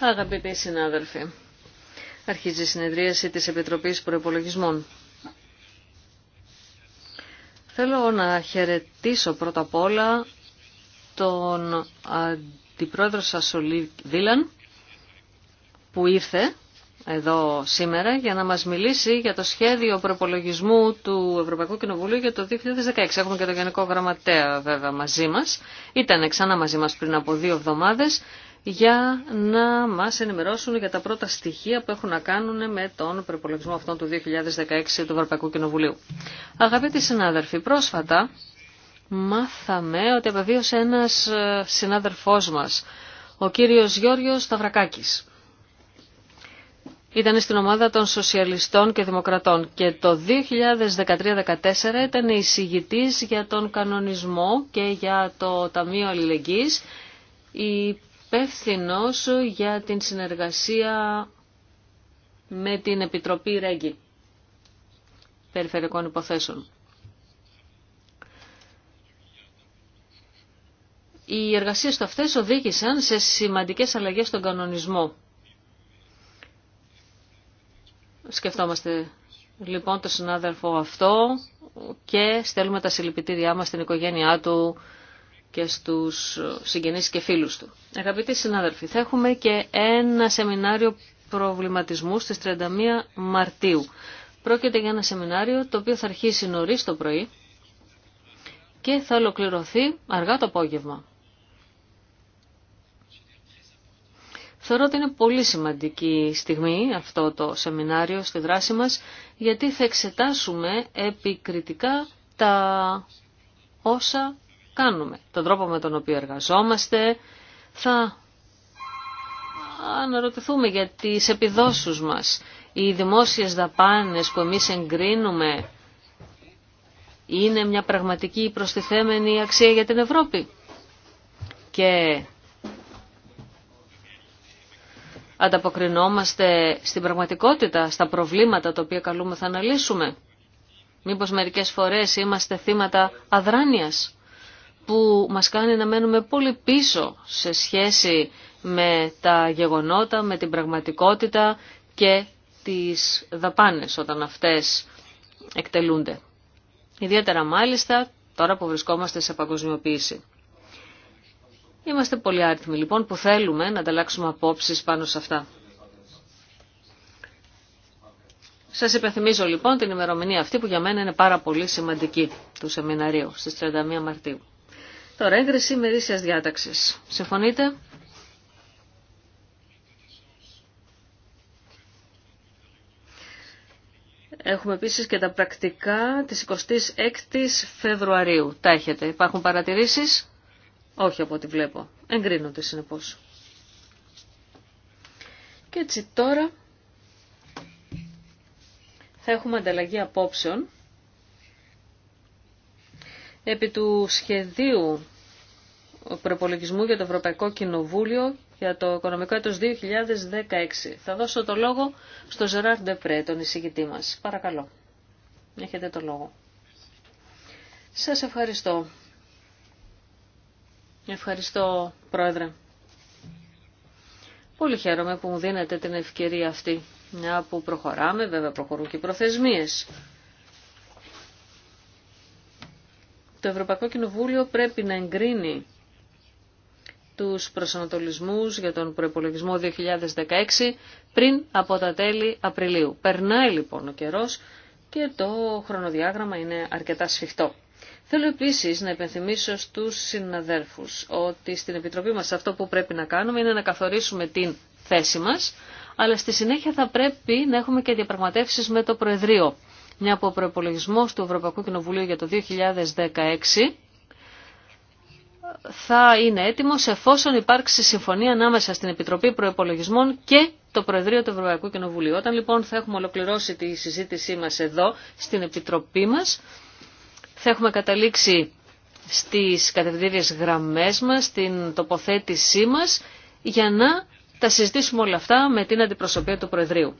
Αγαπητοί συνάδελφοι, αρχίζει η συνεδρίαση της Επιτροπής Προϋπολογισμών. Θέλω να χαιρετήσω πρώτα απ' όλα τον αντιπρόεδρο Σασολί Βίλαν που ήρθε εδώ σήμερα για να μας μιλήσει για το σχέδιο προπολογισμού του Ευρωπαϊκού Κοινοβουλίου για το 2016. Έχουμε και τον Γενικό Γραμματέα βέβαια μαζί μας. Ήταν ξανά μαζί μας πριν από δύο εβδομάδες για να μας ενημερώσουν για τα πρώτα στοιχεία που έχουν να κάνουν με τον προπολογισμό αυτών του 2016 του Ευρωπαϊκού Κοινοβουλίου. Αγαπητοί συνάδελφοι, πρόσφατα μάθαμε ότι επεβίωσε ένας ε, συνάδελφός μας, ο κύριος Γιώργος Σταυρακάκης. Ήταν στην ομάδα των Σοσιαλιστών και Δημοκρατών και το 2013-2014 ήταν εισηγητής για τον κανονισμό και για το Ταμείο Αλληλεγγύης υπεύθυνο για την συνεργασία με την Επιτροπή Ρέγγι Περιφερειακών Υποθέσεων. Οι εργασίες του αυτές οδήγησαν σε σημαντικές αλλαγές στον κανονισμό. Σκεφτόμαστε λοιπόν τον συνάδελφο αυτό και στέλνουμε τα συλληπιτήριά μας στην οικογένειά του και στους συγγενείς και φίλους του. Αγαπητοί συνάδελφοι, θα έχουμε και ένα σεμινάριο προβληματισμού στις 31 Μαρτίου. Πρόκειται για ένα σεμινάριο το οποίο θα αρχίσει νωρίς το πρωί και θα ολοκληρωθεί αργά το απόγευμα. Θεωρώ ότι είναι πολύ σημαντική στιγμή αυτό το σεμινάριο στη δράση μας, γιατί θα εξετάσουμε επικριτικά τα όσα τον τρόπο με τον οποίο εργαζόμαστε, θα αναρωτηθούμε για τις επιδόσεις μας. Οι δημόσιες δαπάνες που εμείς εγκρίνουμε είναι μια πραγματική προστιθέμενη αξία για την Ευρώπη. Και ανταποκρινόμαστε στην πραγματικότητα, στα προβλήματα τα οποία καλούμε θα αναλύσουμε. Μήπως μερικές φορές είμαστε θύματα αδράνειας που μας κάνει να μένουμε πολύ πίσω σε σχέση με τα γεγονότα, με την πραγματικότητα και τις δαπάνες όταν αυτές εκτελούνται. Ιδιαίτερα μάλιστα τώρα που βρισκόμαστε σε παγκοσμιοποίηση. Είμαστε πολύ άριθμοι λοιπόν που θέλουμε να ανταλλάξουμε απόψεις πάνω σε αυτά. Σας υπενθυμίζω λοιπόν την ημερομηνία αυτή που για μένα είναι πάρα πολύ σημαντική του σεμιναρίου στις 31 Μαρτίου. Τώρα, έγκριση ημερήσια διάταξη. Συμφωνείτε. Έχουμε επίσης και τα πρακτικά της 26ης Φεβρουαρίου. Τα έχετε. Υπάρχουν παρατηρήσεις. Όχι από ό,τι βλέπω. Εγκρίνονται συνεπώς. Και έτσι τώρα θα έχουμε ανταλλαγή απόψεων επί του σχεδίου προπολογισμού για το Ευρωπαϊκό Κοινοβούλιο για το οικονομικό έτος 2016. Θα δώσω το λόγο στο Ζεράρ Ντεπρέ, τον εισηγητή μας. Παρακαλώ. Έχετε το λόγο. Σας ευχαριστώ. Ευχαριστώ, Πρόεδρε. Πολύ χαίρομαι που μου δίνετε την ευκαιρία αυτή. Μια που προχωράμε, βέβαια προχωρούν και οι προθεσμίες. Το Ευρωπαϊκό Κοινοβούλιο πρέπει να εγκρίνει τους προσανατολισμούς για τον προπολογισμό 2016 πριν από τα τέλη Απριλίου. Περνάει λοιπόν ο καιρός και το χρονοδιάγραμμα είναι αρκετά σφιχτό. Θέλω επίσης να υπενθυμίσω στους συναδέρφους ότι στην Επιτροπή μας αυτό που πρέπει να κάνουμε είναι να καθορίσουμε την θέση μας, αλλά στη συνέχεια θα πρέπει να έχουμε και διαπραγματεύσεις με το Προεδρείο μια από προπολογισμό του Ευρωπαϊκού Κοινοβουλίου για το 2016 θα είναι έτοιμο εφόσον υπάρξει συμφωνία ανάμεσα στην Επιτροπή Προπολογισμών και το Προεδρείο του Ευρωπαϊκού Κοινοβουλίου. Όταν λοιπόν θα έχουμε ολοκληρώσει τη συζήτησή μας εδώ στην Επιτροπή μας, θα έχουμε καταλήξει στις κατευθύνες γραμμές μας, στην τοποθέτησή μας, για να τα συζητήσουμε όλα αυτά με την αντιπροσωπεία του Προεδρείου.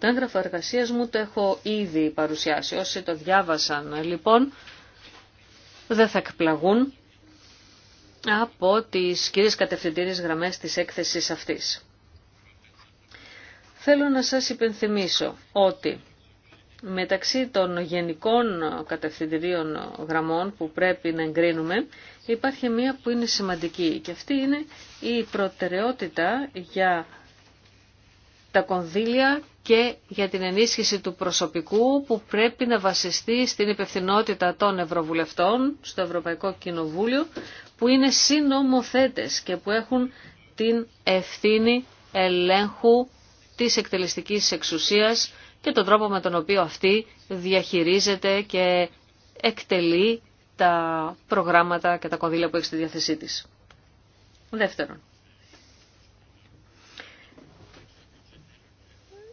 Το έγγραφο εργασία μου το έχω ήδη παρουσιάσει. Όσοι το διάβασαν λοιπόν δεν θα εκπλαγούν από τις κυρίες κατευθυντήριες γραμμές της έκθεσης αυτής. Θέλω να σας υπενθυμίσω ότι μεταξύ των γενικών κατευθυντηρίων γραμμών που πρέπει να εγκρίνουμε υπάρχει μία που είναι σημαντική και αυτή είναι η προτεραιότητα για τα κονδύλια και για την ενίσχυση του προσωπικού που πρέπει να βασιστεί στην υπευθυνότητα των Ευρωβουλευτών στο Ευρωπαϊκό Κοινοβούλιο που είναι συνομοθέτες και που έχουν την ευθύνη ελέγχου της εκτελεστικής εξουσίας και τον τρόπο με τον οποίο αυτή διαχειρίζεται και εκτελεί τα προγράμματα και τα κονδύλια που έχει στη διάθεσή της. Δεύτερον,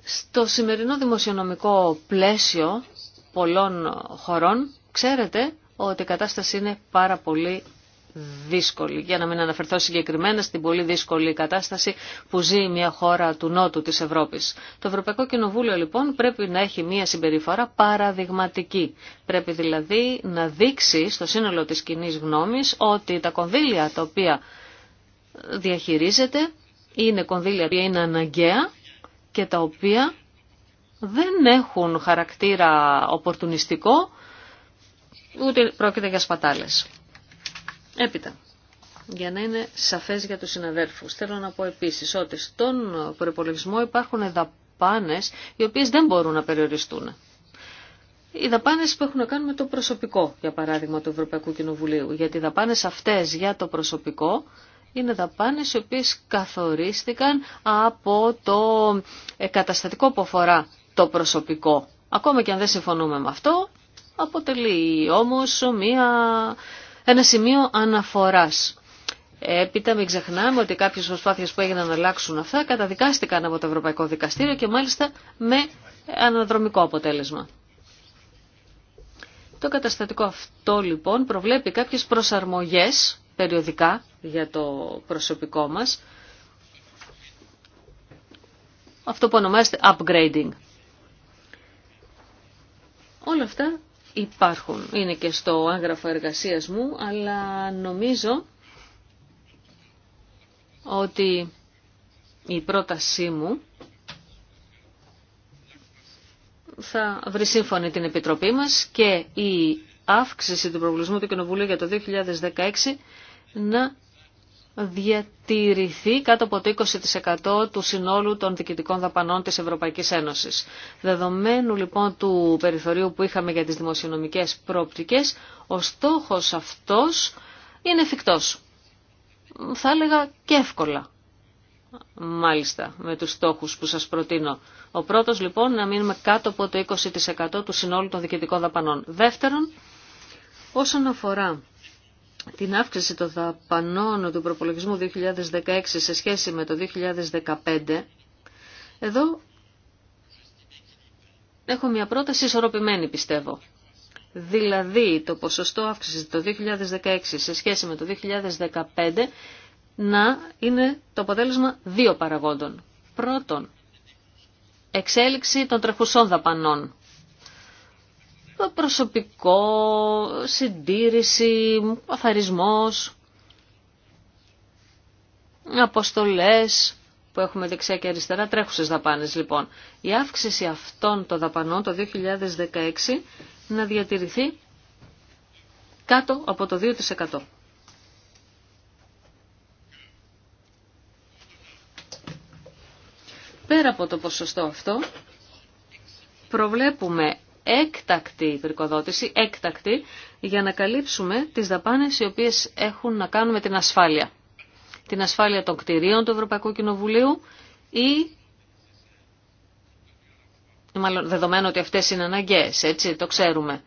Στο σημερινό δημοσιονομικό πλαίσιο πολλών χωρών, ξέρετε ότι η κατάσταση είναι πάρα πολύ δύσκολη. Για να μην αναφερθώ συγκεκριμένα στην πολύ δύσκολη κατάσταση που ζει μια χώρα του νότου της Ευρώπης. Το Ευρωπαϊκό Κοινοβούλιο λοιπόν πρέπει να έχει μια συμπεριφορά παραδειγματική. Πρέπει δηλαδή να δείξει στο σύνολο της κοινή γνώμης ότι τα κονδύλια τα οποία διαχειρίζεται είναι κονδύλια που είναι αναγκαία και τα οποία δεν έχουν χαρακτήρα οπορτουνιστικό, ούτε πρόκειται για σπατάλες. Έπειτα, για να είναι σαφές για τους συναδέλφους, θέλω να πω επίσης ότι στον προπολογισμό υπάρχουν δαπάνες οι οποίες δεν μπορούν να περιοριστούν. Οι δαπάνε που έχουν να κάνουν με το προσωπικό, για παράδειγμα, του Ευρωπαϊκού Κοινοβουλίου. Γιατί οι δαπάνε αυτέ για το προσωπικό είναι δαπάνες οι οποίες καθορίστηκαν από το ε, καταστατικό που αφορά το προσωπικό. Ακόμα και αν δεν συμφωνούμε με αυτό, αποτελεί όμως μια, ένα σημείο αναφοράς. Έπειτα μην ξεχνάμε ότι κάποιες προσπάθειες που έγιναν να αλλάξουν αυτά καταδικάστηκαν από το Ευρωπαϊκό Δικαστήριο και μάλιστα με αναδρομικό αποτέλεσμα. Το καταστατικό αυτό λοιπόν προβλέπει κάποιες προσαρμογές περιοδικά για το προσωπικό μας. Αυτό που ονομάζεται upgrading. Όλα αυτά υπάρχουν. Είναι και στο άγγραφο εργασίας μου, αλλά νομίζω ότι η πρότασή μου θα βρει σύμφωνη την Επιτροπή μας και η αύξηση του προβλησμού του Κοινοβουλίου για το 2016 να διατηρηθεί κάτω από το 20% του συνόλου των διοικητικών δαπανών της Ευρωπαϊκής Ένωσης. Δεδομένου λοιπόν του περιθωρίου που είχαμε για τις δημοσιονομικές πρόπτικες, ο στόχος αυτός είναι εφικτός. Θα έλεγα και εύκολα, μάλιστα, με τους στόχους που σας προτείνω. Ο πρώτος λοιπόν να μείνουμε κάτω από το 20% του συνόλου των διοικητικών δαπανών. Δεύτερον, όσον αφορά την αύξηση των δαπανών του προπολογισμού 2016 σε σχέση με το 2015, εδώ έχω μια πρόταση ισορροπημένη πιστεύω. Δηλαδή το ποσοστό αύξησης το 2016 σε σχέση με το 2015 να είναι το αποτέλεσμα δύο παραγόντων. Πρώτον, εξέλιξη των τρεχουσών δαπανών προσωπικό, συντήρηση, αφαρισμός, αποστολές που έχουμε δεξιά και αριστερά, τρέχουσες δαπάνες λοιπόν. Η αύξηση αυτών των δαπανών το 2016 να διατηρηθεί κάτω από το 2%. Πέρα από το ποσοστό αυτό, προβλέπουμε έκτακτη γρικοδότηση, έκτακτη, για να καλύψουμε τις δαπάνες οι οποίες έχουν να κάνουν με την ασφάλεια. Την ασφάλεια των κτηρίων του Ευρωπαϊκού Κοινοβουλίου ή μάλλον δεδομένου ότι αυτές είναι αναγκαίες, έτσι, το ξέρουμε.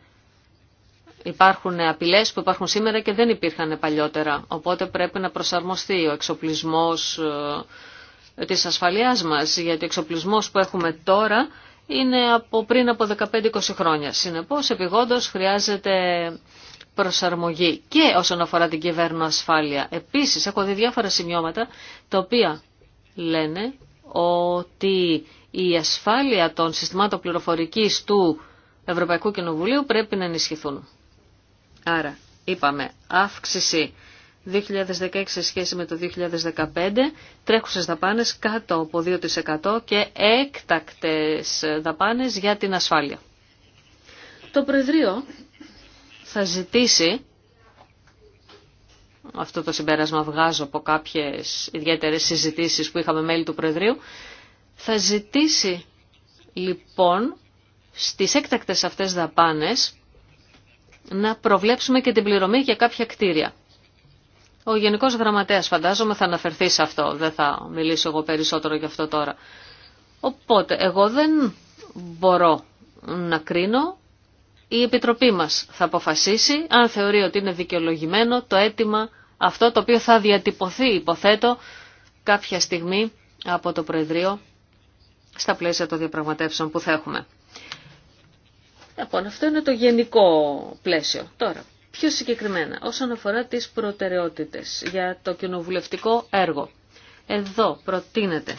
Υπάρχουν απειλές που υπάρχουν σήμερα και δεν υπήρχαν παλιότερα, οπότε πρέπει να προσαρμοστεί ο εξοπλισμός ε, της ασφαλείας μας, γιατί ο εξοπλισμός που έχουμε τώρα είναι από πριν από 15-20 χρόνια. Συνεπώς, επιγόντως χρειάζεται προσαρμογή και όσον αφορά την κυβέρνηση ασφάλεια. Επίσης, έχω δει διάφορα σημειώματα τα οποία λένε ότι η ασφάλεια των συστημάτων πληροφορικής του Ευρωπαϊκού Κοινοβουλίου πρέπει να ενισχυθούν. Άρα, είπαμε, αύξηση 2016 σε σχέση με το 2015, τρέχουσες δαπάνες κάτω από 2% και έκτακτες δαπάνες για την ασφάλεια. Το Προεδρείο θα ζητήσει, αυτό το συμπέρασμα βγάζω από κάποιες ιδιαίτερες συζητήσεις που είχαμε μέλη του Προεδρείου, θα ζητήσει λοιπόν στις έκτακτες αυτές δαπάνες να προβλέψουμε και την πληρωμή για κάποια κτίρια. Ο Γενικός Γραμματέας φαντάζομαι θα αναφερθεί σε αυτό, δεν θα μιλήσω εγώ περισσότερο γι' αυτό τώρα. Οπότε εγώ δεν μπορώ να κρίνω, η Επιτροπή μας θα αποφασίσει αν θεωρεί ότι είναι δικαιολογημένο το αίτημα αυτό το οποίο θα διατυπωθεί υποθέτω κάποια στιγμή από το Προεδρείο στα πλαίσια των διαπραγματεύσεων που θα έχουμε. Λοιπόν, αυτό είναι το γενικό πλαίσιο. Τώρα, Πιο συγκεκριμένα, όσον αφορά τις προτεραιότητες για το κοινοβουλευτικό έργο. Εδώ προτείνεται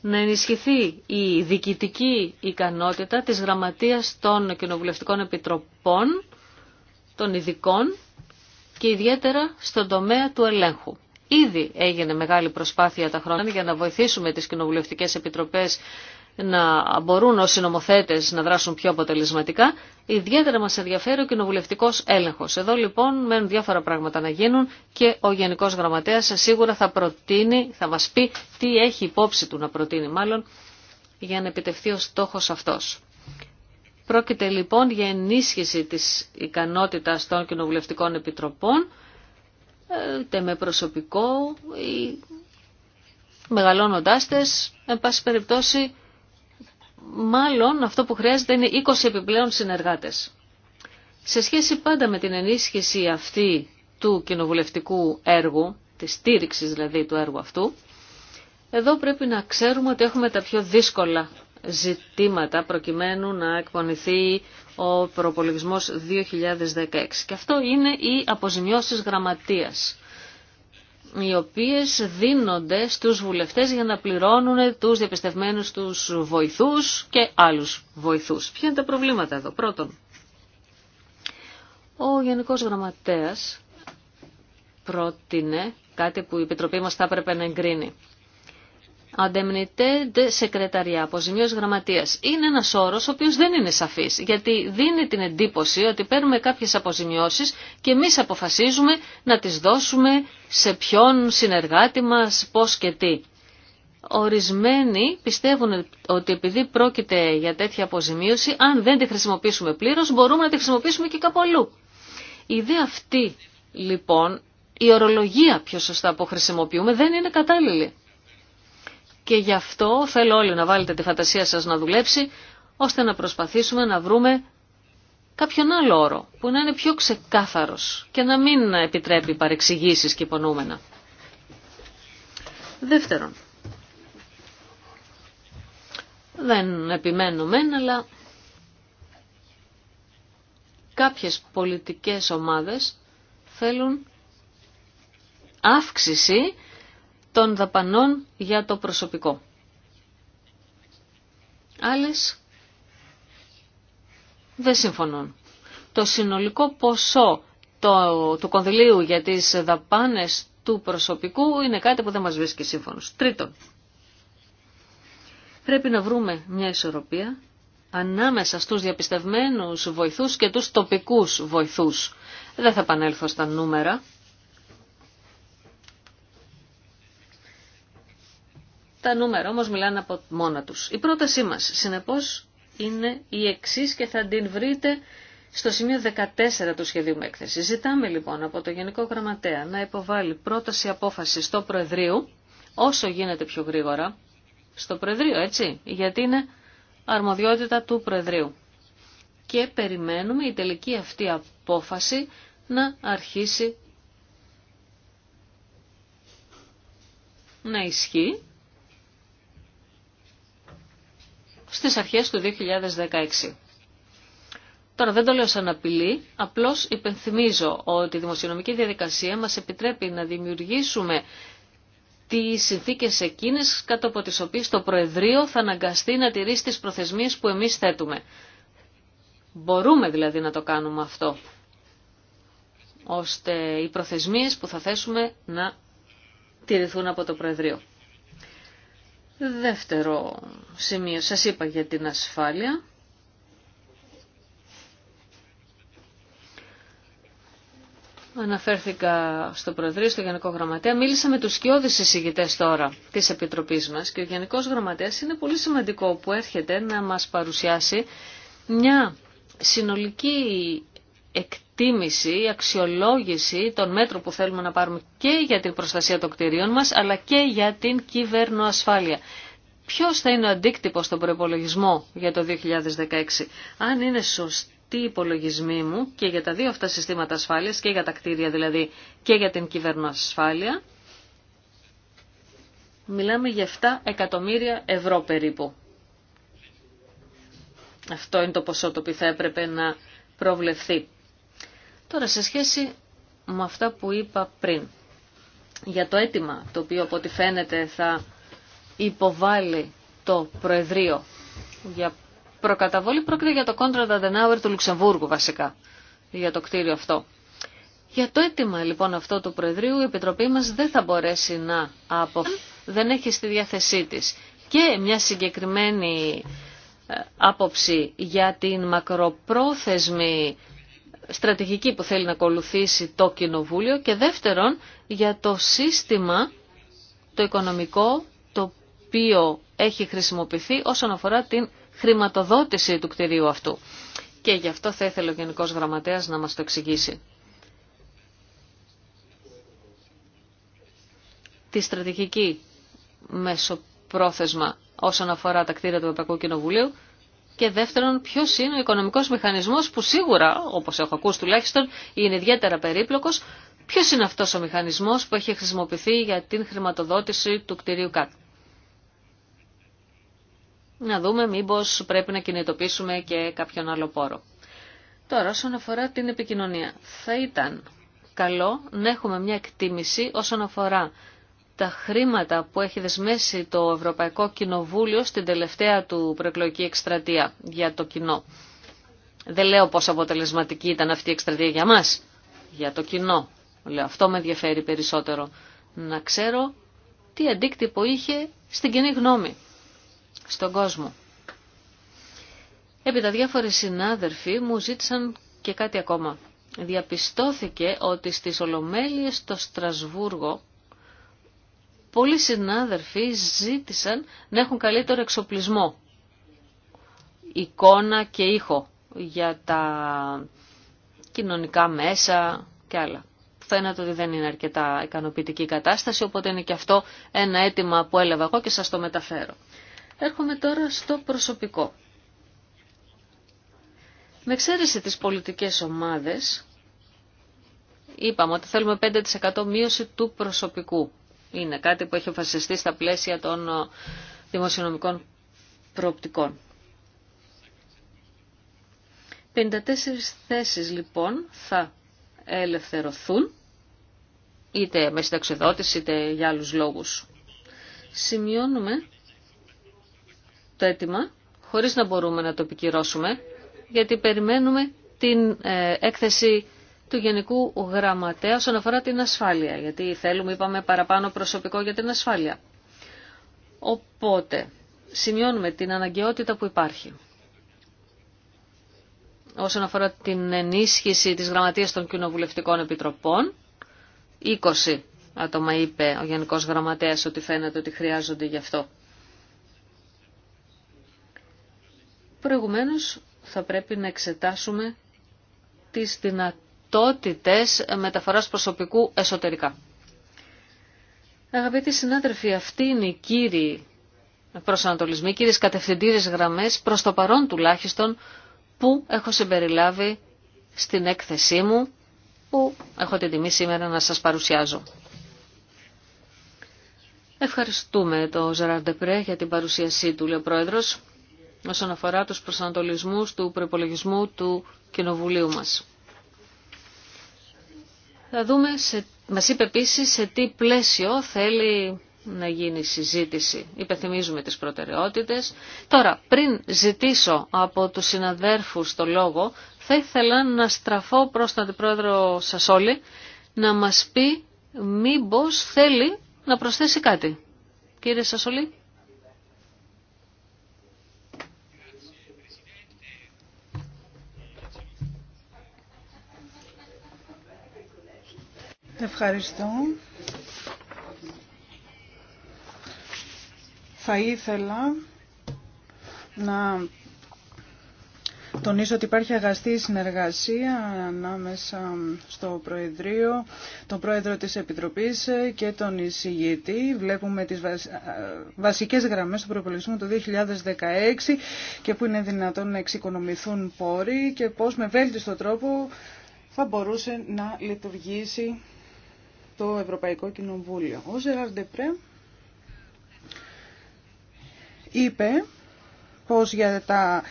να ενισχυθεί η διοικητική ικανότητα της γραμματείας των κοινοβουλευτικών επιτροπών, των ειδικών και ιδιαίτερα στον τομέα του ελέγχου. Ήδη έγινε μεγάλη προσπάθεια τα χρόνια για να βοηθήσουμε τις κοινοβουλευτικές επιτροπές να μπορούν ως συνομοθέτες να δράσουν πιο αποτελεσματικά, ιδιαίτερα μας ενδιαφέρει ο κοινοβουλευτικό έλεγχος. Εδώ λοιπόν μένουν διάφορα πράγματα να γίνουν και ο Γενικός Γραμματέας σίγουρα θα προτείνει, θα μας πει τι έχει υπόψη του να προτείνει μάλλον για να επιτευχθεί ο στόχος αυτός. Πρόκειται λοιπόν για ενίσχυση της ικανότητας των κοινοβουλευτικών επιτροπών, ε, είτε με προσωπικό ή μεγαλώνοντάς τες, εν πάση περιπτώσει μάλλον αυτό που χρειάζεται είναι 20 επιπλέον συνεργάτες. Σε σχέση πάντα με την ενίσχυση αυτή του κοινοβουλευτικού έργου, της στήριξης δηλαδή του έργου αυτού, εδώ πρέπει να ξέρουμε ότι έχουμε τα πιο δύσκολα ζητήματα προκειμένου να εκπονηθεί ο προπολογισμός 2016. Και αυτό είναι οι αποζημιώσεις γραμματείας οι οποίες δίνονται στους βουλευτές για να πληρώνουν τους διαπιστευμένους τους βοηθούς και άλλους βοηθούς. Ποια είναι τα προβλήματα εδώ. Πρώτον, ο Γενικός Γραμματέας πρότεινε κάτι που η Επιτροπή μας θα έπρεπε να εγκρίνει. Αντεμνητέντε σεκρεταριά, αποζημίω γραμματεία. Είναι ένα όρο ο οποίο δεν είναι σαφή, γιατί δίνει την εντύπωση ότι παίρνουμε κάποιε αποζημιώσει και εμεί αποφασίζουμε να τι δώσουμε σε ποιον συνεργάτη μα, πώ και τι. Ορισμένοι πιστεύουν ότι επειδή πρόκειται για τέτοια αποζημίωση, αν δεν τη χρησιμοποιήσουμε πλήρω, μπορούμε να τη χρησιμοποιήσουμε και κάπου αλλού. Η ιδέα αυτή, λοιπόν, η ορολογία πιο σωστά που χρησιμοποιούμε δεν είναι κατάλληλη και γι' αυτό θέλω όλοι να βάλετε τη φαντασία σας να δουλέψει, ώστε να προσπαθήσουμε να βρούμε κάποιον άλλο όρο που να είναι πιο ξεκάθαρος και να μην επιτρέπει παρεξηγήσεις και υπονοούμενα. Δεύτερον, δεν επιμένουμε, αλλά κάποιες πολιτικές ομάδες θέλουν αύξηση των δαπανών για το προσωπικό. Άλλες δεν συμφωνούν. Το συνολικό ποσό το, του κονδυλίου για τις δαπάνες του προσωπικού είναι κάτι που δεν μας βρίσκει σύμφωνος. Τρίτον, πρέπει να βρούμε μια ισορροπία ανάμεσα στους διαπιστευμένους βοηθούς και τους τοπικούς βοηθούς. Δεν θα επανέλθω στα νούμερα, Τα νούμερα όμως μιλάνε από μόνα τους. Η πρότασή μας, συνεπώς, είναι η εξή και θα την βρείτε στο σημείο 14 του σχεδίου με έκθεση. Ζητάμε λοιπόν από το Γενικό Γραμματέα να υποβάλει πρόταση απόφαση στο Προεδρείο, όσο γίνεται πιο γρήγορα, στο Προεδρείο, έτσι, γιατί είναι αρμοδιότητα του Προεδρείου. Και περιμένουμε η τελική αυτή απόφαση να αρχίσει να ισχύει στις αρχές του 2016. Τώρα δεν το λέω σαν απειλή, απλώς υπενθυμίζω ότι η δημοσιονομική διαδικασία μας επιτρέπει να δημιουργήσουμε τις συνθήκες εκείνες κάτω από τις οποίες το Προεδρείο θα αναγκαστεί να τηρήσει τις προθεσμίες που εμείς θέτουμε. Μπορούμε δηλαδή να το κάνουμε αυτό, ώστε οι προθεσμίες που θα θέσουμε να τηρηθούν από το Προεδρείο. Δεύτερο σημείο, σας είπα για την ασφάλεια. Αναφέρθηκα στο Προεδρείο, στο Γενικό Γραμματέα. Μίλησα με τους σκιώδεις εισηγητές τώρα της Επιτροπής μας και ο Γενικός Γραμματέας είναι πολύ σημαντικό που έρχεται να μας παρουσιάσει μια συνολική εκτίμηση, αξιολόγηση των μέτρων που θέλουμε να πάρουμε και για την προστασία των κτηρίων μας, αλλά και για την κυβερνοασφάλεια. Ποιος θα είναι ο αντίκτυπος στον προπολογισμό για το 2016. Αν είναι σωστή οι υπολογισμοί μου και για τα δύο αυτά συστήματα ασφάλειας, και για τα κτίρια δηλαδή και για την κυβερνοασφάλεια, μιλάμε για 7 εκατομμύρια ευρώ περίπου. Αυτό είναι το ποσό το οποίο θα έπρεπε να προβλεφθεί. Τώρα σε σχέση με αυτά που είπα πριν, για το αίτημα το οποίο από ό,τι φαίνεται θα υποβάλει το Προεδρείο για προκαταβόλη πρόκειται για το Κόντρα Ντανάουερ του Λουξεμβούργου βασικά, για το κτίριο αυτό. Για το αίτημα λοιπόν αυτό του Προεδρείου η Επιτροπή μας δεν θα μπορέσει να απο... δεν έχει στη διάθεσή της και μια συγκεκριμένη ε, άποψη για την μακροπρόθεσμη στρατηγική που θέλει να ακολουθήσει το Κοινοβούλιο και δεύτερον για το σύστημα το οικονομικό το οποίο έχει χρησιμοποιηθεί όσον αφορά την χρηματοδότηση του κτηρίου αυτού. Και γι' αυτό θα ήθελε ο Γενικός Γραμματέας να μας το εξηγήσει. Τη στρατηγική μεσοπρόθεσμα όσον αφορά τα κτίρια του Ευρωπαϊκού Κοινοβουλίου και δεύτερον ποιο είναι ο οικονομικό μηχανισμό που σίγουρα, όπως έχω ακούσει τουλάχιστον, είναι ιδιαίτερα περίπλοκος, ποιο είναι αυτό ο μηχανισμό που έχει χρησιμοποιηθεί για την χρηματοδότηση του κτηρίου ΚΑΤ. Να δούμε μήπως πρέπει να κινητοποιήσουμε και κάποιον άλλο πόρο. Τώρα, όσον αφορά την επικοινωνία, θα ήταν καλό να έχουμε μια εκτίμηση όσον αφορά τα χρήματα που έχει δεσμεύσει το Ευρωπαϊκό Κοινοβούλιο στην τελευταία του προεκλογική εκστρατεία για το κοινό. Δεν λέω πόσο αποτελεσματική ήταν αυτή η εκστρατεία για μας, για το κοινό. Λέω, αυτό με ενδιαφέρει περισσότερο. Να ξέρω τι αντίκτυπο είχε στην κοινή γνώμη, στον κόσμο. Έπειτα διάφοροι συνάδελφοι μου ζήτησαν και κάτι ακόμα. Διαπιστώθηκε ότι στις Ολομέλειες στο Στρασβούργο πολλοί συνάδελφοι ζήτησαν να έχουν καλύτερο εξοπλισμό, εικόνα και ήχο για τα κοινωνικά μέσα και άλλα. Φαίνεται ότι δεν είναι αρκετά ικανοποιητική η κατάσταση, οπότε είναι και αυτό ένα αίτημα που έλαβα εγώ και σας το μεταφέρω. Έρχομαι τώρα στο προσωπικό. Με εξαίρεση τις πολιτικές ομάδες, είπαμε ότι θέλουμε 5% μείωση του προσωπικού. Είναι κάτι που έχει εμφασιστεί στα πλαίσια των ε, δημοσιονομικών προοπτικών. 54 θέσεις λοιπόν θα ελευθερωθούν, είτε με συνταξιδότηση είτε για άλλους λόγους. Σημειώνουμε το αίτημα, χωρίς να μπορούμε να το επικυρώσουμε, γιατί περιμένουμε την ε, έκθεση του Γενικού Γραμματέα όσον αφορά την ασφάλεια, γιατί θέλουμε, είπαμε, παραπάνω προσωπικό για την ασφάλεια. Οπότε, σημειώνουμε την αναγκαιότητα που υπάρχει όσον αφορά την ενίσχυση της γραμματείας των κοινοβουλευτικών επιτροπών. 20 άτομα είπε ο Γενικός Γραμματέας ότι φαίνεται ότι χρειάζονται γι' αυτό. Προηγουμένως θα πρέπει να εξετάσουμε τις δυνατότητες δυνατότητες μεταφοράς προσωπικού εσωτερικά. Αγαπητοί συνάδελφοι, αυτοί είναι οι κύριοι προσανατολισμοί, κύριες κατευθυντήρες γραμμές, προς το παρόν τουλάχιστον, που έχω συμπεριλάβει στην έκθεσή μου, που έχω την τιμή σήμερα να σας παρουσιάζω. Ευχαριστούμε τον Ζεράρντε Πρέ για την παρουσίασή του, λέει ο Πρόεδρος, όσον αφορά τους προσανατολισμούς του προπολογισμού του Κοινοβουλίου μας. Θα δούμε, σε... μας είπε επίση σε τι πλαίσιο θέλει να γίνει συζήτηση. Υπενθυμίζουμε τις προτεραιότητες. Τώρα, πριν ζητήσω από τους συναδέρφους το λόγο, θα ήθελα να στραφώ προς τον Αντιπρόεδρο Σασόλη να μας πει μήπως θέλει να προσθέσει κάτι. Κύριε Σασόλη. Ευχαριστώ. Θα ήθελα να τονίσω ότι υπάρχει αγαστή συνεργασία ανάμεσα στο Προεδρείο, τον Πρόεδρο της Επιτροπής και τον εισηγητή. Βλέπουμε τις βασικές γραμμές του προπολογισμού του 2016 και που είναι δυνατόν να εξοικονομηθούν πόροι και πώς με βέλτιστο τρόπο θα μπορούσε να λειτουργήσει το Ευρωπαϊκό Κοινοβούλιο. Ο Ζεραρντεπρέ είπε πως για τα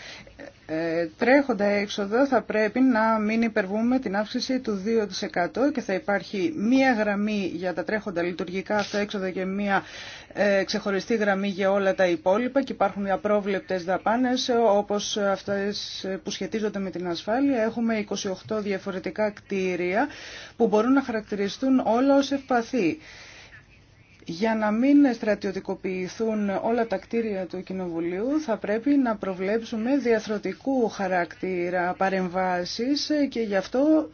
ε, τρέχοντα έξοδο θα πρέπει να μην υπερβούμε την αύξηση του 2% και θα υπάρχει μία γραμμή για τα τρέχοντα λειτουργικά αυτά έξοδα και μία ε, ξεχωριστή γραμμή για όλα τα υπόλοιπα και υπάρχουν απρόβλεπτες δαπάνες όπως αυτές που σχετίζονται με την ασφάλεια. Έχουμε 28 διαφορετικά κτίρια που μπορούν να χαρακτηριστούν όλα ως ευπαθή. Για να μην στρατιωτικοποιηθούν όλα τα κτίρια του Κοινοβουλίου θα πρέπει να προβλέψουμε διαθροτικού χαρακτήρα παρεμβάσεις και γι' αυτό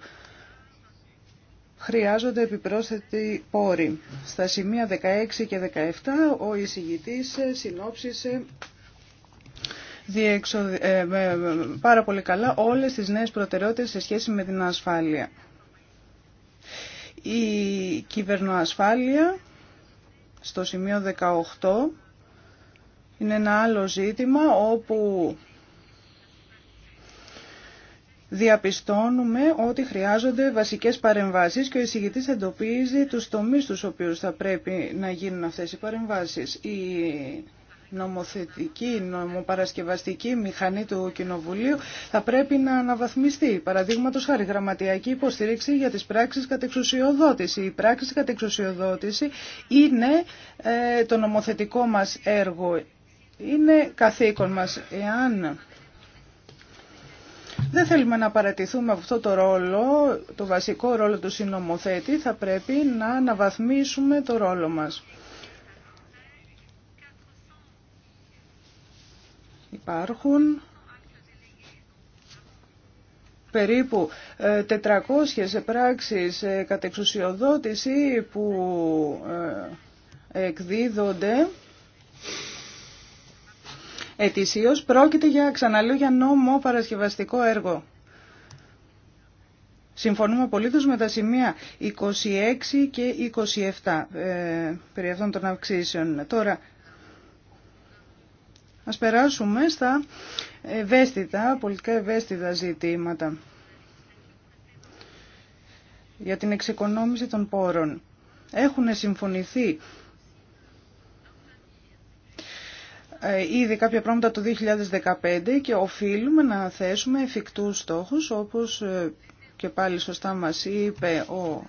χρειάζονται επιπρόσθετοι πόροι. Στα σημεία 16 και 17 ο εισηγητής συνόψισε ε, πάρα πολύ καλά όλες τις νέες προτεραιότητες σε σχέση με την ασφάλεια. Η κυβερνοασφάλεια στο σημείο 18 είναι ένα άλλο ζήτημα όπου διαπιστώνουμε ότι χρειάζονται βασικές παρεμβάσεις και ο εισηγητής εντοπίζει τους τομείς στους οποίους θα πρέπει να γίνουν αυτές οι παρεμβάσεις. Η νομοθετική, νομοπαρασκευαστική μηχανή του Κοινοβουλίου θα πρέπει να αναβαθμιστεί. Παραδείγματο χάρη γραμματιακή υποστήριξη για τις πράξεις κατεξουσιοδότηση. Η πράξη κατεξουσιοδότηση είναι ε, το νομοθετικό μας έργο. Είναι καθήκον μας. Εάν δεν θέλουμε να παρατηθούμε αυτό το ρόλο, το βασικό ρόλο του συνομοθέτη, θα πρέπει να αναβαθμίσουμε το ρόλο μας. υπάρχουν περίπου 400 ε, πράξεις ε, κατεξουσιοδότηση που ε, εκδίδονται ετησίως. Πρόκειται για, ξαναλέω, για νόμο παρασκευαστικό έργο. Συμφωνούμε απολύτως με τα σημεία 26 και 27 ε, περί αυτών των αυξήσεων. Τώρα, Ας περάσουμε στα ευαίσθητα, πολιτικά ευαίσθητα ζητήματα για την εξοικονόμηση των πόρων. Έχουν συμφωνηθεί ε, ήδη κάποια πράγματα το 2015 και οφείλουμε να θέσουμε εφικτούς στόχους όπως ε, και πάλι σωστά μας είπε ο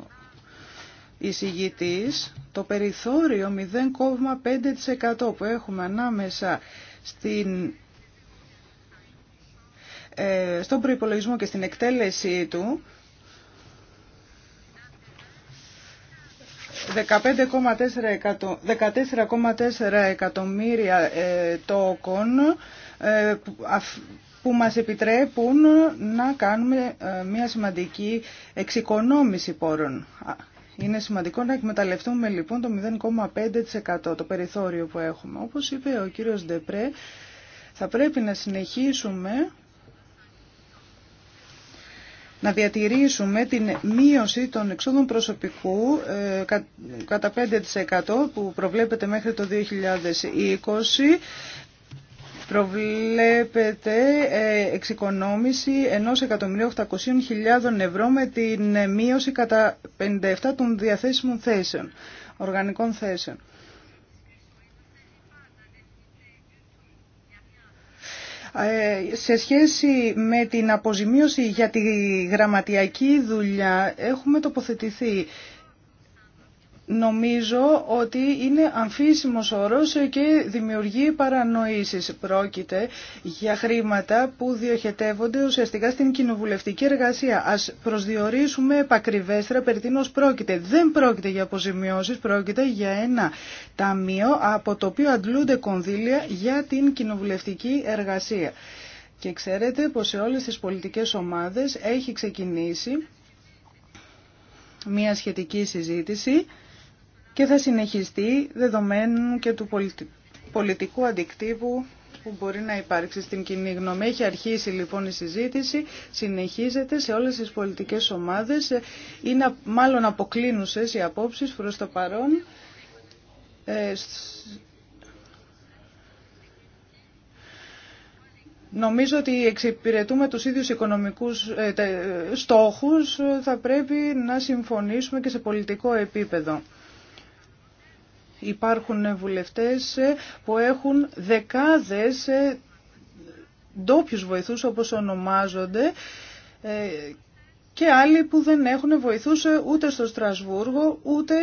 εισηγητής το περιθώριο 0,5% που έχουμε ανάμεσα στην ε, στον προϋπολογισμό και στην εκτέλεσή του 14,4 εκατομμύρια ε, τόκων ε, που μας επιτρέπουν να κάνουμε μια σημαντική εξοικονόμηση πόρων. Είναι σημαντικό να εκμεταλλευτούμε λοιπόν το 0,5% το περιθώριο που έχουμε. Όπως είπε ο κύριος Ντεπρέ, θα πρέπει να συνεχίσουμε να διατηρήσουμε την μείωση των εξόδων προσωπικού ε, κατά 5% που προβλέπεται μέχρι το 2020 προβλέπεται ε, εξοικονόμηση 1.800.000 ευρώ με την ε, μείωση κατά 57 των διαθέσιμων θέσεων, οργανικών θέσεων. Ε, σε σχέση με την αποζημίωση για τη γραμματιακή δουλειά έχουμε τοποθετηθεί Νομίζω ότι είναι αμφίσιμος όρος και δημιουργεί παρανοήσεις. Πρόκειται για χρήματα που διοχετεύονται ουσιαστικά στην κοινοβουλευτική εργασία. Ας προσδιορίσουμε επακριβέστερα περί τίνος πρόκειται. Δεν πρόκειται για αποζημιώσεις, πρόκειται για ένα ταμείο από το οποίο αντλούνται κονδύλια για την κοινοβουλευτική εργασία. Και ξέρετε πως σε όλες τις πολιτικές ομάδες έχει ξεκινήσει μια σχετική συζήτηση και θα συνεχιστεί δεδομένου και του πολιτικού αντικτύπου που μπορεί να υπάρξει στην κοινή γνώμη. Έχει αρχίσει λοιπόν η συζήτηση, συνεχίζεται σε όλες τις πολιτικές ομάδες. Είναι μάλλον αποκλίνουσες οι απόψεις προς το παρόν. Ε, νομίζω ότι εξυπηρετούμε τους ίδιους οικονομικούς ε, στόχους, θα πρέπει να συμφωνήσουμε και σε πολιτικό επίπεδο. Υπάρχουν βουλευτές ε, που έχουν δεκάδες ε, ντόπιου βοηθούς όπως ονομάζονται ε, και άλλοι που δεν έχουν βοηθούς ούτε στο Στρασβούργο ούτε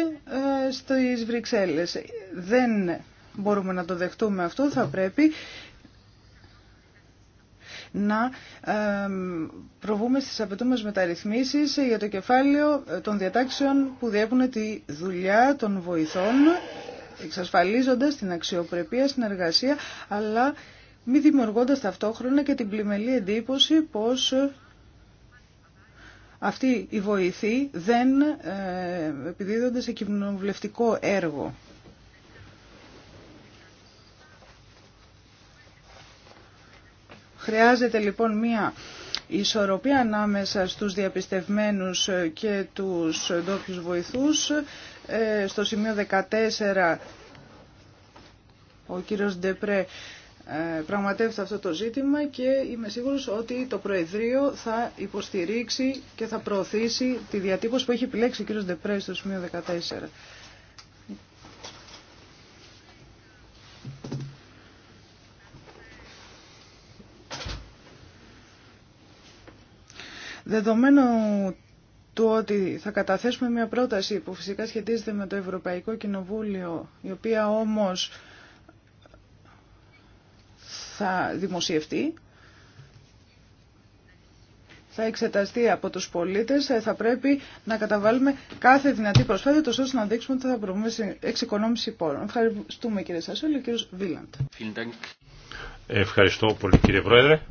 στις Βρυξέλλες. Δεν μπορούμε να το δεχτούμε αυτό, θα πρέπει να προβούμε στις απαιτούμες μεταρρυθμίσεις για το κεφάλαιο ε, των διατάξεων που διέπουν τη δουλειά των βοηθών, εξασφαλίζοντας την αξιοπρεπία στην εργασία, αλλά μη δημιουργώντας ταυτόχρονα και την πλημελή εντύπωση πως ε, αυτή οι βοηθοί δεν ε, επιδίδονται σε κοινοβουλευτικό έργο. Χρειάζεται λοιπόν μία ισορροπία ανάμεσα στους διαπιστευμένους και τους ντόπιου βοηθούς. Ε, στο σημείο 14 ο κύριος Ντεπρέ ε, πραγματεύεται αυτό το ζήτημα και είμαι σίγουρος ότι το Προεδρείο θα υποστηρίξει και θα προωθήσει τη διατύπωση που έχει επιλέξει ο κύριος Ντεπρέ στο σημείο 14. Δεδομένου του ότι θα καταθέσουμε μια πρόταση που φυσικά σχετίζεται με το Ευρωπαϊκό Κοινοβούλιο, η οποία όμως θα δημοσιευτεί, θα εξεταστεί από τους πολίτες, θα πρέπει να καταβάλουμε κάθε δυνατή προσπάθεια, τόσο ώστε να δείξουμε ότι θα προβούμε σε εξοικονόμηση πόρων. Ευχαριστούμε κύριε Σασόλη, κύριος Βίλαντ. Ευχαριστώ πολύ κύριε Πρόεδρε.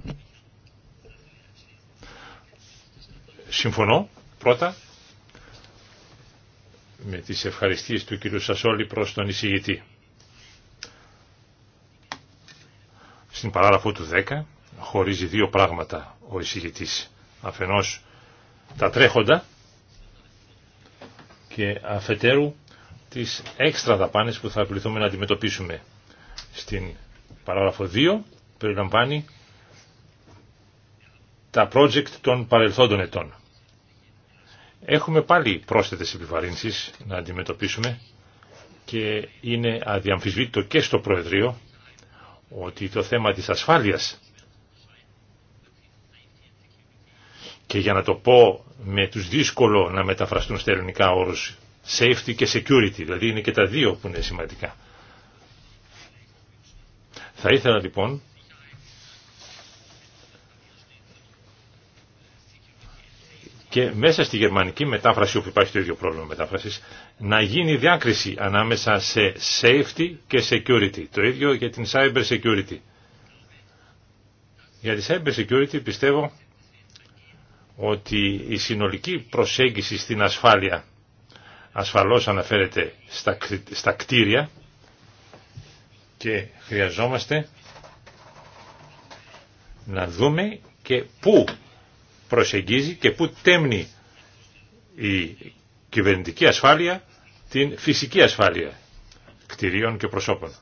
συμφωνώ πρώτα με τις ευχαριστίες του κύριου Σασόλη προς τον εισηγητή. Στην παράγραφο του 10 χωρίζει δύο πράγματα ο εισηγητής. Αφενός τα τρέχοντα και αφετέρου τις έξτρα δαπάνες που θα πληθούμε να αντιμετωπίσουμε. Στην παράγραφο 2 περιλαμβάνει τα project των παρελθόντων ετών. Έχουμε πάλι πρόσθετες επιβαρύνσεις να αντιμετωπίσουμε και είναι αδιαμφισβήτητο και στο Προεδρείο ότι το θέμα της ασφάλειας και για να το πω με τους δύσκολο να μεταφραστούν στα ελληνικά όρους safety και security, δηλαδή είναι και τα δύο που είναι σημαντικά. Θα ήθελα λοιπόν και μέσα στη γερμανική μετάφραση όπου υπάρχει το ίδιο πρόβλημα μετάφρασης να γίνει διάκριση ανάμεσα σε safety και security. Το ίδιο για την cyber security. Για τη cyber security πιστεύω ότι η συνολική προσέγγιση στην ασφάλεια ασφαλώς αναφέρεται στα, στα κτίρια και χρειαζόμαστε να δούμε και πού προσεγγίζει και πού τέμνει η κυβερνητική ασφάλεια την φυσική ασφάλεια κτηρίων και προσώπων.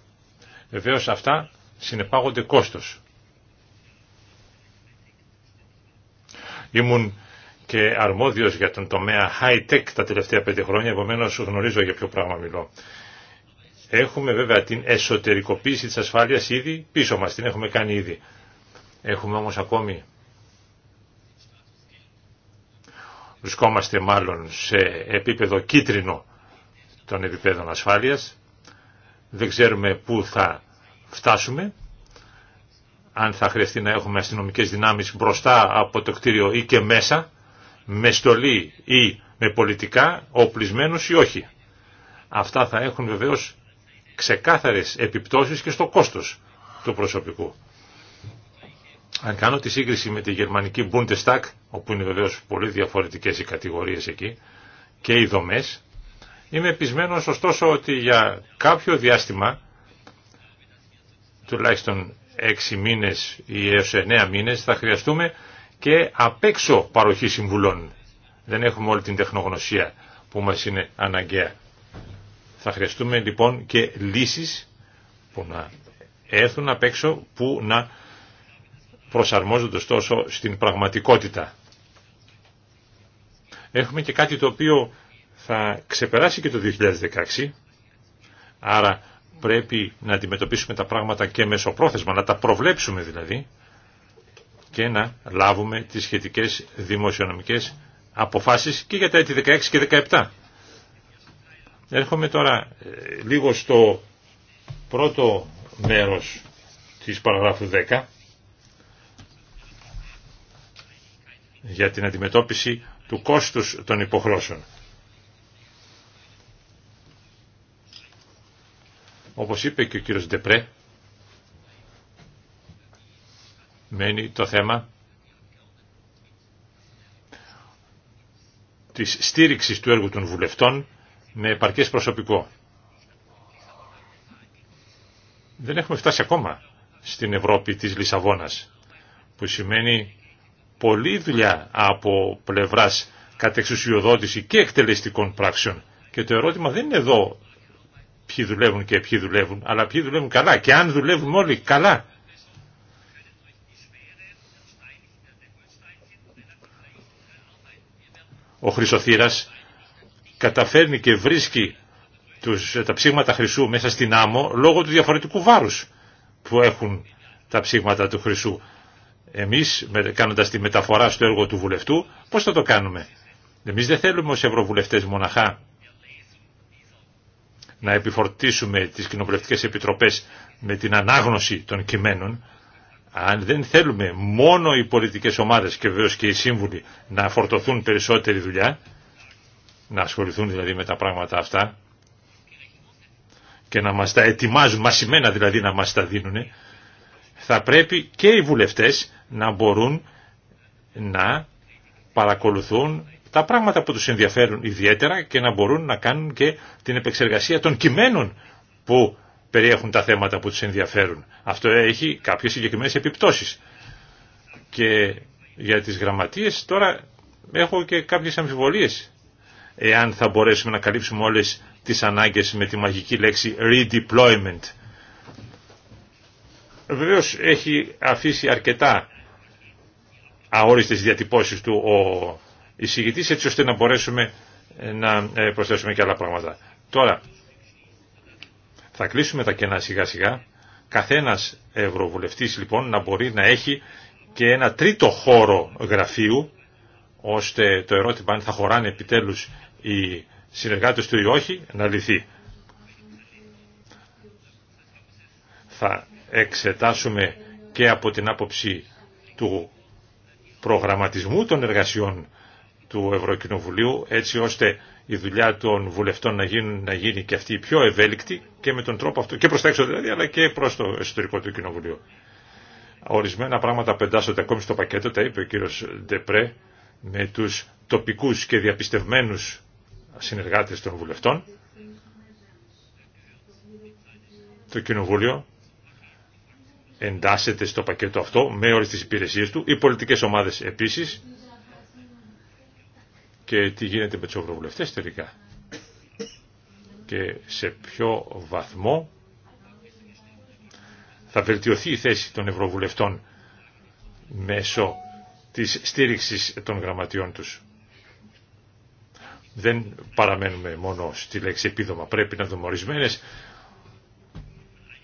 Βεβαίω αυτά συνεπάγονται κόστος. Ήμουν και αρμόδιος για τον τομέα high-tech τα τελευταία πέντε χρόνια, επομένω γνωρίζω για ποιο πράγμα μιλώ. Έχουμε βέβαια την εσωτερικοποίηση της ασφάλειας ήδη πίσω μας, την έχουμε κάνει ήδη. Έχουμε όμως ακόμη Βρισκόμαστε μάλλον σε επίπεδο κίτρινο των επιπέδων ασφάλειας. Δεν ξέρουμε πού θα φτάσουμε, αν θα χρειαστεί να έχουμε αστυνομικές δυνάμεις μπροστά από το κτίριο ή και μέσα, με στολή ή με πολιτικά, οπλισμένους ή όχι. Αυτά θα έχουν βεβαίως ξεκάθαρες επιπτώσεις και στο κόστος του προσωπικού. Αν κάνω τη σύγκριση με τη γερμανική Bundestag, όπου είναι βεβαίω πολύ διαφορετικές οι κατηγορίες εκεί και οι δομέ, είμαι πεισμένο ωστόσο ότι για κάποιο διάστημα, τουλάχιστον 6 μήνες ή έω 9 μήνες, θα χρειαστούμε και απ' έξω παροχή συμβουλών. Δεν έχουμε όλη την τεχνογνωσία που μας είναι αναγκαία. Θα χρειαστούμε λοιπόν και λύσεις που να έρθουν απ' έξω, που να προσαρμόζοντας τόσο στην πραγματικότητα. Έχουμε και κάτι το οποίο θα ξεπεράσει και το 2016, άρα πρέπει να αντιμετωπίσουμε τα πράγματα και μεσοπρόθεσμα, να τα προβλέψουμε δηλαδή και να λάβουμε τις σχετικές δημοσιονομικές αποφάσεις και για τα έτη 16 και 17. Έρχομαι τώρα ε, λίγο στο πρώτο μέρος της παραγράφου 10 για την αντιμετώπιση του κόστους των υποχρώσεων. Όπως είπε και ο κύριος Ντεπρέ, μένει το θέμα της στήριξης του έργου των βουλευτών με επαρκές προσωπικό. Δεν έχουμε φτάσει ακόμα στην Ευρώπη της Λισαβόνας, που σημαίνει πολλή δουλειά από πλευράς κατεξουσιοδότηση και εκτελεστικών πράξεων. Και το ερώτημα δεν είναι εδώ ποιοι δουλεύουν και ποιοι δουλεύουν, αλλά ποιοι δουλεύουν καλά και αν δουλεύουν όλοι καλά. Ο Χρυσοθύρας καταφέρνει και βρίσκει τους, τα ψήγματα χρυσού μέσα στην άμμο λόγω του διαφορετικού βάρους που έχουν τα ψήγματα του χρυσού. Εμείς κάνοντας τη μεταφορά στο έργο του βουλευτού πώς θα το κάνουμε. Εμείς δεν θέλουμε ως ευρωβουλευτές μοναχά να επιφορτήσουμε τις κοινοβουλευτικές επιτροπές με την ανάγνωση των κειμένων. Αν δεν θέλουμε μόνο οι πολιτικές ομάδες και βέβαια και οι σύμβουλοι να φορτωθούν περισσότερη δουλειά, να ασχοληθούν δηλαδή με τα πράγματα αυτά και να μας τα ετοιμάζουν, μασημένα δηλαδή να μας τα δίνουν, θα πρέπει και οι βουλευτές να μπορούν να παρακολουθούν τα πράγματα που τους ενδιαφέρουν ιδιαίτερα και να μπορούν να κάνουν και την επεξεργασία των κειμένων που περιέχουν τα θέματα που τους ενδιαφέρουν. Αυτό έχει κάποιες συγκεκριμένε επιπτώσεις. Και για τις γραμματείες τώρα έχω και κάποιες αμφιβολίες εάν θα μπορέσουμε να καλύψουμε όλες τις ανάγκες με τη μαγική λέξη redeployment Βεβαίω έχει αφήσει αρκετά αόριστες διατυπώσεις του ο εισηγητής έτσι ώστε να μπορέσουμε ε, να ε, προσθέσουμε και άλλα πράγματα. Τώρα, θα κλείσουμε τα κενά σιγά σιγά. Καθένας ευρωβουλευτής λοιπόν να μπορεί να έχει και ένα τρίτο χώρο γραφείου ώστε το ερώτημα αν θα χωράνε επιτέλους οι συνεργάτες του ή όχι να λυθεί. Θα εξετάσουμε και από την άποψη του προγραμματισμού των εργασιών του Ευρωκοινοβουλίου έτσι ώστε η δουλειά των βουλευτών να, γίνει και αυτή πιο ευέλικτη και με τον τρόπο αυτό και προς τα έξω δηλαδή αλλά και προς το εσωτερικό του Κοινοβουλίου. Ορισμένα πράγματα πεντάσσονται ακόμη στο πακέτο, τα είπε ο κύριος Ντεπρέ με τους τοπικούς και διαπιστευμένους συνεργάτες των βουλευτών. Το Κοινοβούλιο εντάσσεται στο πακέτο αυτό με όλες τις υπηρεσίες του, οι πολιτικές ομάδες επίσης και τι γίνεται με τους ευρωβουλευτές τελικά και σε ποιο βαθμό θα βελτιωθεί η θέση των ευρωβουλευτών μέσω της στήριξης των γραμματιών τους. Δεν παραμένουμε μόνο στη λέξη επίδομα, πρέπει να δούμε ορισμένε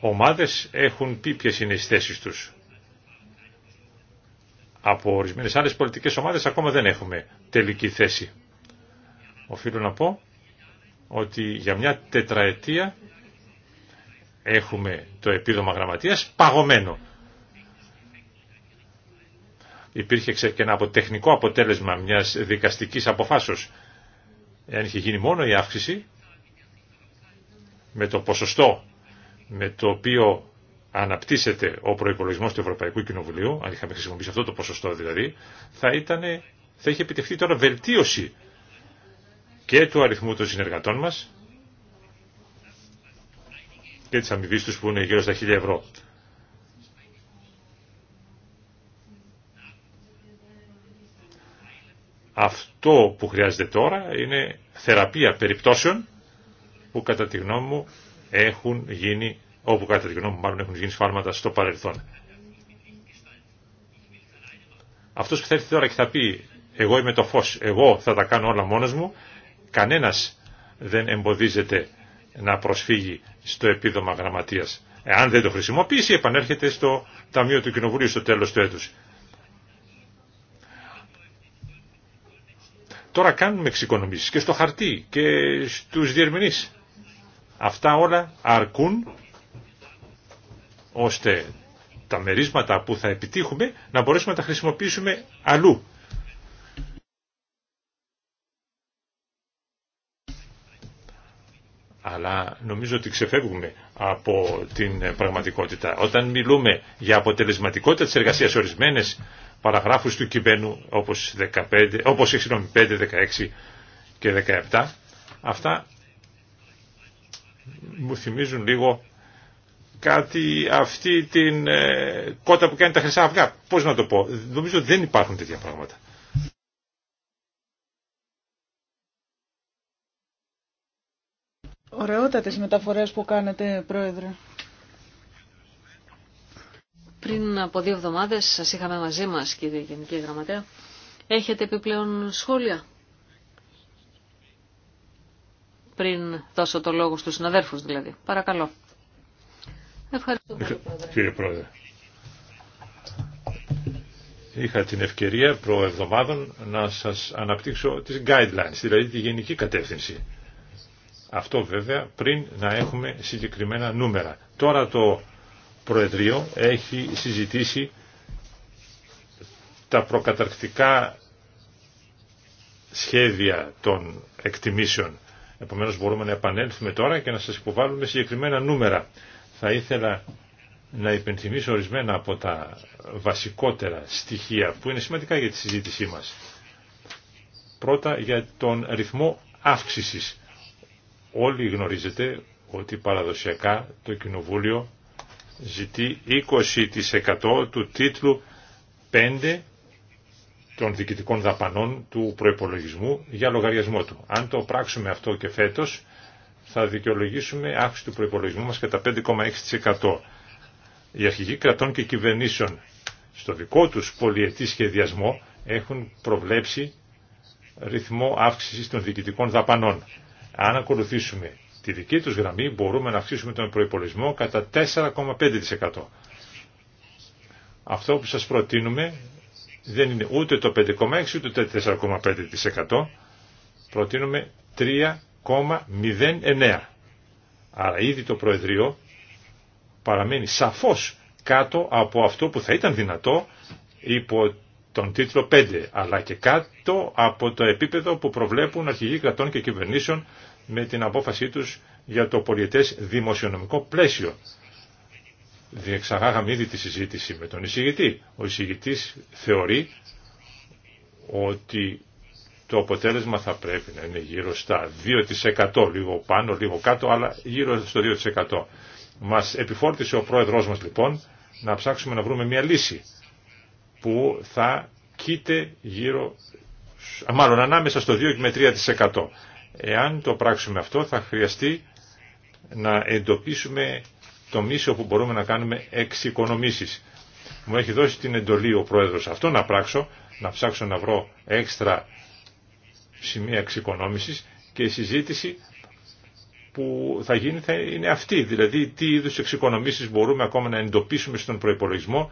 ομάδες έχουν πει ποιες είναι οι θέσεις τους. Από ορισμένες άλλες πολιτικές ομάδες ακόμα δεν έχουμε τελική θέση. Οφείλω να πω ότι για μια τετραετία έχουμε το επίδομα γραμματείας παγωμένο. Υπήρχε και ένα τεχνικό αποτέλεσμα μιας δικαστικής αποφάσεως. Εάν είχε γίνει μόνο η αύξηση με το ποσοστό με το οποίο αναπτύσσεται ο προπολογισμό του Ευρωπαϊκού Κοινοβουλίου, αν είχαμε χρησιμοποιήσει αυτό το ποσοστό δηλαδή, θα, ήταν, θα είχε επιτευχθεί τώρα βελτίωση και του αριθμού των συνεργατών μας και της αμοιβή τους που είναι γύρω στα 1000 ευρώ. Αυτό που χρειάζεται τώρα είναι θεραπεία περιπτώσεων που κατά τη γνώμη μου έχουν γίνει, όπου κατά τη γνώμη μου μάλλον έχουν γίνει σφάλματα στο παρελθόν. Αυτό που θα έρθει τώρα και θα πει εγώ είμαι το φως, εγώ θα τα κάνω όλα μόνος μου, κανένας δεν εμποδίζεται να προσφύγει στο επίδομα γραμματείας. Εάν δεν το χρησιμοποιήσει επανέρχεται στο Ταμείο του Κοινοβουλίου στο τέλος του έτους. Τώρα κάνουμε εξοικονομήσεις και στο χαρτί και στους διερμηνείς. Αυτά όλα αρκούν ώστε τα μερίσματα που θα επιτύχουμε να μπορέσουμε να τα χρησιμοποιήσουμε αλλού. αλλά νομίζω ότι ξεφεύγουμε από την πραγματικότητα. Όταν μιλούμε για αποτελεσματικότητα της εργασίας ορισμένες παραγράφους του κειμένου όπως, 15, όπως 5, 16 και 17, αυτά μου θυμίζουν λίγο κάτι αυτή την ε, κότα που κάνει τα χρυσά αυγά. Πώς να το πω. Νομίζω δεν υπάρχουν τέτοια πράγματα. Ωραιότατες μεταφορές που κάνετε, Πρόεδρε. Πριν από δύο εβδομάδες σας είχαμε μαζί μας, κύριε Γενική Γραμματέα. Έχετε επιπλέον σχόλια πριν δώσω το λόγο στους συναδέρφους δηλαδή. Παρακαλώ. Ευχαριστώ πολύ, Κύριε Πρόεδρε. Είχα την ευκαιρία προεβδομάδων να σας αναπτύξω τις guidelines, δηλαδή τη γενική κατεύθυνση. Αυτό βέβαια πριν να έχουμε συγκεκριμένα νούμερα. Τώρα το Προεδρείο έχει συζητήσει τα προκαταρκτικά σχέδια των εκτιμήσεων Επομένως μπορούμε να επανέλθουμε τώρα και να σας υποβάλουμε συγκεκριμένα νούμερα. Θα ήθελα να υπενθυμίσω ορισμένα από τα βασικότερα στοιχεία που είναι σημαντικά για τη συζήτησή μας. Πρώτα για τον ρυθμό αύξησης. Όλοι γνωρίζετε ότι παραδοσιακά το Κοινοβούλιο ζητεί 20% του τίτλου 5 των διοικητικών δαπανών του προϋπολογισμού για λογαριασμό του. Αν το πράξουμε αυτό και φέτος, θα δικαιολογήσουμε αύξηση του προϋπολογισμού μας κατά 5,6%. Οι αρχηγοί κρατών και κυβερνήσεων στο δικό τους πολιετή σχεδιασμό έχουν προβλέψει ρυθμό αύξησης των διοικητικών δαπανών. Αν ακολουθήσουμε τη δική τους γραμμή μπορούμε να αυξήσουμε τον προϋπολογισμό κατά 4,5%. Αυτό που σας προτείνουμε δεν είναι ούτε το 5,6 ούτε το 4,5%. Προτείνουμε 3,09. Άρα ήδη το Προεδρείο παραμένει σαφώς κάτω από αυτό που θα ήταν δυνατό υπό τον τίτλο 5, αλλά και κάτω από το επίπεδο που προβλέπουν αρχηγοί κρατών και κυβερνήσεων με την απόφασή τους για το πολιετές δημοσιονομικό πλαίσιο διεξαγάγαμε ήδη τη συζήτηση με τον εισηγητή. Ο εισηγητής θεωρεί ότι το αποτέλεσμα θα πρέπει να είναι γύρω στα 2%, λίγο πάνω, λίγο κάτω, αλλά γύρω στο 2%. Μας επιφόρτησε ο πρόεδρός μας λοιπόν να ψάξουμε να βρούμε μια λύση που θα κείται γύρω, μάλλον ανάμεσα στο 2 με 3%. Εάν το πράξουμε αυτό θα χρειαστεί να εντοπίσουμε το μίσο που μπορούμε να κάνουμε εξοικονομήσεις. Μου έχει δώσει την εντολή ο Πρόεδρος αυτό να πράξω, να ψάξω να βρω έξτρα σημεία εξοικονόμησης και η συζήτηση που θα γίνει θα είναι αυτή, δηλαδή τι είδους εξοικονομήσεις μπορούμε ακόμα να εντοπίσουμε στον προϋπολογισμό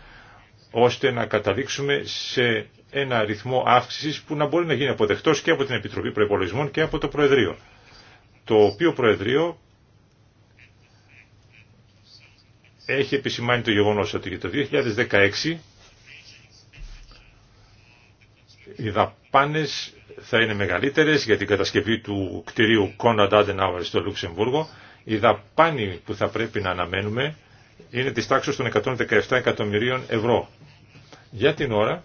ώστε να καταλήξουμε σε ένα ρυθμό αύξησης που να μπορεί να γίνει αποδεκτός και από την Επιτροπή Προϋπολογισμών και από το Προεδρείο. Το οποίο Προεδρείο έχει επισημάνει το γεγονός ότι για το 2016 οι δαπάνες θα είναι μεγαλύτερες για την κατασκευή του κτηρίου Conrad Adenauer στο Λουξεμβούργο. Η δαπάνη που θα πρέπει να αναμένουμε είναι της τάξης των 117 εκατομμυρίων ευρώ. Για την ώρα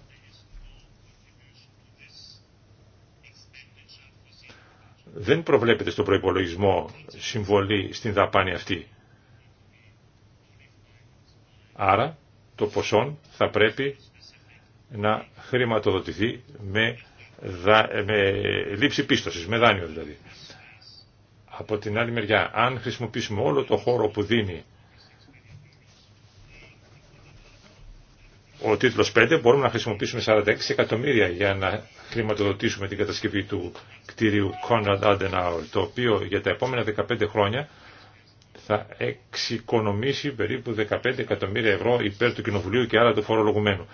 δεν προβλέπεται στο προϋπολογισμό συμβολή στην δαπάνη αυτή. Άρα το ποσό θα πρέπει να χρηματοδοτηθεί με, με λήψη πίστοσης, με δάνειο δηλαδή. Από την άλλη μεριά, αν χρησιμοποιήσουμε όλο το χώρο που δίνει ο τίτλος 5 μπορούμε να χρησιμοποιήσουμε 46 εκατομμύρια για να χρηματοδοτήσουμε την κατασκευή του κτίριου Conrad Adenauer, το οποίο για τα επόμενα 15 χρόνια θα εξοικονομήσει περίπου 15 εκατομμύρια ευρώ υπέρ του Κοινοβουλίου και άλλα του φορολογουμένου.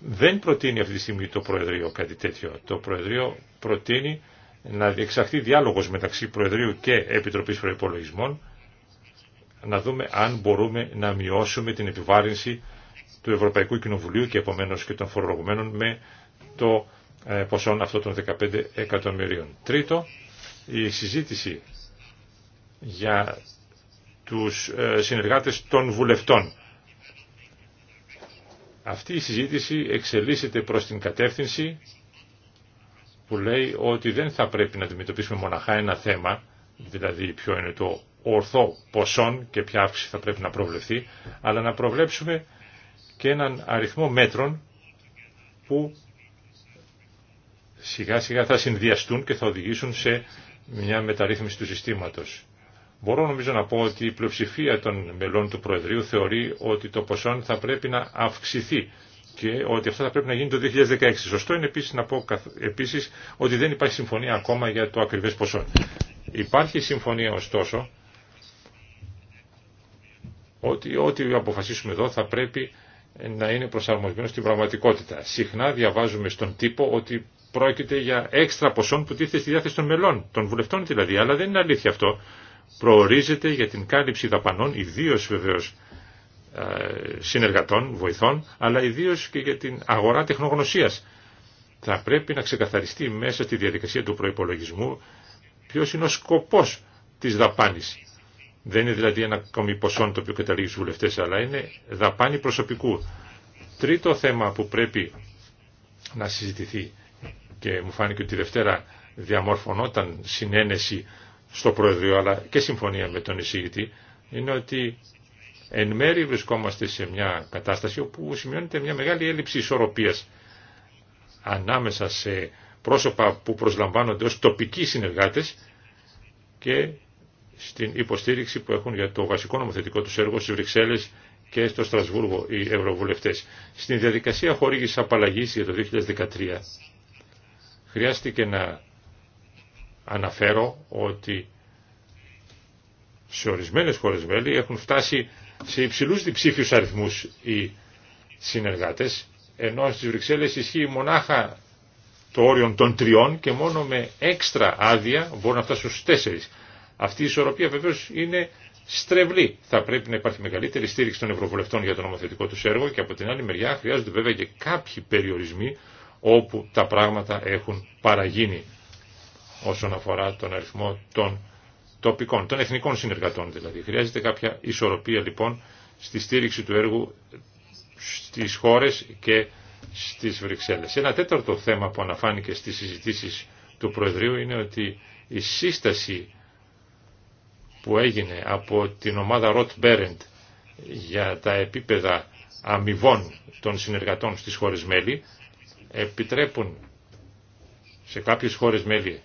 Δεν προτείνει αυτή τη στιγμή το Προεδρείο κάτι τέτοιο. Το Προεδρείο προτείνει να διεξαχθεί διάλογος μεταξύ Προεδρείου και Επιτροπής Προϋπολογισμών να δούμε αν μπορούμε να μειώσουμε την επιβάρυνση του Ευρωπαϊκού Κοινοβουλίου και επομένως και των φορολογουμένων με το ε, ποσό αυτό των 15 εκατομμυρίων. Τρίτο, η συζήτηση για τους ε, συνεργάτες των βουλευτών. Αυτή η συζήτηση εξελίσσεται προς την κατεύθυνση που λέει ότι δεν θα πρέπει να αντιμετωπίσουμε μοναχά ένα θέμα, δηλαδή ποιο είναι το ορθό ποσόν και ποια αύξηση θα πρέπει να προβλεφθεί, αλλά να προβλέψουμε και έναν αριθμό μέτρων που σιγά σιγά θα συνδυαστούν και θα οδηγήσουν σε μια μεταρρύθμιση του συστήματος. Μπορώ νομίζω να πω ότι η πλειοψηφία των μελών του Προεδρείου θεωρεί ότι το ποσό θα πρέπει να αυξηθεί και ότι αυτό θα πρέπει να γίνει το 2016. Σωστό είναι επίσης να πω επίσης ότι δεν υπάρχει συμφωνία ακόμα για το ακριβές ποσό. Υπάρχει συμφωνία ωστόσο ότι ό,τι αποφασίσουμε εδώ θα πρέπει να είναι προσαρμοσμένο στην πραγματικότητα. Συχνά διαβάζουμε στον τύπο ότι πρόκειται για έξτρα ποσόν που τίθεται στη διάθεση των μελών, των βουλευτών δηλαδή, αλλά δεν είναι αλήθεια αυτό προορίζεται για την κάλυψη δαπανών, ιδίω βεβαίω ε, συνεργατών, βοηθών, αλλά ιδίω και για την αγορά τεχνογνωσία. Θα πρέπει να ξεκαθαριστεί μέσα στη διαδικασία του προϋπολογισμού ποιο είναι ο σκοπός της δαπάνη. Δεν είναι δηλαδή ένα ακόμη ποσό το οποίο καταλήγει στου βουλευτέ, αλλά είναι δαπάνη προσωπικού. Τρίτο θέμα που πρέπει να συζητηθεί και μου φάνηκε ότι τη Δευτέρα διαμορφωνόταν συνένεση στο Προεδρείο αλλά και συμφωνία με τον εισηγητή είναι ότι εν μέρη βρισκόμαστε σε μια κατάσταση όπου σημειώνεται μια μεγάλη έλλειψη ισορροπίας ανάμεσα σε πρόσωπα που προσλαμβάνονται ως τοπικοί συνεργάτες και στην υποστήριξη που έχουν για το βασικό νομοθετικό του έργο στις Βρυξέλλες και στο Στρασβούργο οι Ευρωβουλευτές. Στην διαδικασία χορήγησης απαλλαγής για το 2013 χρειάστηκε να αναφέρω ότι σε ορισμένες χώρες μέλη έχουν φτάσει σε υψηλούς διψήφιους αριθμούς οι συνεργάτες, ενώ στις Βρυξέλλες ισχύει μονάχα το όριο των τριών και μόνο με έξτρα άδεια μπορούν να φτάσουν στους τέσσερις. Αυτή η ισορροπία βεβαίως είναι στρεβλή. Θα πρέπει να υπάρχει μεγαλύτερη στήριξη των Ευρωβουλευτών για το νομοθετικό του έργο και από την άλλη μεριά χρειάζονται βέβαια και κάποιοι περιορισμοί όπου τα πράγματα έχουν παραγίνει όσον αφορά τον αριθμό των τοπικών, των εθνικών συνεργατών δηλαδή. Χρειάζεται κάποια ισορροπία λοιπόν στη στήριξη του έργου στις χώρες και στις Βρυξέλλες. Ένα τέταρτο θέμα που αναφάνηκε στις συζητήσεις του Προεδρείου είναι ότι η σύσταση που έγινε από την ομάδα Ροτ Μπέρεντ για τα επίπεδα αμοιβών των συνεργατών στις χώρες μέλη επιτρέπουν σε κάποιες χώρες μέλη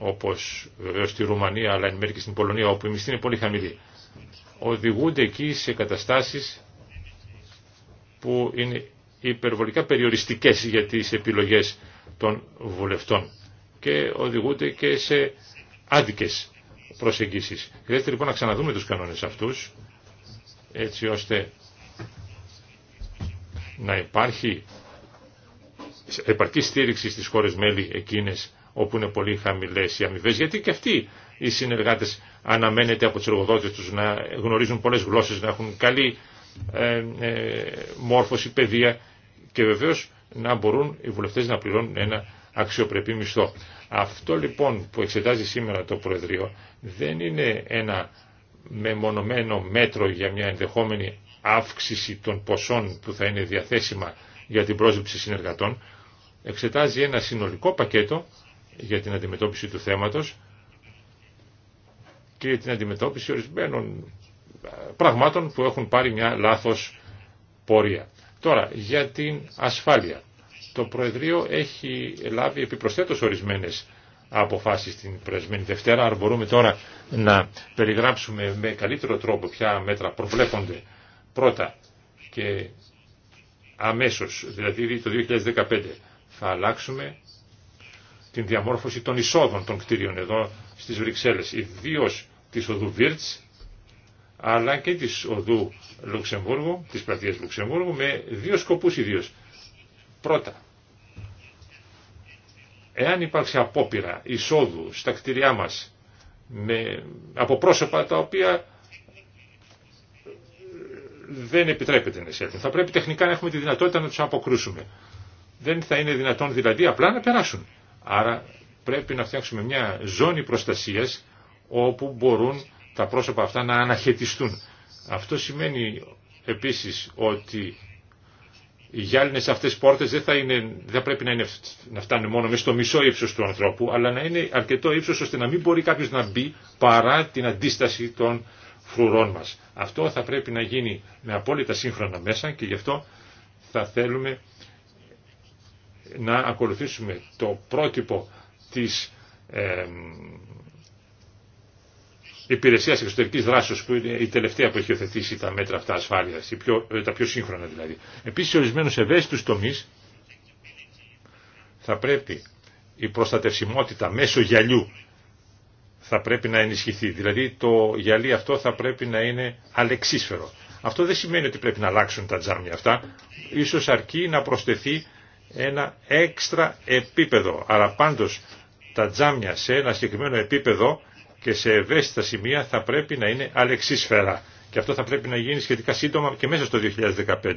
όπως βεβαίω στη Ρουμανία αλλά εν μέρει και στην Πολωνία όπου η μισθή είναι πολύ χαμηλή οδηγούνται εκεί σε καταστάσεις που είναι υπερβολικά περιοριστικές για τις επιλογές των βουλευτών και οδηγούνται και σε άδικες προσεγγίσεις. Χρειάζεται λοιπόν να ξαναδούμε τους κανόνες αυτούς έτσι ώστε να υπάρχει επαρκή στήριξη στις χώρες μέλη εκείνες όπου είναι πολύ χαμηλές οι αμοιβέ, γιατί και αυτοί οι συνεργάτες αναμένεται από τους εργοδότες τους να γνωρίζουν πολλές γλώσσες, να έχουν καλή ε, ε, μόρφωση, παιδεία και βεβαίως να μπορούν οι βουλευτές να πληρώνουν ένα αξιοπρεπή μισθό. Αυτό λοιπόν που εξετάζει σήμερα το Προεδρείο δεν είναι ένα μεμονωμένο μέτρο για μια ενδεχόμενη αύξηση των ποσών που θα είναι διαθέσιμα για την πρόσληψη συνεργατών, εξετάζει ένα συνολικό πακέτο για την αντιμετώπιση του θέματος και για την αντιμετώπιση ορισμένων ε, πραγμάτων που έχουν πάρει μια λάθος πορεία. Τώρα, για την ασφάλεια. Το Προεδρείο έχει λάβει επιπροσθέτως ορισμένες αποφάσεις την περασμένη Δευτέρα, αλλά μπορούμε τώρα να περιγράψουμε με καλύτερο τρόπο ποια μέτρα προβλέπονται πρώτα και αμέσως, δηλαδή το 2015 θα αλλάξουμε την διαμόρφωση των εισόδων των κτίριων εδώ στις Βρυξέλλες, ιδίω της οδού Βίρτς, αλλά και της οδού Λουξεμβούργου, της πλατείας Λουξεμβούργου, με δύο σκοπούς ιδίως. Πρώτα, εάν υπάρξει απόπειρα εισόδου στα κτίρια μας με, από πρόσωπα τα οποία δεν επιτρέπεται να εισέλθουν. Θα πρέπει τεχνικά να έχουμε τη δυνατότητα να τους αποκρούσουμε. Δεν θα είναι δυνατόν δηλαδή απλά να περάσουν. Άρα πρέπει να φτιάξουμε μια ζώνη προστασίας όπου μπορούν τα πρόσωπα αυτά να αναχαιτιστούν. Αυτό σημαίνει επίσης ότι οι γυάλινες αυτές πόρτες δεν θα, είναι, δεν πρέπει να, είναι, να φτάνουν μόνο με στο μισό ύψος του ανθρώπου, αλλά να είναι αρκετό ύψος ώστε να μην μπορεί κάποιος να μπει παρά την αντίσταση των φρουρών μας. Αυτό θα πρέπει να γίνει με απόλυτα σύγχρονα μέσα και γι' αυτό θα θέλουμε να ακολουθήσουμε το πρότυπο της ε, υπηρεσία εξωτερική δράση που είναι η τελευταία που έχει οθετήσει τα μέτρα αυτά ασφάλεια, ε, τα πιο σύγχρονα δηλαδή. Επίση, σε ορισμένου ευαίσθητου τομεί θα πρέπει η προστατευσιμότητα μέσω γυαλιού θα πρέπει να ενισχυθεί. Δηλαδή το γυαλί αυτό θα πρέπει να είναι αλεξίσφαιρο. Αυτό δεν σημαίνει ότι πρέπει να αλλάξουν τα τζάμια αυτά. Ίσως αρκεί να προσθεθεί ένα έξτρα επίπεδο. Άρα πάντως τα τζάμια σε ένα συγκεκριμένο επίπεδο και σε ευαίσθητα σημεία θα πρέπει να είναι αλεξίσφαιρα. Και αυτό θα πρέπει να γίνει σχετικά σύντομα και μέσα στο 2015.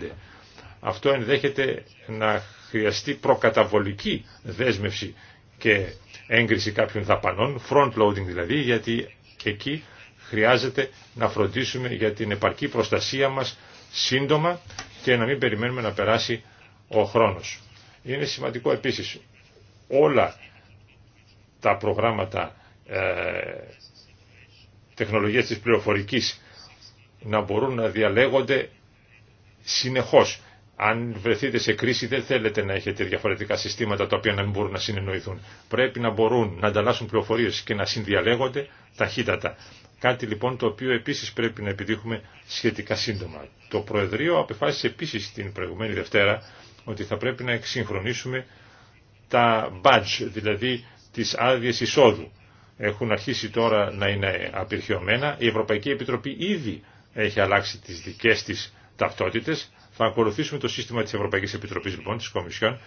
Αυτό ενδέχεται να χρειαστεί προκαταβολική δέσμευση και έγκριση κάποιων δαπανών, front loading δηλαδή, γιατί εκεί χρειάζεται να φροντίσουμε για την επαρκή προστασία μας σύντομα και να μην περιμένουμε να περάσει ο χρόνος. Είναι σημαντικό επίσης όλα τα προγράμματα ε, τεχνολογίας της πληροφορικής να μπορούν να διαλέγονται συνεχώς. Αν βρεθείτε σε κρίση δεν θέλετε να έχετε διαφορετικά συστήματα τα οποία να μην μπορούν να συνεννοηθούν. Πρέπει να μπορούν να ανταλλάσσουν πληροφορίες και να συνδιαλέγονται ταχύτατα. Κάτι λοιπόν το οποίο επίσης πρέπει να επιτύχουμε σχετικά σύντομα. Το Προεδρείο αποφάσισε επίσης την προηγουμένη Δευτέρα ότι θα πρέπει να εξυγχρονίσουμε τα badge, δηλαδή τις άδειες εισόδου. Έχουν αρχίσει τώρα να είναι απειρχαιωμένα. Η Ευρωπαϊκή Επιτροπή ήδη έχει αλλάξει τις δικές της ταυτότητες. Θα ακολουθήσουμε το σύστημα της Ευρωπαϊκής Επιτροπής λοιπόν, της Κομισιόν,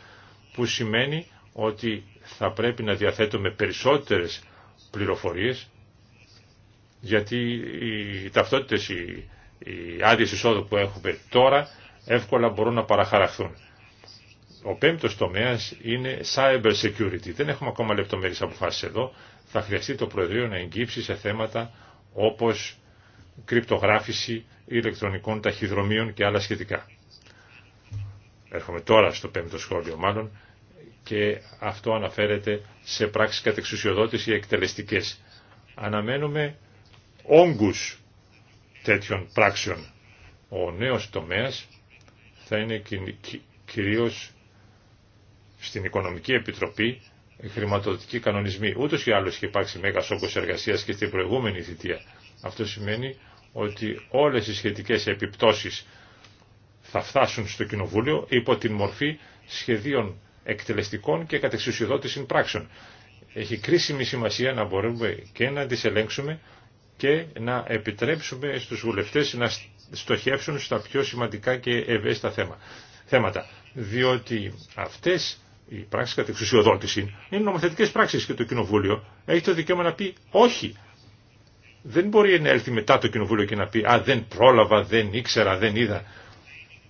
που σημαίνει ότι θα πρέπει να διαθέτουμε περισσότερες πληροφορίες, γιατί οι ταυτότητες, οι, οι άδειες εισόδου που έχουμε τώρα εύκολα μπορούν να παραχαραχθούν. Ο πέμπτος τομέας είναι cyber security. Δεν έχουμε ακόμα λεπτομέρειες αποφάσεις εδώ. Θα χρειαστεί το Προεδρείο να εγγύψει σε θέματα όπως κρυπτογράφηση ηλεκτρονικών ταχυδρομείων και άλλα σχετικά. Έρχομαι τώρα στο πέμπτο σχόλιο μάλλον και αυτό αναφέρεται σε πράξεις κατεξουσιοδότηση ή εκτελεστικές. Αναμένουμε όγκους τέτοιων πράξεων. Ο νέος τομέας θα είναι κυρίως στην Οικονομική Επιτροπή χρηματοδοτικοί κανονισμοί. Ούτως ή άλλως είχε υπάρξει μέγα όγκος εργασίας και στην προηγούμενη θητεία. Αυτό σημαίνει ότι όλες οι σχετικές επιπτώσεις θα φτάσουν στο Κοινοβούλιο υπό την μορφή σχεδίων εκτελεστικών και κατεξουσιοδότηση πράξεων. Έχει κρίσιμη σημασία να μπορούμε και να τις ελέγξουμε και να επιτρέψουμε στους βουλευτές να στοχεύσουν στα πιο σημαντικά και ευαίσθητα θέματα. Διότι αυτές η πράξη κατά εξουσιοδότηση είναι νομοθετικές πράξεις και το Κοινοβούλιο έχει το δικαίωμα να πει όχι. Δεν μπορεί να έρθει μετά το Κοινοβούλιο και να πει «Α, δεν πρόλαβα, δεν ήξερα, δεν είδα».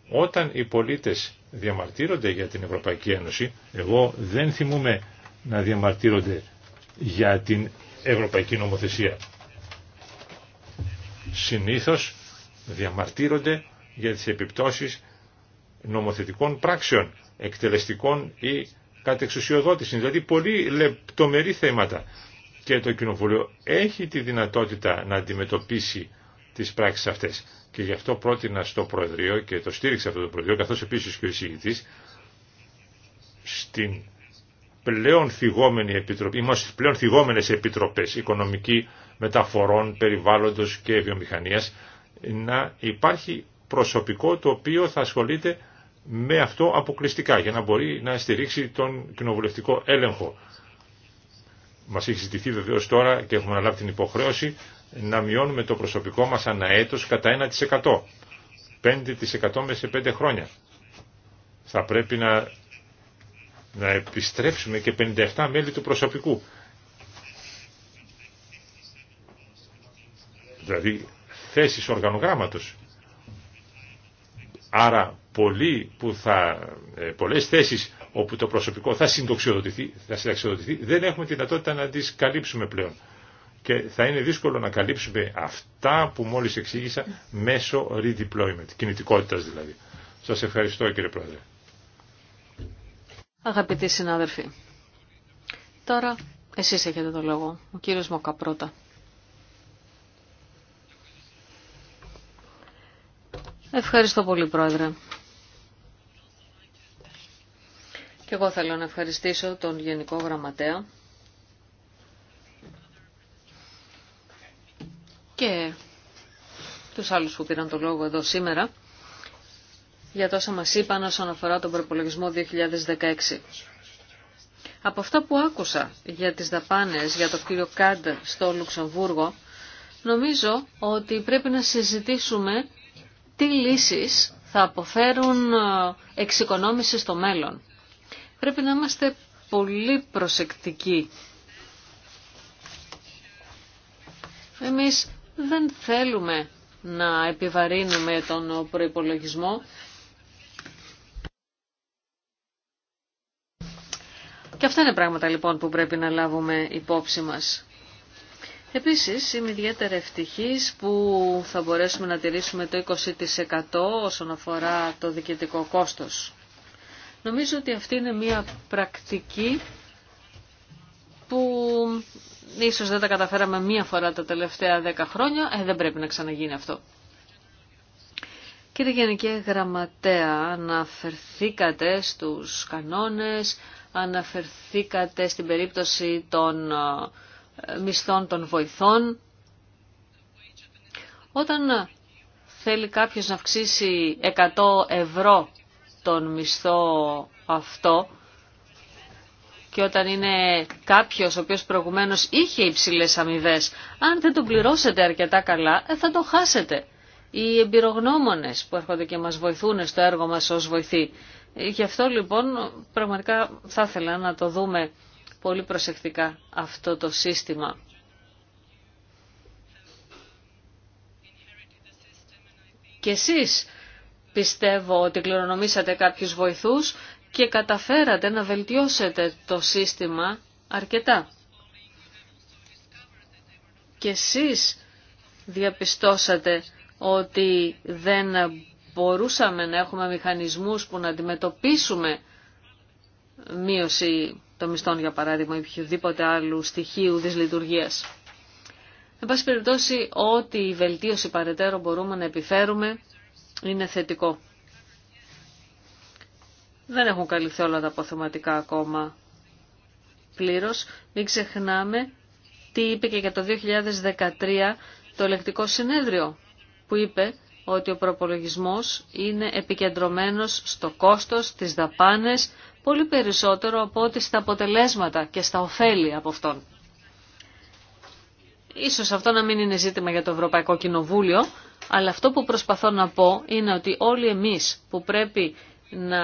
Όταν οι πολίτες διαμαρτύρονται για την Ευρωπαϊκή Ένωση, εγώ δεν θυμούμαι να διαμαρτύρονται για την Ευρωπαϊκή Νομοθεσία. Συνήθως διαμαρτύρονται για τις επιπτώσεις νομοθετικών πράξεων εκτελεστικών ή κατεξουσιοδότησης. Δηλαδή πολύ λεπτομερή θέματα. Και το Κοινοβούλιο έχει τη δυνατότητα να αντιμετωπίσει τις πράξεις αυτές. Και γι' αυτό πρότεινα στο Προεδρείο και το στήριξε αυτό το Προεδρείο, καθώς επίσης και ο εισηγητής, στην πλέον θυγόμενη επιτροπή, είμαστε στις πλέον θυγόμενες επιτροπές, οικονομική, μεταφορών, περιβάλλοντος και βιομηχανίας, να υπάρχει προσωπικό το οποίο θα ασχολείται με αυτό αποκλειστικά για να μπορεί να στηρίξει τον κοινοβουλευτικό έλεγχο. Μας έχει ζητηθεί βεβαίω τώρα και έχουμε αναλάβει την υποχρέωση να μειώνουμε το προσωπικό μας αναέτο κατά 1%. 5% μέσα σε 5 χρόνια. Θα πρέπει να, να επιστρέψουμε και 57 μέλη του προσωπικού. Δηλαδή θέσεις οργανογράμματος. Άρα πολλοί που θα, ε, πολλές θέσεις όπου το προσωπικό θα συνταξιοδοτηθεί, θα συνταξιοδοτηθεί δεν έχουμε τη δυνατότητα να τις καλύψουμε πλέον. Και θα είναι δύσκολο να καλύψουμε αυτά που μόλις εξήγησα μέσω redeployment, κινητικότητας δηλαδή. Σας ευχαριστώ κύριε Πρόεδρε. Αγαπητοί συνάδελφοι, τώρα εσείς έχετε το λόγο. Ο κύριος Μοκαπρώτα. Ευχαριστώ πολύ, Πρόεδρε. Και εγώ θέλω να ευχαριστήσω τον Γενικό Γραμματέα και τους άλλους που πήραν το λόγο εδώ σήμερα για τόσα μας είπαν όσον αφορά τον προπολογισμό 2016. Από αυτά που άκουσα για τις δαπάνες για το κύριο Κάντ στο Λουξεμβούργο, νομίζω ότι πρέπει να συζητήσουμε τι λύσεις θα αποφέρουν ε, εξοικονόμηση στο μέλλον. Πρέπει να είμαστε πολύ προσεκτικοί. Εμείς δεν θέλουμε να επιβαρύνουμε τον προϋπολογισμό. Και αυτά είναι πράγματα λοιπόν που πρέπει να λάβουμε υπόψη μας. Επίσης είμαι ιδιαίτερα ευτυχής που θα μπορέσουμε να τηρήσουμε το 20% όσον αφορά το διοικητικό κόστος. Νομίζω ότι αυτή είναι μια πρακτική που ίσως δεν τα καταφέραμε μία φορά τα τελευταία δέκα χρόνια, ε, δεν πρέπει να ξαναγίνει αυτό. Κύριε Γενική Γραμματέα, αναφερθήκατε στους κανόνες, αναφερθήκατε στην περίπτωση των μισθών των βοηθών. Όταν θέλει κάποιος να αυξήσει 100 ευρώ τον μισθό αυτό και όταν είναι κάποιος ο οποίος προηγουμένως είχε υψηλές αμοιβέ, αν δεν τον πληρώσετε αρκετά καλά ε, θα το χάσετε. Οι εμπειρογνώμονες που έρχονται και μας βοηθούν στο έργο μας ως βοηθή. Γι' αυτό λοιπόν πραγματικά θα ήθελα να το δούμε πολύ προσεκτικά αυτό το σύστημα. Και εσείς πιστεύω ότι κληρονομήσατε κάποιους βοηθούς και καταφέρατε να βελτιώσετε το σύστημα αρκετά. Και εσείς διαπιστώσατε ότι δεν μπορούσαμε να έχουμε μηχανισμούς που να αντιμετωπίσουμε μείωση το μισθών για παράδειγμα ή οποιοδήποτε άλλου στοιχείου δυσλειτουργίας. Εν πάση περιπτώσει, ό,τι η βελτίωση παρετέρω μπορούμε να επιφέρουμε είναι θετικό. Δεν έχουν καλυφθεί όλα τα αποθεματικά ακόμα πλήρως. Μην ξεχνάμε τι είπε και για το 2013 το ελεκτικό συνέδριο που είπε ότι ο προπολογισμός είναι επικεντρωμένος στο κόστος, τις δαπάνες πολύ περισσότερο από ό,τι στα αποτελέσματα και στα ωφέλη από αυτόν. Ίσως αυτό να μην είναι ζήτημα για το Ευρωπαϊκό Κοινοβούλιο, αλλά αυτό που προσπαθώ να πω είναι ότι όλοι εμείς που πρέπει να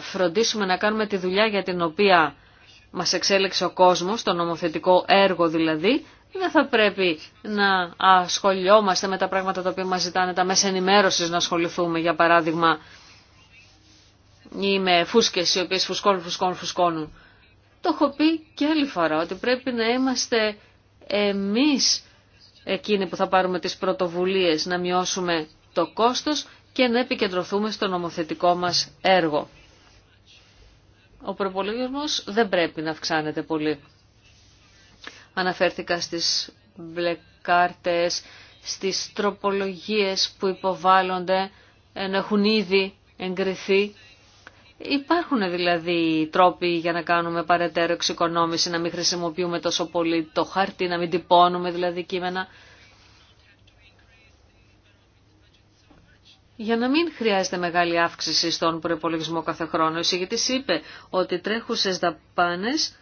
φροντίσουμε να κάνουμε τη δουλειά για την οποία μας εξέλεξε ο κόσμος, το νομοθετικό έργο δηλαδή, δεν θα πρέπει να ασχολιόμαστε με τα πράγματα τα οποία μας ζητάνε τα μέσα ενημέρωσης να ασχοληθούμε, για παράδειγμα, ή με φούσκες οι οποίες φουσκώνουν, φουσκώνουν, φουσκώνουν. Το έχω πει και άλλη φορά ότι πρέπει να είμαστε εμείς εκείνοι που θα πάρουμε τις πρωτοβουλίες να μειώσουμε το κόστος και να επικεντρωθούμε στο νομοθετικό μας έργο. Ο προπολογισμό δεν πρέπει να αυξάνεται πολύ. Αναφέρθηκα στις μπλε κάρτες, στις τροπολογίες που υποβάλλονται, να έχουν ήδη εγκριθεί Υπάρχουν δηλαδή τρόποι για να κάνουμε παρετέρω εξοικονόμηση, να μην χρησιμοποιούμε τόσο πολύ το χαρτί, να μην τυπώνουμε δηλαδή κείμενα. Για να μην χρειάζεται μεγάλη αύξηση στον προπολογισμό κάθε χρόνο, ο είπε ότι τρέχουσες δαπάνες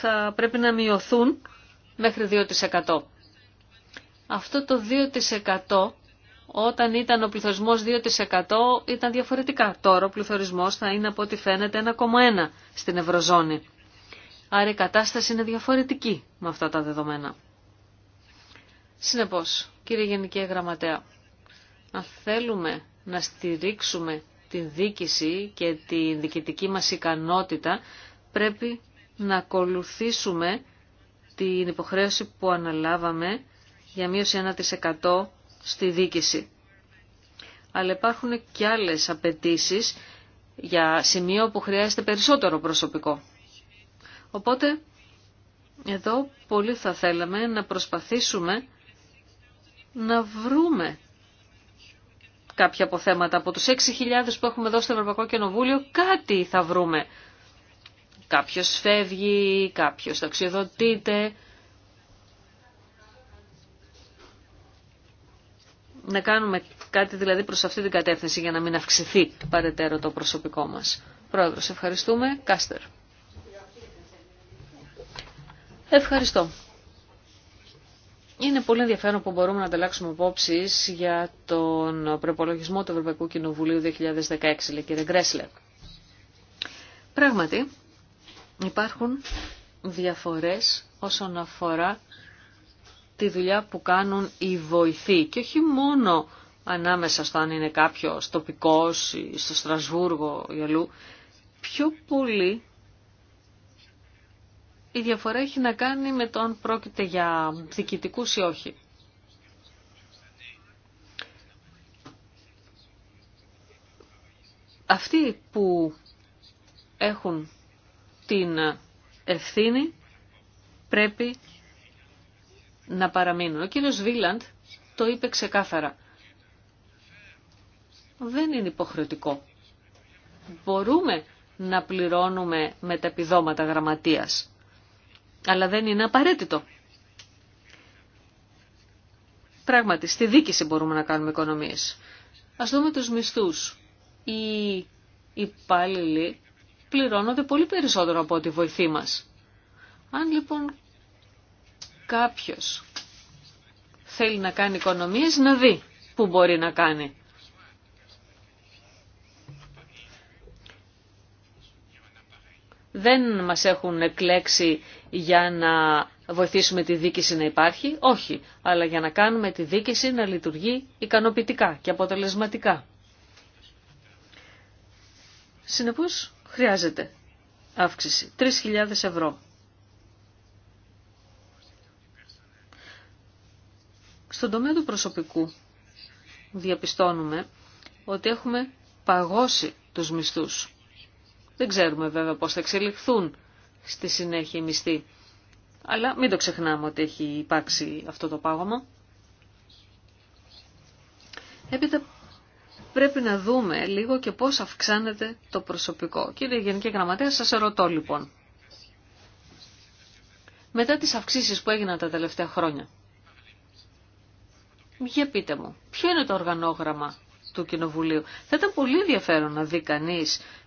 θα πρέπει να μειωθούν μέχρι 2%. Αυτό το 2% όταν ήταν ο πληθωρισμός 2% ήταν διαφορετικά. Τώρα ο πληθωρισμός θα είναι από ό,τι φαίνεται 1,1 στην Ευρωζώνη. Άρα η κατάσταση είναι διαφορετική με αυτά τα δεδομένα. Συνεπώς, κύριε Γενική Γραμματέα, αν θέλουμε να στηρίξουμε την δίκηση και την διοικητική μας ικανότητα, πρέπει να ακολουθήσουμε την υποχρέωση που αναλάβαμε για μείωση 1% στη δίκηση. Αλλά υπάρχουν και άλλες απαιτήσει για σημείο που χρειάζεται περισσότερο προσωπικό. Οπότε, εδώ πολύ θα θέλαμε να προσπαθήσουμε να βρούμε κάποια αποθέματα. Από τους 6.000 που έχουμε εδώ στο Ευρωπαϊκό Κοινοβούλιο, κάτι θα βρούμε. Κάποιος φεύγει, κάποιος ταξιδοτείται, να κάνουμε κάτι δηλαδή προς αυτή την κατεύθυνση για να μην αυξηθεί παρετέρω το προσωπικό μας. Πρόεδρος, ευχαριστούμε. Κάστερ. Ευχαριστώ. Είναι πολύ ενδιαφέρον που μπορούμε να ανταλλάξουμε απόψει για τον προπολογισμό του Ευρωπαϊκού Κοινοβουλίου 2016, λέει κύριε Γκρέσλερ. Πράγματι, υπάρχουν διαφορές όσον αφορά τη δουλειά που κάνουν οι βοηθοί και όχι μόνο ανάμεσα στο αν είναι κάποιος τοπικός ή στο Στρασβούργο ή αλλού, πιο πολύ η διαφορά έχει να κάνει με το αν πρόκειται για διοικητικούς ή όχι. Αυτοί που έχουν την ευθύνη πρέπει να παραμείνουν. Ο κύριος Βίλαντ το είπε ξεκάθαρα. Δεν είναι υποχρεωτικό. Μπορούμε να πληρώνουμε με τα επιδόματα γραμματείας, αλλά δεν είναι απαραίτητο. Πράγματι, στη δίκηση μπορούμε να κάνουμε οικονομίες. Ας δούμε τους μισθούς. Οι υπάλληλοι πληρώνονται πολύ περισσότερο από τη βοηθή μας. Αν λοιπόν κάποιος θέλει να κάνει οικονομίες να δει που μπορεί να κάνει. Δεν μας έχουν εκλέξει για να βοηθήσουμε τη δίκηση να υπάρχει, όχι, αλλά για να κάνουμε τη δίκηση να λειτουργεί ικανοποιητικά και αποτελεσματικά. Συνεπώς χρειάζεται αύξηση. 3.000 ευρώ Στον τομέα του προσωπικού διαπιστώνουμε ότι έχουμε παγώσει τους μισθούς. Δεν ξέρουμε βέβαια πώς θα εξελιχθούν στη συνέχεια οι μισθοί. Αλλά μην το ξεχνάμε ότι έχει υπάρξει αυτό το πάγωμα. Έπειτα πρέπει να δούμε λίγο και πώς αυξάνεται το προσωπικό. Κύριε Γενική Γραμματέα, σας ερωτώ λοιπόν. Μετά τις αυξήσεις που έγιναν τα τελευταία χρόνια, για πείτε μου, ποιο είναι το οργανόγραμμα του Κοινοβουλίου. Θα ήταν πολύ ενδιαφέρον να δει κανεί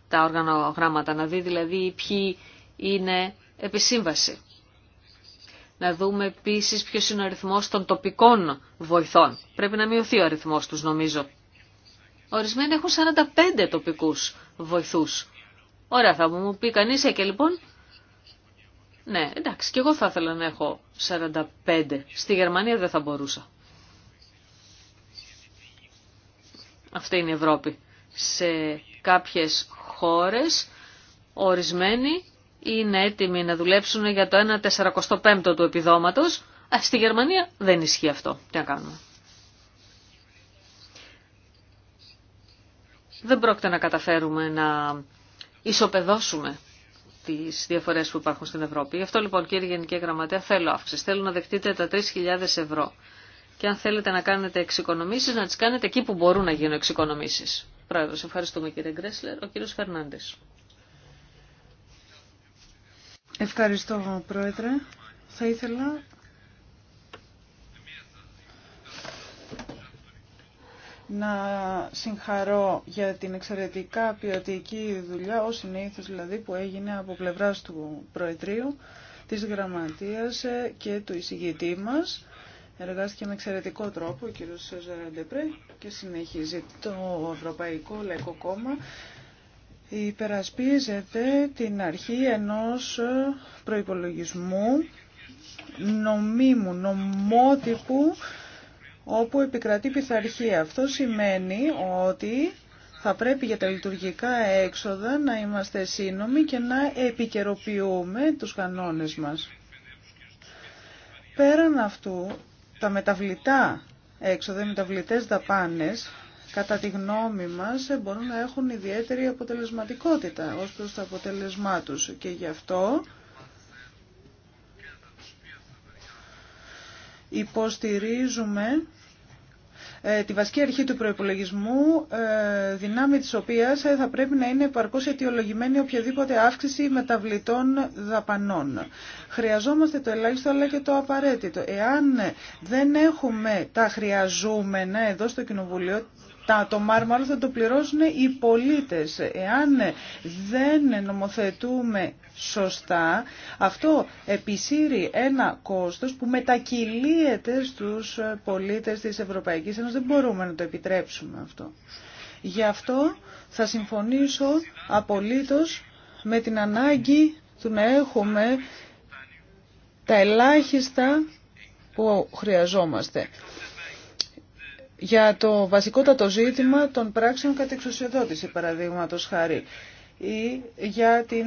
τα οργανογράμματα, να δει δηλαδή ποιοι είναι επισύμβαση. Να δούμε επίση ποιο είναι ο αριθμό των τοπικών βοηθών. Πρέπει να μειωθεί ο αριθμό τους νομίζω. Ορισμένοι έχουν 45 τοπικούς βοηθούς. Ωραία θα μου πει ε, και λοιπόν. Ναι, εντάξει, και εγώ θα ήθελα να έχω 45. Στη Γερμανία δεν θα μπορούσα. Αυτή είναι η Ευρώπη. Σε κάποιες χώρες ορισμένοι είναι έτοιμοι να δουλέψουν για το 145ο του επιδόματος. Στη Γερμανία δεν ισχύει αυτό. Τι να κάνουμε. Δεν πρόκειται να καταφέρουμε να ισοπεδώσουμε τις διαφορές που υπάρχουν στην Ευρώπη. Γι' αυτό λοιπόν κύριε Γενική Γραμματέα θέλω αύξηση. Θέλω να δεχτείτε τα 3.000 ευρώ και αν θέλετε να κάνετε εξοικονομήσεις, να τις κάνετε εκεί που μπορούν να γίνουν εξοικονομήσεις. Πρόεδρος, ευχαριστούμε κύριε Γκρέσλερ. Ο κύριος Φερνάντες. Ευχαριστώ πρόεδρε. Θα ήθελα να συγχαρώ για την εξαιρετικά ποιοτική δουλειά, ως συνήθως δηλαδή που έγινε από πλευράς του Προεδρείου, της Γραμματείας και του εισηγητή μας. Εργάστηκε με εξαιρετικό τρόπο ο κ. Σεζαραντεπρέ και συνεχίζει το Ευρωπαϊκό Λαϊκό Κόμμα υπερασπίζεται την αρχή ενός προϋπολογισμού νομίμου, νομότυπου όπου επικρατεί πειθαρχία. Αυτό σημαίνει ότι θα πρέπει για τα λειτουργικά έξοδα να είμαστε σύνομοι και να επικαιροποιούμε τους κανόνες μας. Πέραν αυτού, τα μεταβλητά έξοδα, οι μεταβλητές δαπάνες, κατά τη γνώμη μας, μπορούν να έχουν ιδιαίτερη αποτελεσματικότητα ως προς το αποτελεσμά τους. Και γι' αυτό υποστηρίζουμε ε, τη βασική αρχή του προϋπολογισμού, ε, δυνάμει της οποίας ε, θα πρέπει να είναι επαρκώς αιτιολογημένη οποιαδήποτε αύξηση μεταβλητών δαπανών. Χρειαζόμαστε το ελάχιστο αλλά και το απαραίτητο. Εάν δεν έχουμε τα χρειαζόμενα εδώ στο Κοινοβουλίο, τα, το μάρμαρο θα το πληρώσουν οι πολίτες. Εάν δεν νομοθετούμε σωστά, αυτό επισύρει ένα κόστος που μετακυλίεται στους πολίτες της Ευρωπαϊκής Ένωσης. Δεν μπορούμε να το επιτρέψουμε αυτό. Γι' αυτό θα συμφωνήσω απολύτως με την ανάγκη του να έχουμε τα ελάχιστα που χρειαζόμαστε για το βασικότατο ζήτημα των πράξεων κατά εξουσιοδότηση, παραδείγματος χάρη, ή για, την,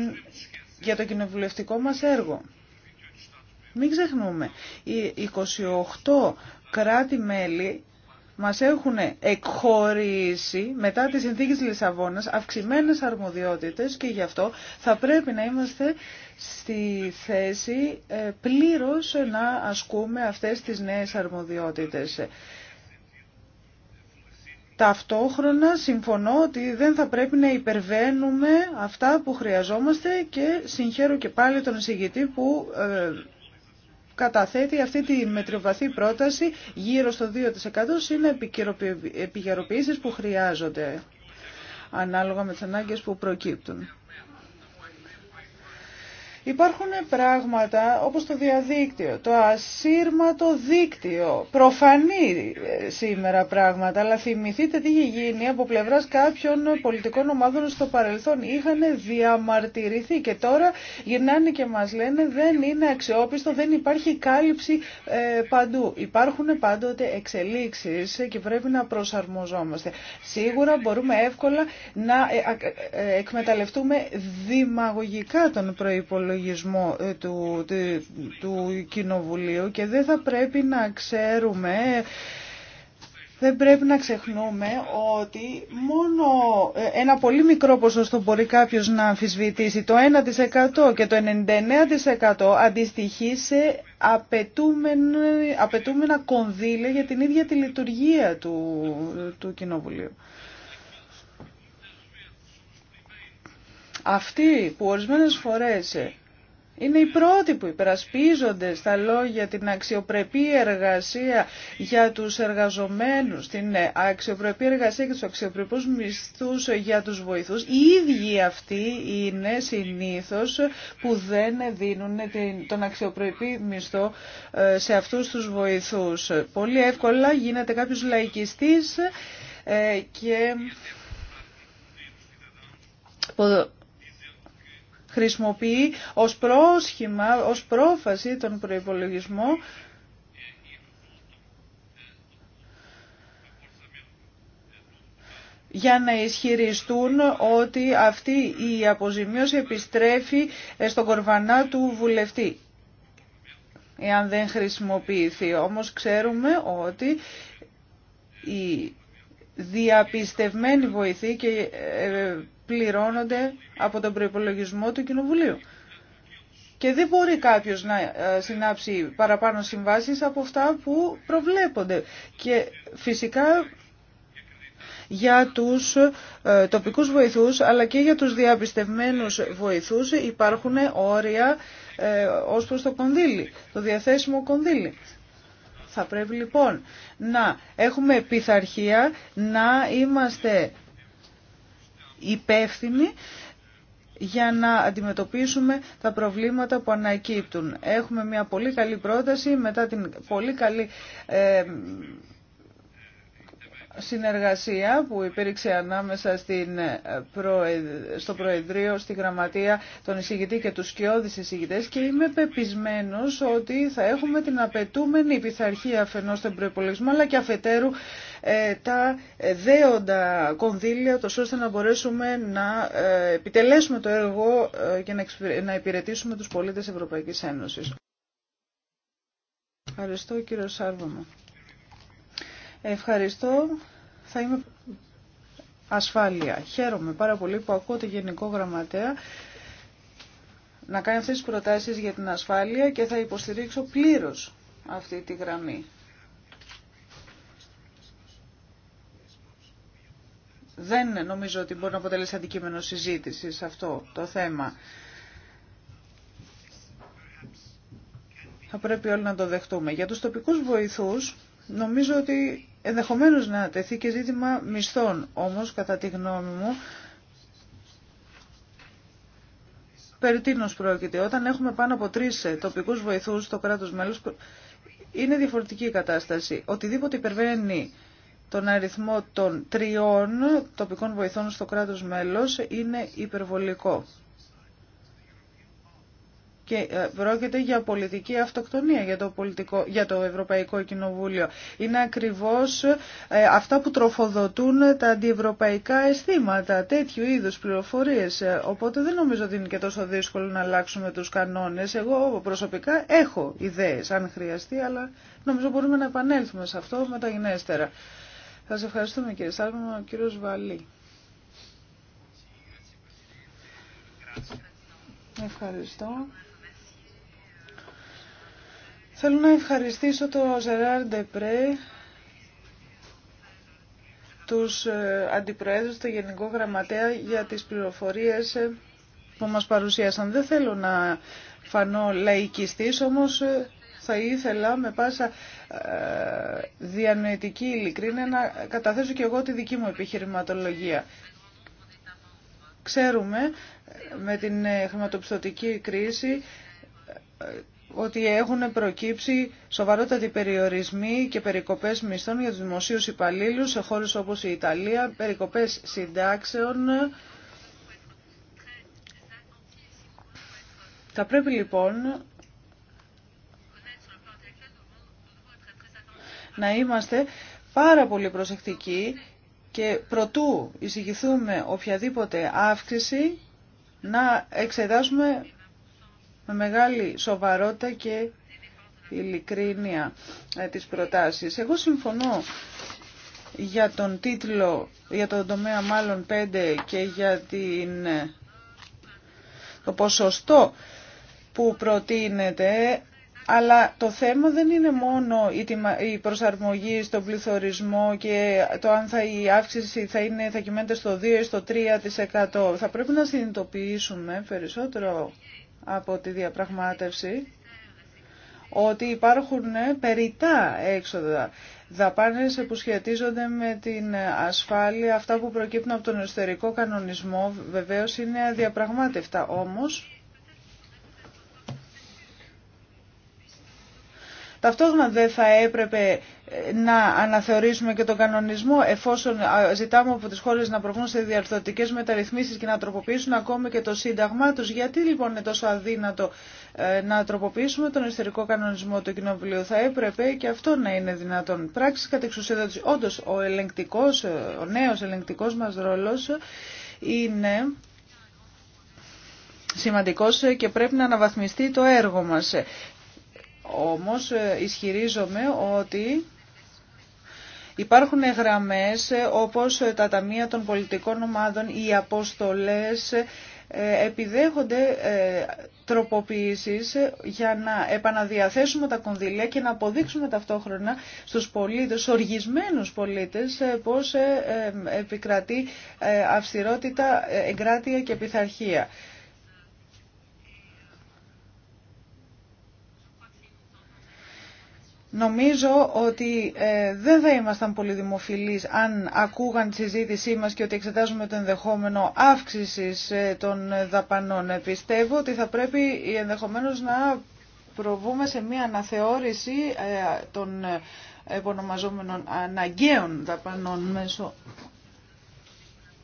για το κοινοβουλευτικό μας έργο. Μην ξεχνούμε, οι 28 κράτη-μέλη μας έχουν εκχωρήσει μετά τις συνθήκες της Λισαβόνας αυξημένες αρμοδιότητες και γι' αυτό θα πρέπει να είμαστε στη θέση ε, πλήρως να ασκούμε αυτές τις νέες αρμοδιότητες. Ταυτόχρονα συμφωνώ ότι δεν θα πρέπει να υπερβαίνουμε αυτά που χρειαζόμαστε και συγχαίρω και πάλι τον εισηγητή που ε, καταθέτει αυτή τη μετριοβαθή πρόταση γύρω στο 2% είναι επικαιροποιήσεις που χρειάζονται ανάλογα με τις ανάγκες που προκύπτουν. Υπάρχουν πράγματα όπως το διαδίκτυο, το ασύρματο δίκτυο, προφανή ε, σήμερα πράγματα, αλλά θυμηθείτε τι είχε γίνει από πλευράς κάποιων πολιτικών ομάδων στο παρελθόν. Είχαν διαμαρτυρηθεί και τώρα γυρνάνε και μας λένε δεν είναι αξιόπιστο, δεν υπάρχει κάλυψη ε, παντού. Υπάρχουν πάντοτε εξελίξεις και πρέπει να προσαρμοζόμαστε. Σίγουρα μπορούμε εύκολα να ε, εκμεταλλευτούμε δημαγωγικά τον προϋπολογισμό ε, του, του, του Κοινοβουλίου και δεν θα πρέπει να ξέρουμε δεν πρέπει να ξεχνούμε ότι μόνο ε, ένα πολύ μικρό ποσοστό μπορεί κάποιος να αμφισβητήσει, το 1% και το 99% αντιστοιχεί σε απαιτούμενα κονδύλια για την ίδια τη λειτουργία του, του Κοινοβουλίου. Αυτοί που ορισμένες φορές ε, είναι οι πρώτοι που υπερασπίζονται στα λόγια την αξιοπρεπή εργασία για τους εργαζομένους, την αξιοπρεπή εργασία και τους αξιοπρεπούς μισθούς για τους βοηθούς. Οι ίδιοι αυτοί είναι συνήθως που δεν δίνουν τον αξιοπρεπή μισθό ε, σε αυτούς τους βοηθούς. Πολύ εύκολα γίνεται κάποιος λαϊκιστής ε, και χρησιμοποιεί ως πρόσχημα, ως πρόφαση τον προϋπολογισμό για να ισχυριστούν ότι αυτή η αποζημίωση επιστρέφει στον κορβανά του βουλευτή εάν δεν χρησιμοποιηθεί. Όμως ξέρουμε ότι η διαπιστευμένη βοηθή και ε, πληρώνονται από τον προϋπολογισμό του Κοινοβουλίου. Και δεν μπορεί κάποιος να ε, συνάψει παραπάνω συμβάσεις από αυτά που προβλέπονται. Και φυσικά για τους ε, τοπικούς βοηθούς αλλά και για τους διαπιστευμένους βοηθούς υπάρχουν όρια ε, ως προς το κονδύλι, το διαθέσιμο κονδύλι. Θα πρέπει λοιπόν να έχουμε πειθαρχία, να είμαστε υπεύθυνοι για να αντιμετωπίσουμε τα προβλήματα που ανακύπτουν. Έχουμε μια πολύ καλή πρόταση μετά την πολύ καλή ε, συνεργασία που υπήρξε ανάμεσα στην, ε, στο Προεδρείο, στη Γραμματεία, των εισηγητή και τους Σκιώδης εισηγητές και είμαι πεπισμένος ότι θα έχουμε την απαιτούμενη πειθαρχία αφενός στον προπολογισμό αλλά και αφετέρου ε, τα δέοντα κονδύλια τόσο ώστε να μπορέσουμε να ε, επιτελέσουμε το έργο και να υπηρετήσουμε τους πολίτες Ευρωπαϊκής Ένωσης. Ευχαριστώ κύριο Σάρβαμα. Ευχαριστώ. Θα είμαι ασφάλεια. Χαίρομαι πάρα πολύ που ακούω το Γενικό Γραμματέα να κάνει αυτές τις προτάσεις για την ασφάλεια και θα υποστηρίξω πλήρως αυτή τη γραμμή. Δεν νομίζω ότι μπορεί να αποτελέσει αντικείμενο συζήτηση σε αυτό το θέμα. Θα πρέπει όλοι να το δεχτούμε. Για τους τοπικούς βοηθούς νομίζω ότι Ενδεχομένως να τεθεί και ζήτημα μισθών, όμως κατά τη γνώμη μου περί τίνος πρόκειται. Όταν έχουμε πάνω από τρεις ε, τοπικούς βοηθούς στο κράτος μέλος είναι διαφορετική η κατάσταση. Οτιδήποτε υπερβαίνει τον αριθμό των τριών τοπικών βοηθών στο κράτος μέλος είναι υπερβολικό και ε, πρόκειται για πολιτική αυτοκτονία για το, πολιτικό, για το Ευρωπαϊκό Κοινοβούλιο. Είναι ακριβώς ε, αυτά που τροφοδοτούν τα αντιευρωπαϊκά αισθήματα, τέτοιου είδους πληροφορίες. Ε, οπότε δεν νομίζω ότι είναι και τόσο δύσκολο να αλλάξουμε τους κανόνες. Εγώ προσωπικά έχω ιδέες αν χρειαστεί, αλλά νομίζω μπορούμε να επανέλθουμε σε αυτό μεταγενέστερα. Θα Σα ευχαριστούμε κύριε Σάρμα, ο κύριος Βαλή. Ευχαριστώ. Θέλω να ευχαριστήσω το Ζεράρ Ντεπρέ, τους ε, αντιπροέδρους, του Γενικό Γραμματέα για τις πληροφορίες ε, που μας παρουσίασαν. Δεν θέλω να φανώ λαϊκιστής, όμως ε, θα ήθελα με πάσα διανοητική ειλικρίνεια να καταθέσω και εγώ τη δική μου επιχειρηματολογία. Ξέρουμε με την χρηματοπιστωτική κρίση ότι έχουν προκύψει σοβαρότατοι περιορισμοί και περικοπές μισθών για τους δημοσίους υπαλλήλους σε χώρες όπως η Ιταλία, περικοπές συντάξεων. Θα πρέπει λοιπόν να είμαστε πάρα πολύ προσεκτικοί και προτού εισηγηθούμε οποιαδήποτε αύξηση να εξετάσουμε με μεγάλη σοβαρότητα και ειλικρίνεια ε, τις προτάσεις. Εγώ συμφωνώ για τον τίτλο, για τον τομέα μάλλον 5 και για την, ε, το ποσοστό που προτείνεται, αλλά το θέμα δεν είναι μόνο η προσαρμογή στον πληθωρισμό και το αν θα η αύξηση θα, είναι, θα κυμαίνεται στο 2 ή στο 3%. Θα πρέπει να συνειδητοποιήσουμε περισσότερο από τη διαπραγμάτευση ότι υπάρχουν ε, περιτά έξοδα, δαπάνες που σχετίζονται με την ασφάλεια, αυτά που προκύπτουν από τον εσωτερικό κανονισμό βεβαίως είναι αδιαπραγμάτευτα όμως. Ταυτόχρονα δεν θα έπρεπε ε, να αναθεωρήσουμε και τον κανονισμό εφόσον ζητάμε από τις χώρες να προβούν σε διαρθρωτικές μεταρρυθμίσεις και να τροποποιήσουν ακόμη και το σύνταγμά τους. Γιατί λοιπόν είναι τόσο αδύνατο ε, να τροποποιήσουμε τον ιστορικό κανονισμό του Κοινοβουλίου. Θα έπρεπε και αυτό να είναι δυνατόν. πράξης κατ' εξουσιοδότηση. Όντως ο, ελεγκτικός, ε, ο νέος ελεγκτικός μας ρόλος είναι σημαντικός και πρέπει να αναβαθμιστεί το έργο μας. Όμως ε, ισχυρίζομαι ότι Υπάρχουν γραμμές ε, όπως ε, τα ταμεία των πολιτικών ομάδων, οι αποστολές επιδέχονται τροποποιήσεις για να επαναδιαθέσουμε τα κονδύλια και να αποδείξουμε ταυτόχρονα στους πολίτες, οργισμένους πολίτες, πώς επικρατεί αυστηρότητα, εγκράτεια και πειθαρχία. Νομίζω ότι ε, δεν θα ήμασταν πολύ δημοφιλείς αν ακούγαν τη συζήτησή μας και ότι εξετάζουμε το ενδεχόμενο αύξησης ε, των δαπανών. Πιστεύω ότι θα πρέπει ενδεχομένως να προβούμε σε μια αναθεώρηση ε, των επωνομαζόμενων αναγκαίων δαπανών μέσω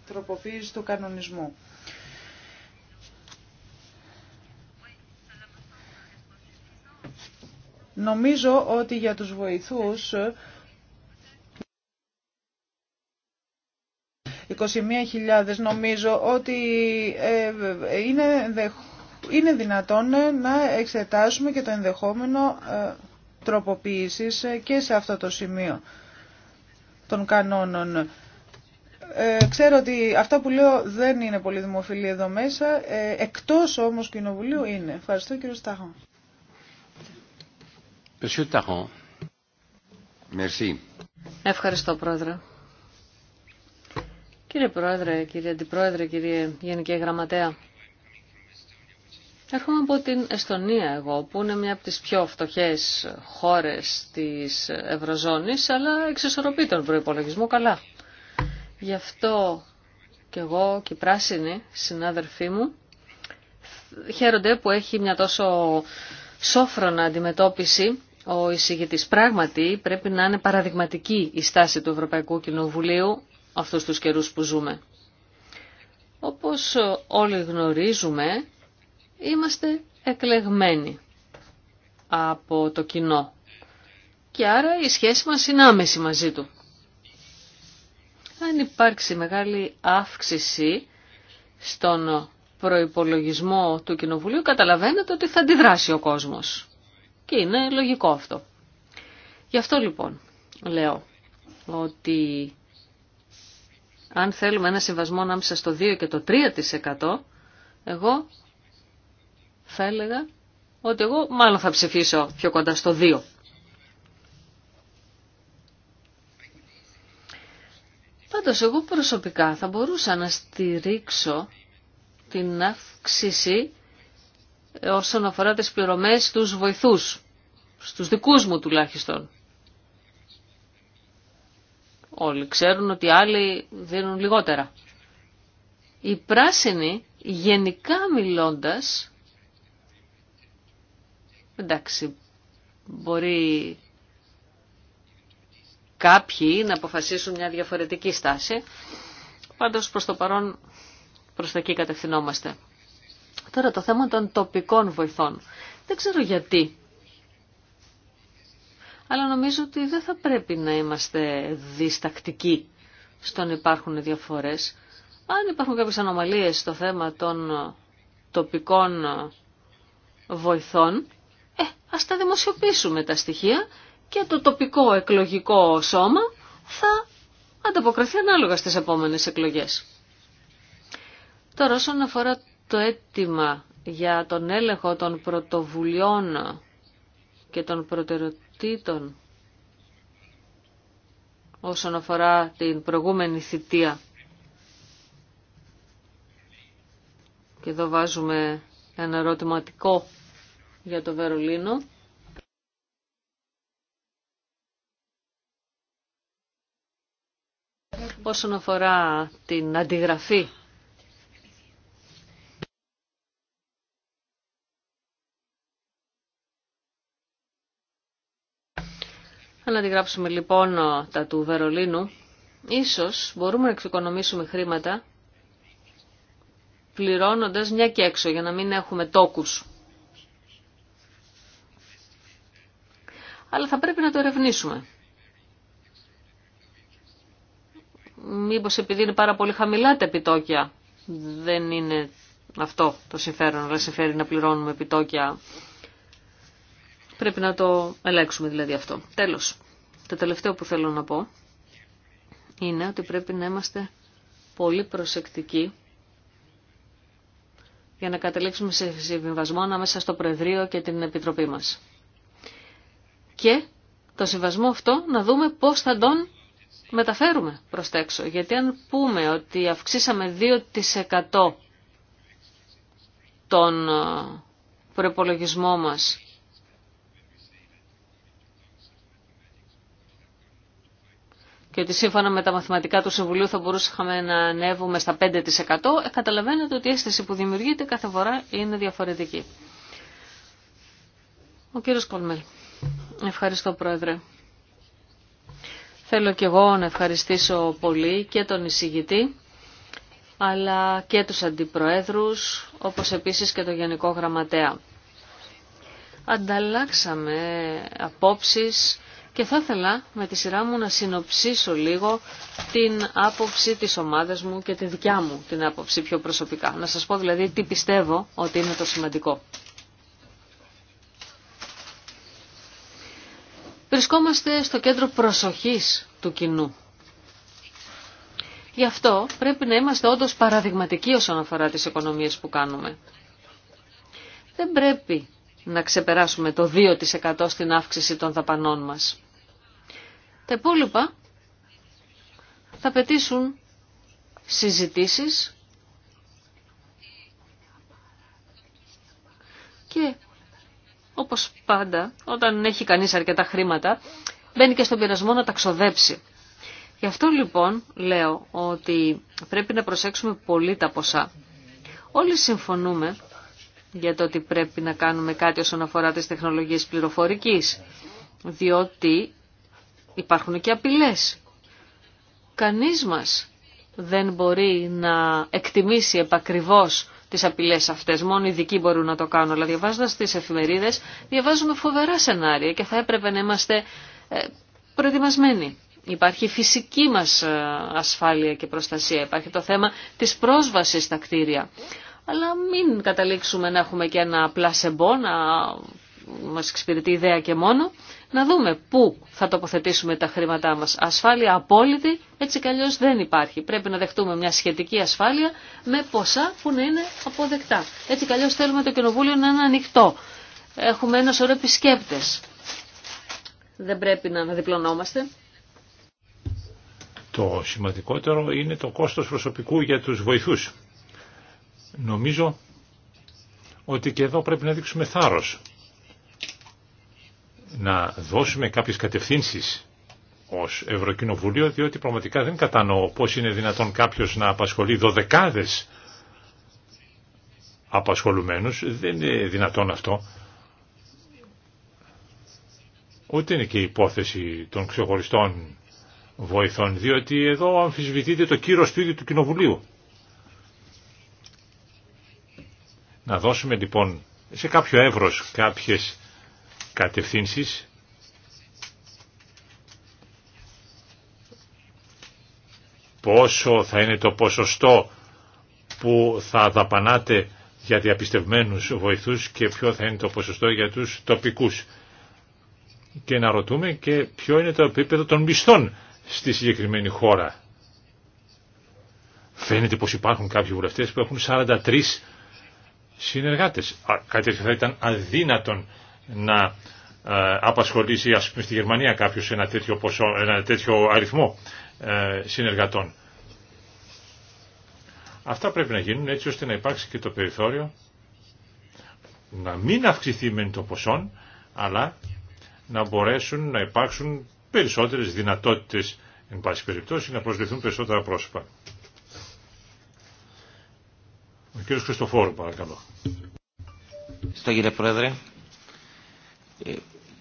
τροποποίησης του κανονισμού. Νομίζω ότι για τους βοηθούς 21.000 νομίζω ότι ε, είναι, είναι δυνατόν ε, να εξετάσουμε και το ενδεχόμενο ε, τροποποίησης και σε αυτό το σημείο των κανόνων. ξέρω ότι αυτά που λέω δεν είναι πολύ δημοφιλή εδώ μέσα, εκτός όμως κοινοβουλίου είναι. Ευχαριστώ κύριο Στάχο. Ευχαριστώ, Πρόεδρε. Κύριε Πρόεδρε, κύριε Αντιπρόεδρε, κύριε Γενική Γραμματέα, έρχομαι από την Εστονία εγώ, που είναι μια από τις πιο φτωχές χώρες της Ευρωζώνης, αλλά εξισορροπεί τον προϋπολογισμό καλά. Γι' αυτό και εγώ και οι πράσινοι συνάδελφοί μου χαίρονται που έχει μια τόσο σόφρονα αντιμετώπιση ο εισηγητής πράγματι πρέπει να είναι παραδειγματική η στάση του Ευρωπαϊκού Κοινοβουλίου αυτούς τους καιρούς που ζούμε. Όπως όλοι γνωρίζουμε, είμαστε εκλεγμένοι από το κοινό και άρα η σχέση μας είναι άμεση μαζί του. Αν υπάρξει μεγάλη αύξηση στον προϋπολογισμό του Κοινοβουλίου καταλαβαίνετε ότι θα αντιδράσει ο κόσμος. Και είναι λογικό αυτό. Γι' αυτό λοιπόν λέω ότι αν θέλουμε ένα συμβασμό ανάμεσα στο 2 και το 3% εγώ θα έλεγα ότι εγώ μάλλον θα ψηφίσω πιο κοντά στο 2%. Πάντως εγώ προσωπικά θα μπορούσα να στηρίξω την αύξηση όσον αφορά τις πληρωμές στους βοηθούς, στους δικούς μου τουλάχιστον. Όλοι ξέρουν ότι άλλοι δίνουν λιγότερα. Οι πράσινοι, γενικά μιλώντας, εντάξει, μπορεί κάποιοι να αποφασίσουν μια διαφορετική στάση, πάντως προς το παρόν προς τα εκεί κατευθυνόμαστε. Τώρα το θέμα των τοπικών βοηθών. Δεν ξέρω γιατί. Αλλά νομίζω ότι δεν θα πρέπει να είμαστε διστακτικοί στον υπάρχουν διαφορές. Αν υπάρχουν κάποιες ανομαλίες στο θέμα των τοπικών βοηθών, ε, ας τα δημοσιοποιήσουμε τα στοιχεία και το τοπικό εκλογικό σώμα θα ανταποκριθεί ανάλογα στις επόμενες εκλογές. Τώρα όσον αφορά το αίτημα για τον έλεγχο των πρωτοβουλειών και των προτεραιοτήτων όσον αφορά την προηγούμενη θητεία. Και εδώ βάζουμε ένα ερωτηματικό για το Βερολίνο. Όσον αφορά την αντιγραφή Αν αντιγράψουμε λοιπόν τα του Βερολίνου, ίσως μπορούμε να εξοικονομήσουμε χρήματα πληρώνοντας μια και έξω για να μην έχουμε τόκους. Αλλά θα πρέπει να το ερευνήσουμε. Μήπως επειδή είναι πάρα πολύ χαμηλά τα επιτόκια, δεν είναι αυτό το συμφέρον, αλλά συμφέρει να πληρώνουμε επιτόκια Πρέπει να το ελέγξουμε δηλαδή αυτό. Τέλος, το τελευταίο που θέλω να πω είναι ότι πρέπει να είμαστε πολύ προσεκτικοί για να καταλήξουμε σε συμβιβασμό ανάμεσα στο Προεδρείο και την Επιτροπή μας. Και το συμβασμό αυτό να δούμε πώς θα τον μεταφέρουμε προς τα έξω. Γιατί αν πούμε ότι αυξήσαμε 2% τον ε, προπολογισμό μας και ότι σύμφωνα με τα μαθηματικά του Συμβουλίου θα μπορούσαμε να ανέβουμε στα 5%, ε, καταλαβαίνετε ότι η αίσθηση που δημιουργείται κάθε φορά είναι διαφορετική. Ο κύριος Κολμέλ. Ευχαριστώ Πρόεδρε. Θέλω και εγώ να ευχαριστήσω πολύ και τον εισηγητή, αλλά και τους αντιπροέδρους, όπως επίσης και τον Γενικό Γραμματέα. Ανταλλάξαμε απόψεις και θα ήθελα με τη σειρά μου να συνοψίσω λίγο την άποψη της ομάδας μου και τη δικιά μου την άποψη πιο προσωπικά. Να σας πω δηλαδή τι πιστεύω ότι είναι το σημαντικό. Βρισκόμαστε στο κέντρο προσοχής του κοινού. Γι' αυτό πρέπει να είμαστε όντως παραδειγματικοί όσον αφορά τις οικονομίες που κάνουμε. Δεν πρέπει να ξεπεράσουμε το 2% στην αύξηση των δαπανών μας. Τα υπόλοιπα θα πετήσουν συζητήσεις και όπως πάντα όταν έχει κανείς αρκετά χρήματα μπαίνει και στον πειρασμό να τα ξοδέψει. Γι' αυτό λοιπόν λέω ότι πρέπει να προσέξουμε πολύ τα ποσά. Όλοι συμφωνούμε για το ότι πρέπει να κάνουμε κάτι όσον αφορά τις τεχνολογίες πληροφορικής, διότι υπάρχουν και απειλές. Κανείς μας δεν μπορεί να εκτιμήσει επακριβώς τις απειλές αυτές. Μόνο οι ειδικοί μπορούν να το κάνουν. Αλλά διαβάζοντας τις εφημερίδες διαβάζουμε φοβερά σενάρια και θα έπρεπε να είμαστε ε, προετοιμασμένοι. Υπάρχει φυσική μας ε, ασφάλεια και προστασία. Υπάρχει το θέμα της πρόσβασης στα κτίρια αλλά μην καταλήξουμε να έχουμε και ένα πλασεμπό, να μας εξυπηρετεί ιδέα και μόνο, να δούμε πού θα τοποθετήσουμε τα χρήματά μας. Ασφάλεια απόλυτη, έτσι κι δεν υπάρχει. Πρέπει να δεχτούμε μια σχετική ασφάλεια με ποσά που να είναι αποδεκτά. Έτσι κι θέλουμε το κοινοβούλιο να είναι ανοιχτό. Έχουμε ένα σωρό επισκέπτε. Δεν πρέπει να διπλωνόμαστε. Το σημαντικότερο είναι το κόστος προσωπικού για τους βοηθούς. Νομίζω ότι και εδώ πρέπει να δείξουμε θάρρος. Να δώσουμε κάποιες κατευθύνσεις ως Ευρωκοινοβουλίο, διότι πραγματικά δεν κατανοώ πώς είναι δυνατόν κάποιος να απασχολεί δωδεκάδες απασχολουμένους. Δεν είναι δυνατόν αυτό. Ούτε είναι και η υπόθεση των ξεχωριστών βοηθών, διότι εδώ αμφισβητείται το κύρος του ίδιου του Κοινοβουλίου. Να δώσουμε λοιπόν σε κάποιο εύρος κάποιες κατευθύνσεις πόσο θα είναι το ποσοστό που θα δαπανάτε για διαπιστευμένους βοηθούς και ποιο θα είναι το ποσοστό για τους τοπικούς. Και να ρωτούμε και ποιο είναι το επίπεδο των μισθών στη συγκεκριμένη χώρα. Φαίνεται πως υπάρχουν κάποιοι βουλευτές που έχουν 43 συνεργάτες. Κάτι τέτοιο θα ήταν αδύνατον να ε, απασχολήσει ας πούμε στη Γερμανία κάποιος ένα τέτοιο, ποσό, ένα τέτοιο αριθμό ε, συνεργατών. Αυτά πρέπει να γίνουν έτσι ώστε να υπάρξει και το περιθώριο να μην αυξηθεί μεν το ποσό, αλλά να μπορέσουν να υπάρξουν περισσότερες δυνατότητες, εν πάση περιπτώσει, να προσβληθούν περισσότερα πρόσωπα. Ο κύριος Χριστοφόρου παρακαλώ. Στο κύριε Πρόεδρε, ε,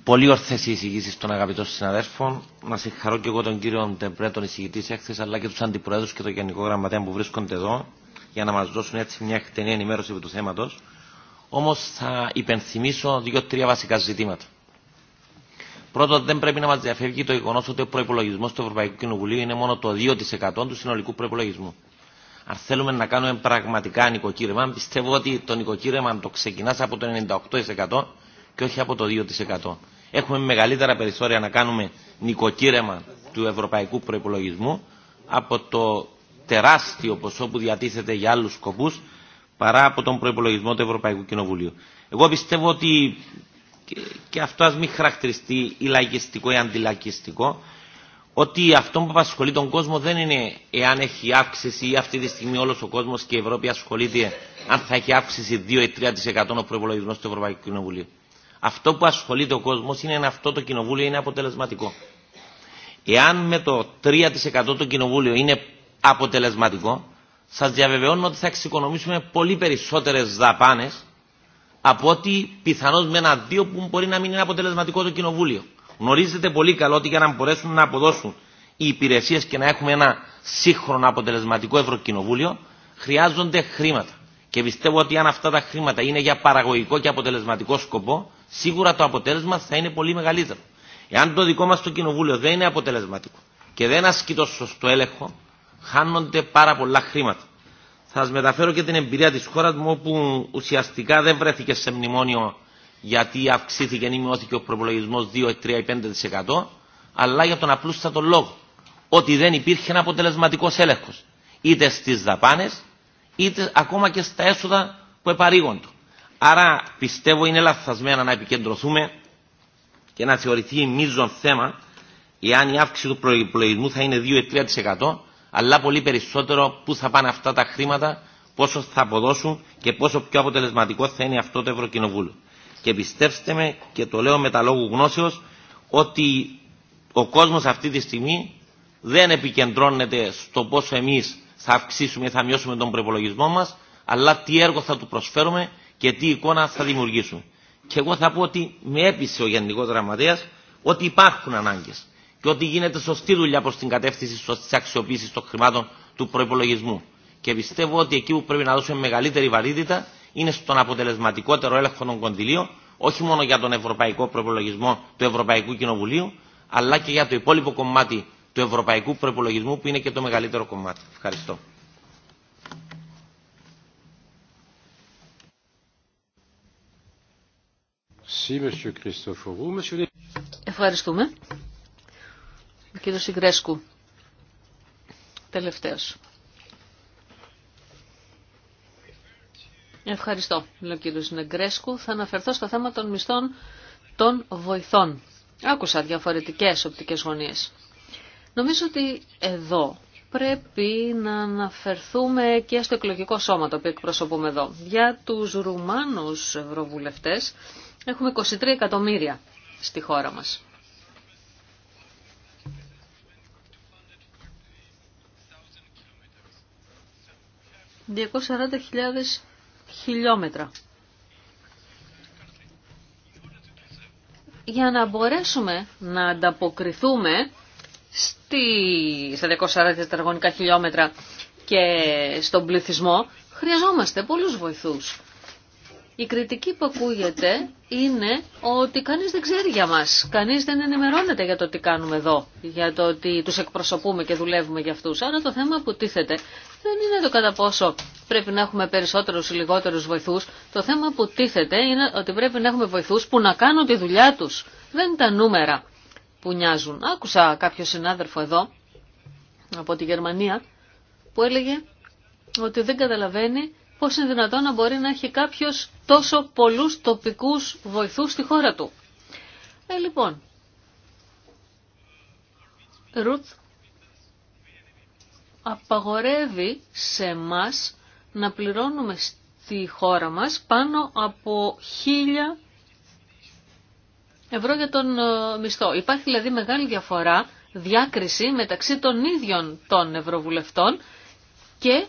πολύ ορθές οι εισηγήσεις των αγαπητών συναδέρφων. Να συγχαρώ και εγώ τον κύριο Ντεμπρέ, τον εισηγητή έκθεση, αλλά και τους αντιπροέδρους και τον Γενικό Γραμματέα που βρίσκονται εδώ, για να μας δώσουν έτσι μια εκτενή ενημέρωση του θέματος. Όμως θα υπενθυμίσω δύο-τρία βασικά ζητήματα. Πρώτον, δεν πρέπει να μα διαφεύγει το γεγονό ότι ο προπολογισμό του Ευρωπαϊκού Κοινοβουλίου είναι μόνο το 2% του συνολικού προπολογισμού αν θέλουμε να κάνουμε πραγματικά νοικοκύρεμα, πιστεύω ότι το νοικοκύρεμα το ξεκινά από το 98% και όχι από το 2%. Έχουμε μεγαλύτερα περιθώρια να κάνουμε νοικοκύρεμα του ευρωπαϊκού προπολογισμού από το τεράστιο ποσό που διατίθεται για άλλου σκοπού παρά από τον προπολογισμό του Ευρωπαϊκού Κοινοβουλίου. Εγώ πιστεύω ότι και αυτό α μην χαρακτηριστεί ή λαϊκιστικό ή αντιλαϊκιστικό, ότι αυτό που απασχολεί τον κόσμο δεν είναι εάν έχει αύξηση ή αυτή τη στιγμή όλο ο κόσμο και η Ευρώπη ασχολείται αν θα έχει αύξηση 2 ή 3% ο προπολογισμό του Ευρωπαϊκού Κοινοβουλίου. Αυτό που ασχολείται ο κόσμο είναι αν αυτό το κοινοβούλιο είναι αποτελεσματικό. Εάν με το 3% το κοινοβούλιο είναι αποτελεσματικό, σα διαβεβαιώνω ότι θα εξοικονομήσουμε πολύ περισσότερε δαπάνε από ότι πιθανώ με ένα δύο που μπορεί να μην είναι αποτελεσματικό το κοινοβούλιο. Γνωρίζετε πολύ καλό ότι για να μπορέσουν να αποδώσουν οι υπηρεσίε και να έχουμε ένα σύγχρονο αποτελεσματικό Ευρωκοινοβούλιο, χρειάζονται χρήματα. Και πιστεύω ότι αν αυτά τα χρήματα είναι για παραγωγικό και αποτελεσματικό σκοπό, σίγουρα το αποτέλεσμα θα είναι πολύ μεγαλύτερο. Εάν το δικό μα το κοινοβούλιο δεν είναι αποτελεσματικό και δεν ασκεί το σωστό έλεγχο, χάνονται πάρα πολλά χρήματα. Θα σα μεταφέρω και την εμπειρία τη χώρα μου, όπου ουσιαστικά δεν βρέθηκε σε μνημόνιο γιατί αυξήθηκε ή μειώθηκε ο προπολογισμό 2, 3 ή 5%, αλλά για τον απλούστατο λόγο ότι δεν υπήρχε ένα αποτελεσματικό έλεγχο είτε στι δαπάνε, είτε ακόμα και στα έσοδα που επαρήγονται. Άρα πιστεύω είναι λαθασμένα να επικεντρωθούμε και να θεωρηθεί μείζον θέμα εάν η αύξηση του προπολογισμού θα είναι 2-3%, αλλά πολύ περισσότερο πού θα πάνε αυτά τα χρήματα, πόσο θα αποδώσουν και πόσο πιο αποτελεσματικό θα είναι αυτό το Ευρωκοινοβούλιο και πιστέψτε με και το λέω με τα λόγου γνώσεως ότι ο κόσμος αυτή τη στιγμή δεν επικεντρώνεται στο πόσο εμείς θα αυξήσουμε ή θα μειώσουμε τον προπολογισμό μας αλλά τι έργο θα του προσφέρουμε και τι εικόνα θα δημιουργήσουμε. Και εγώ θα πω ότι με έπεισε ο Γενικό Γραμματέα ότι υπάρχουν ανάγκε και ότι γίνεται σωστή δουλειά προ την κατεύθυνση τη αξιοποίηση των χρημάτων του προπολογισμού. Και πιστεύω ότι εκεί που πρέπει να δώσουμε μεγαλύτερη βαρύτητα είναι στον αποτελεσματικότερο έλεγχο των κονδυλίων, όχι μόνο για τον ευρωπαϊκό προπολογισμό του Ευρωπαϊκού Κοινοβουλίου, αλλά και για το υπόλοιπο κομμάτι του ευρωπαϊκού προπολογισμού που είναι και το μεγαλύτερο κομμάτι. Ευχαριστώ. Ευχαριστούμε. Κύριο Συγκρέσκου, τελευταίος. Ευχαριστώ, λέει ο κύριο Νεγκρέσκου. Θα αναφερθώ στο θέμα των μισθών των βοηθών. Άκουσα διαφορετικές οπτικές γωνίες. Νομίζω ότι εδώ πρέπει να αναφερθούμε και στο εκλογικό σώμα το οποίο εκπροσωπούμε εδώ. Για τους Ρουμάνους ευρωβουλευτές έχουμε 23 εκατομμύρια στη χώρα μας. ...240.000 χιλιόμετρα. Για να μπορέσουμε να ανταποκριθούμε στη, στα 240 τετραγωνικά χιλιόμετρα και στον πληθυσμό, χρειαζόμαστε πολλούς βοηθούς. Η κριτική που ακούγεται είναι ότι κανείς δεν ξέρει για μας, κανείς δεν ενημερώνεται για το τι κάνουμε εδώ, για το ότι τους εκπροσωπούμε και δουλεύουμε για αυτούς. Άρα το θέμα που τίθεται δεν είναι το κατά πόσο πρέπει να έχουμε περισσότερους ή λιγότερους βοηθούς. Το θέμα που τίθεται είναι ότι πρέπει να έχουμε βοηθούς που να κάνουν τη δουλειά τους. Δεν είναι τα νούμερα που νοιάζουν. Άκουσα κάποιο συνάδελφο εδώ από τη Γερμανία που έλεγε ότι δεν καταλαβαίνει πώς είναι δυνατόν να μπορεί να έχει κάποιος τόσο πολλούς τοπικούς βοηθούς στη χώρα του. Ε, λοιπόν, Ρουτ απαγορεύει σε μας να πληρώνουμε στη χώρα μας πάνω από χίλια ευρώ για τον ε, μισθό. Υπάρχει δηλαδή μεγάλη διαφορά, διάκριση μεταξύ των ίδιων των ευρωβουλευτών και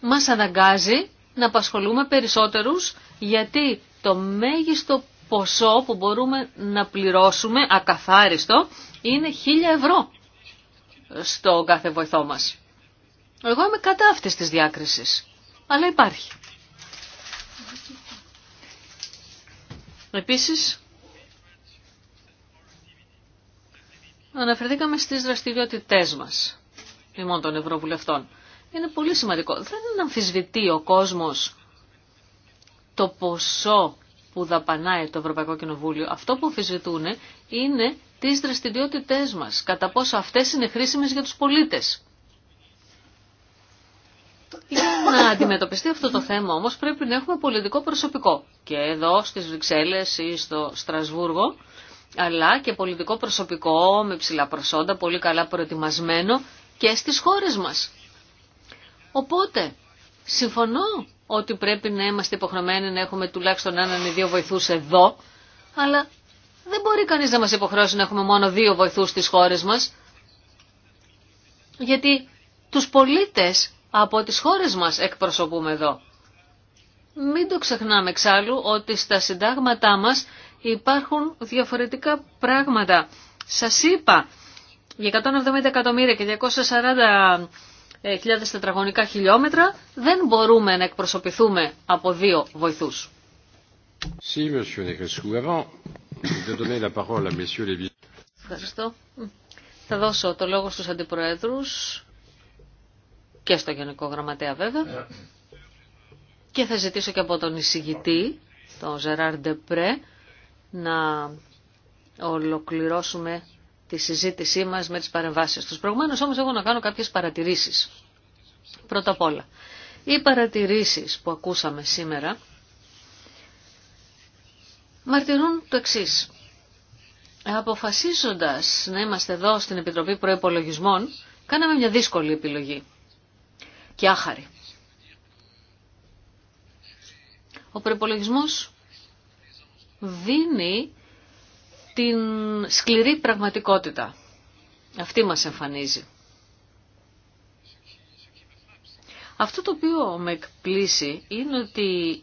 μας αναγκάζει να απασχολούμε περισσότερους γιατί το μέγιστο ποσό που μπορούμε να πληρώσουμε ακαθάριστο είναι 1000 ευρώ στο κάθε βοηθό μας. Εγώ είμαι κατά αυτής της διάκρισης, αλλά υπάρχει. Επίσης, αναφερθήκαμε στις δραστηριότητές μας, ημών των Ευρωβουλευτών είναι πολύ σημαντικό. Δεν είναι αμφισβητεί ο κόσμος το ποσό που δαπανάει το Ευρωπαϊκό Κοινοβούλιο. Αυτό που αμφισβητούν είναι τις δραστηριότητές μας, κατά πόσο αυτές είναι χρήσιμες για τους πολίτες. Για να αντιμετωπιστεί αυτό το θέμα όμως πρέπει να έχουμε πολιτικό προσωπικό. Και εδώ στις Βρυξέλλες ή στο Στρασβούργο, αλλά και πολιτικό προσωπικό με ψηλά προσόντα, πολύ καλά προετοιμασμένο και στις χώρες μας. Οπότε, συμφωνώ ότι πρέπει να είμαστε υποχρεωμένοι να έχουμε τουλάχιστον έναν ή δύο βοηθούς εδώ, αλλά δεν μπορεί κανείς να μας υποχρεώσει να έχουμε μόνο δύο βοηθούς στις χώρες μας, γιατί τους πολίτες από τις χώρες μας εκπροσωπούμε εδώ. Μην το ξεχνάμε εξάλλου ότι στα συντάγματά μας υπάρχουν διαφορετικά πράγματα. Σας είπα, για 170 εκατομμύρια και 240 ε, τετραγωνικά χιλιόμετρα δεν μπορούμε να εκπροσωπηθούμε από δύο βοηθούς. Ευχαριστώ. Θα δώσω το λόγο στους αντιπροέδρους και στο Γενικό Γραμματέα βέβαια και θα ζητήσω και από τον εισηγητή, τον Ζεράρ Πρέ, να ολοκληρώσουμε τη συζήτησή μας με τις παρεμβάσεις τους. Προηγουμένως όμως εγώ να κάνω κάποιες παρατηρήσεις. Πρώτα απ' όλα, οι παρατηρήσεις που ακούσαμε σήμερα μαρτυρούν το εξής. Αποφασίζοντας να είμαστε εδώ στην Επιτροπή Προϋπολογισμών, κάναμε μια δύσκολη επιλογή και άχαρη. Ο προϋπολογισμός δίνει την σκληρή πραγματικότητα. Αυτή μας εμφανίζει. Αυτό το οποίο με εκπλήσει είναι ότι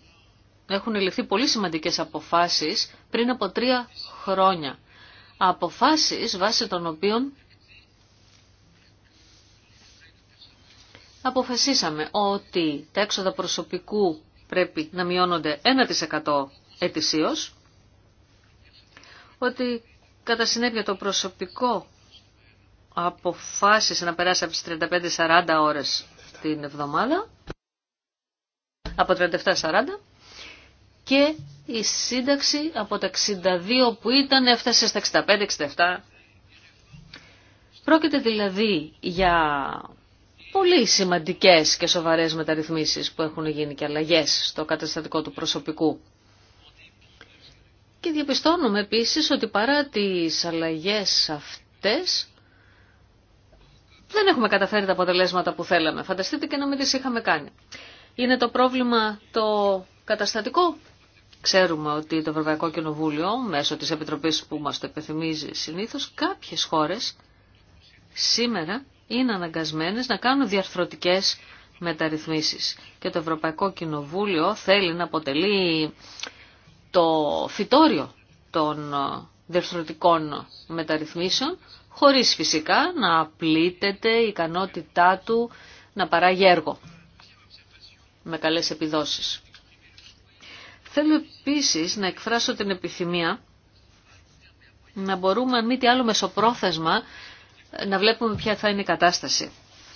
έχουν ληφθεί πολύ σημαντικές αποφάσεις πριν από τρία χρόνια. Αποφάσεις βάσει των οποίων αποφασίσαμε ότι τα έξοδα προσωπικού πρέπει να μειώνονται 1% ετησίως ότι κατά συνέπεια το προσωπικό αποφάσισε να περάσει από τις 35-40 ώρες την εβδομάδα, από 37-40, και η σύνταξη από τα 62 που ήταν έφτασε στα 65-67. Πρόκειται δηλαδή για πολύ σημαντικές και σοβαρές μεταρρυθμίσεις που έχουν γίνει και αλλαγές στο καταστατικό του προσωπικού. Και διαπιστώνουμε επίσης ότι παρά τις αλλαγές αυτές δεν έχουμε καταφέρει τα αποτελέσματα που θέλαμε. Φανταστείτε και να μην τις είχαμε κάνει. Είναι το πρόβλημα το καταστατικό. Ξέρουμε ότι το Ευρωπαϊκό Κοινοβούλιο, μέσω της Επιτροπής που μας το επιθυμίζει συνήθως, κάποιες χώρες σήμερα είναι αναγκασμένες να κάνουν διαρθρωτικές μεταρρυθμίσεις. Και το Ευρωπαϊκό Κοινοβούλιο θέλει να αποτελεί το φυτόριο των ε, διευθυντικών μεταρρυθμίσεων, χωρίς φυσικά να πλήτεται η ικανότητά του να παράγει έργο με καλές επιδόσεις. Θέλω επίσης να εκφράσω την επιθυμία να μπορούμε, αν μη τι άλλο μεσοπρόθεσμα, να βλέπουμε ποια θα είναι η κατάσταση.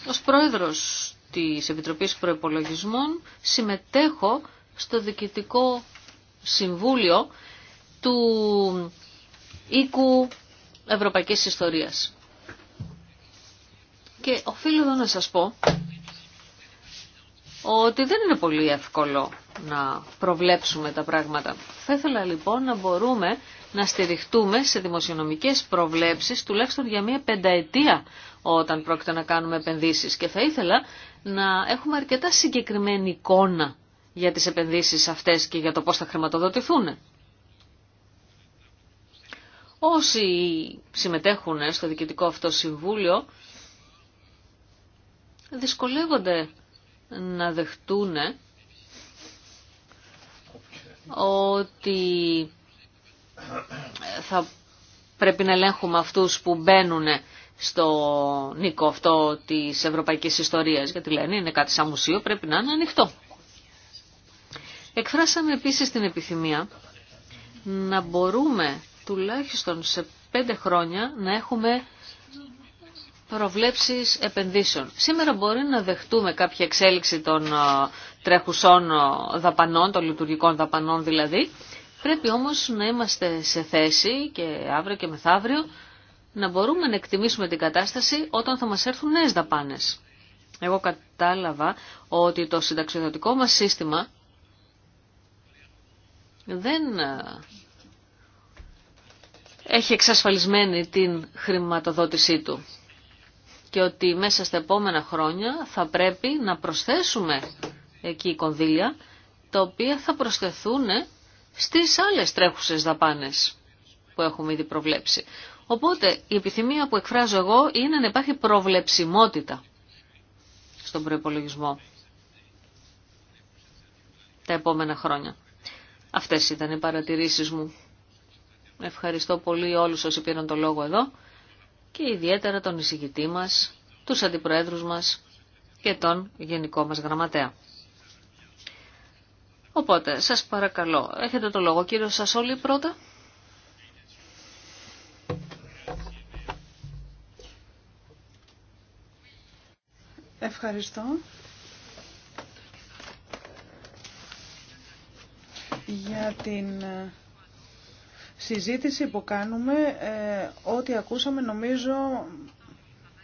Ως πρόεδρος της Επιτροπής Προϋπολογισμών συμμετέχω στο διοικητικό Συμβούλιο του οίκου Ευρωπαϊκής Ιστορίας. Και οφείλω εδώ να σας πω ότι δεν είναι πολύ εύκολο να προβλέψουμε τα πράγματα. Θα ήθελα λοιπόν να μπορούμε να στηριχτούμε σε δημοσιονομικές προβλέψεις τουλάχιστον για μία πενταετία όταν πρόκειται να κάνουμε επενδύσεις και θα ήθελα να έχουμε αρκετά συγκεκριμένη εικόνα για τις επενδύσεις αυτές και για το πώς θα χρηματοδοτηθούν. Όσοι συμμετέχουν στο Διοικητικό αυτό Συμβούλιο δυσκολεύονται να δεχτούν ότι θα πρέπει να ελέγχουμε αυτούς που μπαίνουν στο νίκο αυτό της ευρωπαϊκής ιστορίας γιατί λένε είναι κάτι σαν μουσείο πρέπει να είναι ανοιχτό. Εκφράσαμε επίσης την επιθυμία να μπορούμε τουλάχιστον σε πέντε χρόνια να έχουμε προβλέψεις επενδύσεων. Σήμερα μπορεί να δεχτούμε κάποια εξέλιξη των ε, τρέχουσών ε, δαπανών, των λειτουργικών δαπανών δηλαδή. Πρέπει όμως να είμαστε σε θέση και αύριο και μεθαύριο να μπορούμε να εκτιμήσουμε την κατάσταση όταν θα μας έρθουν νέες δαπάνες. Εγώ κατάλαβα ότι το συνταξιδοτικό μας σύστημα δεν ε, έχει εξασφαλισμένη την χρηματοδότησή του και ότι μέσα στα επόμενα χρόνια θα πρέπει να προσθέσουμε εκεί κονδύλια τα οποία θα προσθεθούν στις άλλες τρέχουσες δαπάνες που έχουμε ήδη προβλέψει. Οπότε η επιθυμία που εκφράζω εγώ είναι να υπάρχει προβλεψιμότητα στον προϋπολογισμό τα επόμενα χρόνια. Αυτές ήταν οι παρατηρήσεις μου. Ευχαριστώ πολύ όλους όσοι πήραν το λόγο εδώ και ιδιαίτερα τον εισηγητή μας, τους αντιπροέδρους μας και τον γενικό μας γραμματέα. Οπότε, σας παρακαλώ, έχετε το λόγο κύριο Σασόλη πρώτα. Ευχαριστώ. για την ε, συζήτηση που κάνουμε. Ε, ό,τι ακούσαμε νομίζω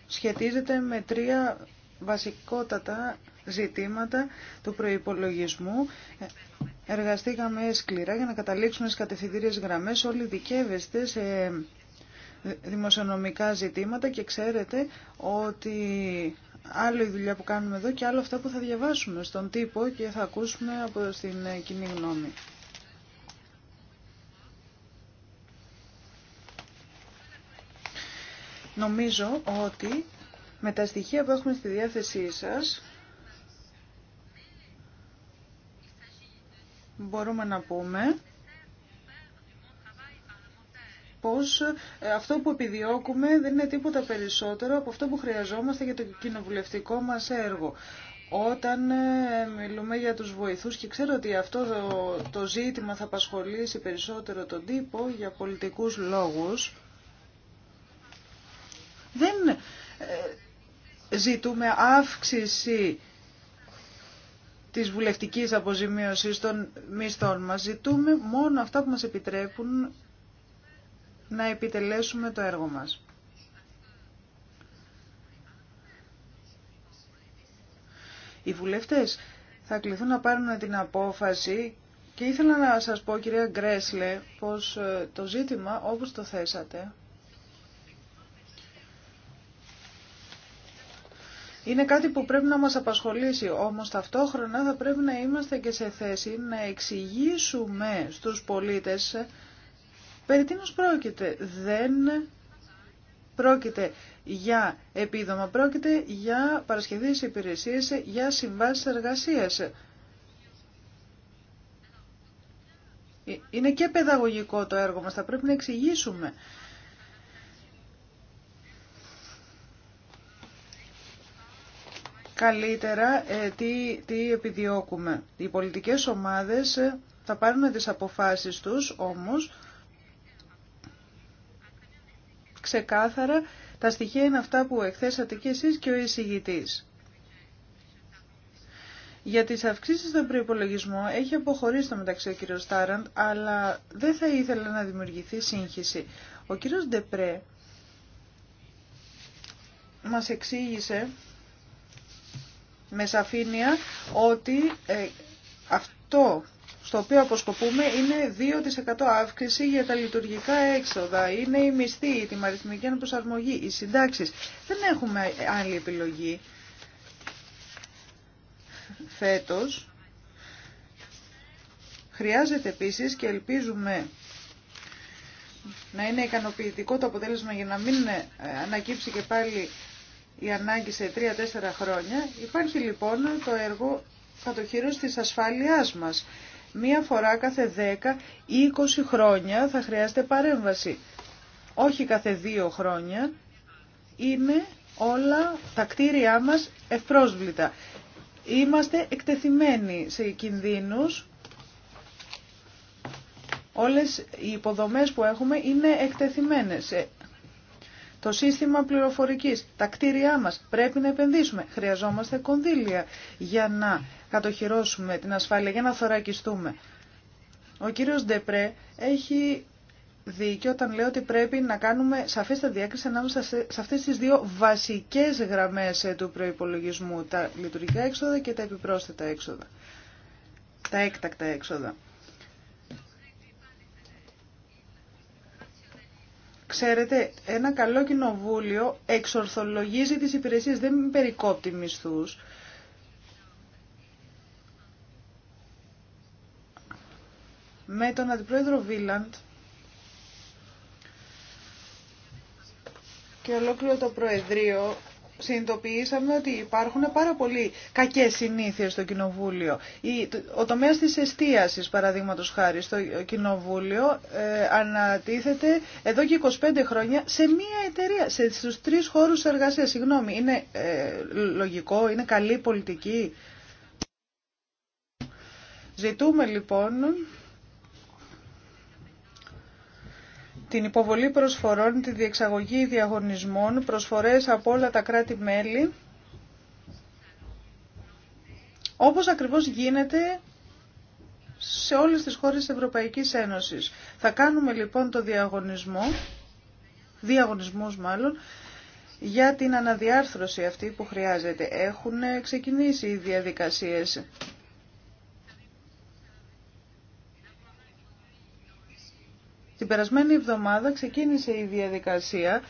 σχετίζεται με τρία βασικότατα ζητήματα του προϋπολογισμού. Ε, εργαστήκαμε σκληρά για να καταλήξουμε στις κατευθυντήριες γραμμές. Όλοι δικεύεστε σε δημοσιονομικά ζητήματα και ξέρετε ότι άλλο η δουλειά που κάνουμε εδώ και άλλο αυτά που θα διαβάσουμε στον τύπο και θα ακούσουμε από την κοινή γνώμη. Νομίζω ότι με τα στοιχεία που έχουμε στη διάθεσή σας μπορούμε να πούμε πως ε, αυτό που επιδιώκουμε δεν είναι τίποτα περισσότερο από αυτό που χρειαζόμαστε για το κοινοβουλευτικό μας έργο. Όταν ε, μιλούμε για τους βοηθούς και ξέρω ότι αυτό το, ζήτημα θα απασχολήσει περισσότερο τον τύπο για πολιτικούς λόγους, δεν ε, ζητούμε αύξηση της βουλευτικής αποζημίωσης των μισθών μας. Ζητούμε μόνο αυτά που μας επιτρέπουν να επιτελέσουμε το έργο μας. Οι βουλευτές θα κληθούν να πάρουν την απόφαση και ήθελα να σας πω κυρία Γκρέσλε πως ε, το ζήτημα όπως το θέσατε Είναι κάτι που πρέπει να μας απασχολήσει, όμως ταυτόχρονα θα πρέπει να είμαστε και σε θέση να εξηγήσουμε στους πολίτες περί τίνος πρόκειται. Δεν πρόκειται για επίδομα, πρόκειται για παρασχεδίες υπηρεσίες, για συμβάσεις εργασίας. Ε, είναι και παιδαγωγικό το έργο μας, θα πρέπει να εξηγήσουμε καλύτερα ε, τι, τι επιδιώκουμε. Οι πολιτικές ομάδες ε, θα πάρουν τις αποφάσεις τους, όμως ξεκάθαρα τα στοιχεία είναι αυτά που εκθέσατε και εσείς και ο εισηγητής. Για τις αυξήσεις στον προϋπολογισμό έχει αποχωρήσει το μεταξύ ο κύριος Τάραντ, αλλά δεν θα ήθελε να δημιουργηθεί σύγχυση. Ο κύριος Ντεπρέ μας εξήγησε με σαφήνεια ότι ε, αυτό στο οποίο αποσκοπούμε είναι 2% αύξηση για τα λειτουργικά έξοδα. Είναι η μισθή, η τιμαριθμική αναπροσαρμογή, οι συντάξεις. Δεν έχουμε άλλη επιλογή φέτος. Χρειάζεται επίσης και ελπίζουμε να είναι ικανοποιητικό το αποτέλεσμα για να μην ε, ανακύψει και πάλι η ανάγκη σε 3-4 χρόνια. Υπάρχει λοιπόν το έργο κατοχύρωση της ασφάλειάς μας. Μία φορά κάθε 10 ή 20 χρόνια θα χρειάζεται παρέμβαση. Όχι κάθε δύο χρόνια. Είναι όλα τα κτίρια μας ευπρόσβλητα. Είμαστε εκτεθειμένοι σε κινδύνους. Όλες οι υποδομές που έχουμε είναι εκτεθειμένες το σύστημα πληροφορικής, τα κτίρια μας. Πρέπει να επενδύσουμε. Χρειαζόμαστε κονδύλια για να κατοχυρώσουμε την ασφάλεια, για να θωρακιστούμε. Ο κύριος Ντεπρέ έχει δίκιο όταν λέει ότι πρέπει να κάνουμε σαφέστα διάκριση ανάμεσα σε αυτές τις δύο βασικές γραμμές ε, του προϋπολογισμού, τα λειτουργικά έξοδα και τα επιπρόσθετα έξοδα, τα έκτακτα έξοδα. Ξέρετε, ένα καλό κοινοβούλιο εξορθολογίζει τις υπηρεσίες, δεν περικόπτει μισθούς. Με τον αντιπρόεδρο Βίλαντ και ολόκληρο το Προεδρείο συνειδητοποιήσαμε ότι υπάρχουν πάρα πολλοί κακές συνήθειες στο Κοινοβούλιο. Ο τομέας της εστίασης, παραδείγματο χάρη, στο Κοινοβούλιο ε, ανατίθεται εδώ και 25 χρόνια σε μία εταιρεία, σε, στους τρεις χώρους εργασίας. Συγγνώμη, είναι ε, λογικό, είναι καλή πολιτική. Ζητούμε λοιπόν την υποβολή προσφορών, τη διεξαγωγή διαγωνισμών, προσφορές από όλα τα κράτη-μέλη, όπως ακριβώς γίνεται σε όλες τις χώρες της Ευρωπαϊκής Ένωσης. Θα κάνουμε λοιπόν το διαγωνισμό, διαγωνισμούς μάλλον, για την αναδιάρθρωση αυτή που χρειάζεται. Έχουν ξεκινήσει οι διαδικασίες Την περασμένη εβδομάδα ξεκίνησε η διαδικασία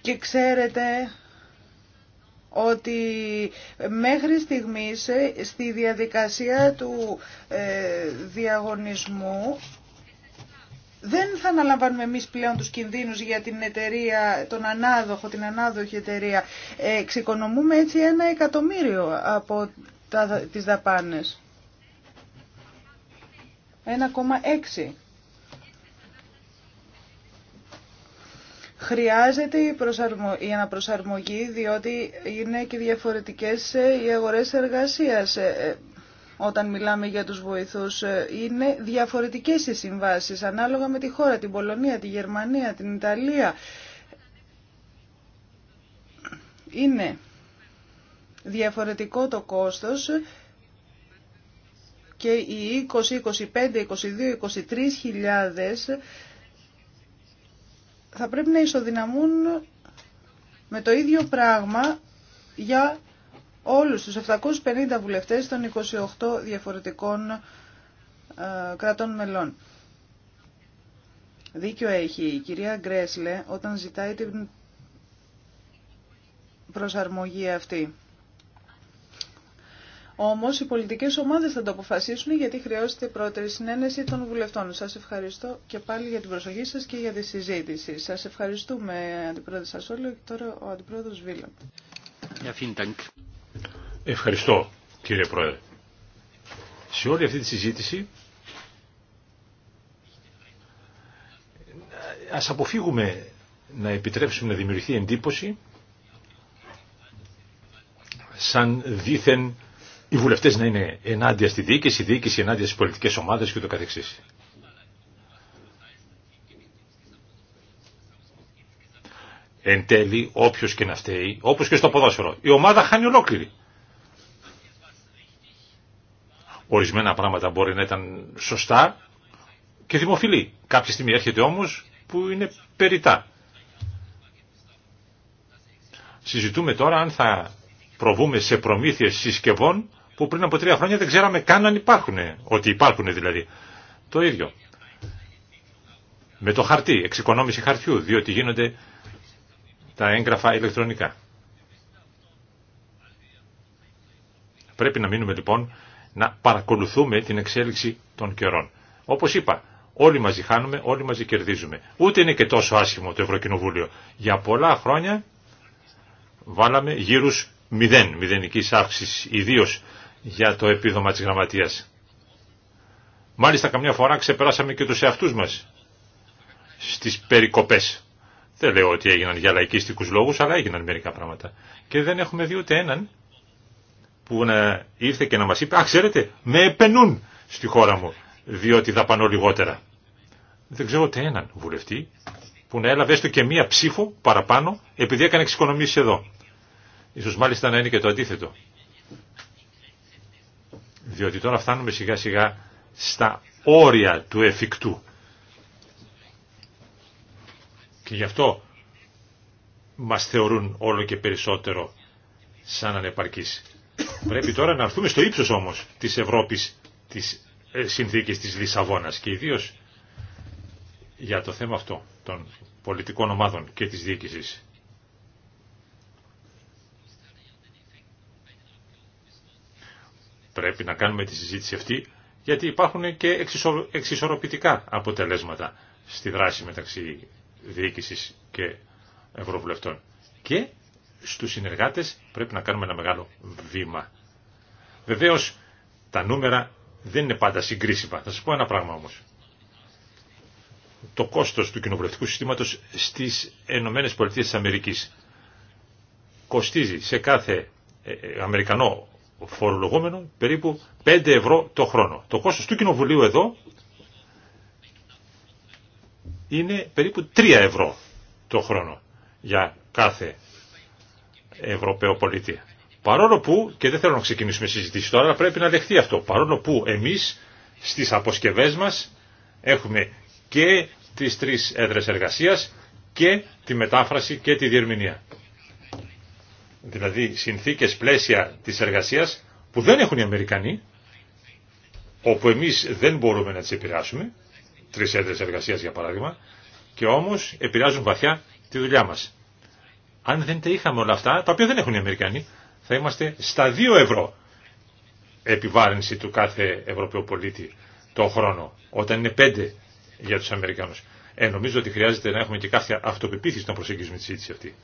και ξέρετε ότι μέχρι στιγμής ε, στη διαδικασία του ε, διαγωνισμού δεν θα αναλαμβάνουμε εμείς πλέον τους κινδύνους για την εταιρεία, τον ανάδοχο, την ανάδοχη εταιρεία. Ε, Ξεκονομούμε έτσι ένα εκατομμύριο από τα, τις δαπάνες. 1,6. Χρειάζεται η, προσαρμο... η αναπροσαρμογή διότι είναι και διαφορετικές ε, οι αγορές εργασίας ε, ε, όταν μιλάμε για τους βοηθούς. Είναι διαφορετικές οι συμβάσεις ανάλογα με τη χώρα, την Πολωνία, τη Γερμανία, την Ιταλία. Είναι διαφορετικό το κόστος και οι 20, 25, 22, 23 θα πρέπει να ισοδυναμούν με το ίδιο πράγμα για όλους τους 750 βουλευτές των 28 διαφορετικών κρατών μελών. Δίκιο έχει η κυρία Γκρέσλε όταν ζητάει την προσαρμογή αυτή. Όμω οι πολιτικές ομάδες θα το αποφασίσουν γιατί χρειάζεται πρώτερη συνένεση των βουλευτών. Σας ευχαριστώ και πάλι για την προσοχή σα και για τη συζήτηση. Σας ευχαριστούμε Αντιπρόεδρε Σασόλου και τώρα ο Αντιπρόεδρος Βίλα. Ευχαριστώ κύριε Πρόεδρε. Σε όλη αυτή τη συζήτηση ας αποφύγουμε να επιτρέψουμε να δημιουργηθεί εντύπωση σαν δίθεν οι βουλευτέ να είναι ενάντια στη διοίκηση, η διοίκηση ενάντια στι πολιτικέ ομάδες και το καθεξής. Εν τέλει, όποιο και να φταίει, όπω και στο ποδόσφαιρο, η ομάδα χάνει ολόκληρη. Ορισμένα πράγματα μπορεί να ήταν σωστά και δημοφιλή. Κάποια στιγμή έρχεται όμω που είναι περιτά. Συζητούμε τώρα αν θα προβούμε σε προμήθειες συσκευών που πριν από τρία χρόνια δεν ξέραμε καν αν υπάρχουν, ότι υπάρχουν δηλαδή. Το ίδιο. Με το χαρτί, εξοικονόμηση χαρτιού, διότι γίνονται τα έγγραφα ηλεκτρονικά. Πρέπει να μείνουμε λοιπόν να παρακολουθούμε την εξέλιξη των καιρών. Όπως είπα, όλοι μαζί χάνουμε, όλοι μαζί κερδίζουμε. Ούτε είναι και τόσο άσχημο το Ευρωκοινοβούλιο. Για πολλά χρόνια βάλαμε γύρους μηδέν, μηδενικής αύξησης, ιδίως για το επίδομα της γραμματείας. Μάλιστα καμιά φορά ξεπεράσαμε και τους εαυτούς μας στις περικοπές. Δεν λέω ότι έγιναν για λαϊκίστικους λόγους, αλλά έγιναν μερικά πράγματα. Και δεν έχουμε δει ούτε έναν που να ήρθε και να μας είπε «Α, ξέρετε, με επενούν στη χώρα μου, διότι δαπανώ λιγότερα». Δεν ξέρω ούτε έναν βουλευτή που να έλαβε έστω και μία ψήφο παραπάνω επειδή έκανε εξοικονομήσεις εδώ. Ίσως μάλιστα να είναι και το αντίθετο διότι τώρα φτάνουμε σιγά σιγά στα όρια του εφικτού. Και γι' αυτό μας θεωρούν όλο και περισσότερο σαν ανεπαρκείς. Πρέπει τώρα να έρθουμε στο ύψος όμως της Ευρώπης της ε, συνθήκης της Λισαβόνας και ιδίως για το θέμα αυτό των πολιτικών ομάδων και της διοίκησης. Πρέπει να κάνουμε τη συζήτηση αυτή γιατί υπάρχουν και εξισορροπητικά αποτελέσματα στη δράση μεταξύ διοίκησης και ευρωβουλευτών. Και στους συνεργάτες πρέπει να κάνουμε ένα μεγάλο βήμα. Βεβαίως τα νούμερα δεν είναι πάντα συγκρίσιμα. Θα σας πω ένα πράγμα όμως. Το κόστος του κοινοβουλευτικού συστήματος στις ΗΠΑ κοστίζει σε κάθε ε, ε, Αμερικανό φορολογούμενο περίπου 5 ευρώ το χρόνο. Το κόστος του κοινοβουλίου εδώ είναι περίπου 3 ευρώ το χρόνο για κάθε Ευρωπαίο πολίτη. Παρόλο που, και δεν θέλω να ξεκινήσουμε συζήτηση τώρα, πρέπει να δεχτεί αυτό, παρόλο που εμείς στις αποσκευές μας έχουμε και τις τρεις έδρες εργασίας και τη μετάφραση και τη διερμηνία δηλαδή συνθήκες πλαίσια της εργασίας που δεν έχουν οι Αμερικανοί, όπου εμείς δεν μπορούμε να τις επηρεάσουμε, τρεις έδρες εργασίας για παράδειγμα, και όμως επηρεάζουν βαθιά τη δουλειά μας. Αν δεν τα είχαμε όλα αυτά, τα οποία δεν έχουν οι Αμερικανοί, θα είμαστε στα 2 ευρώ επιβάρυνση του κάθε Ευρωπαίου πολίτη το χρόνο, όταν είναι 5 για τους Αμερικανούς. Ε, νομίζω ότι χρειάζεται να έχουμε και κάποια αυτοπεποίθηση να προσεγγίζουμε τη συζήτηση αυτή.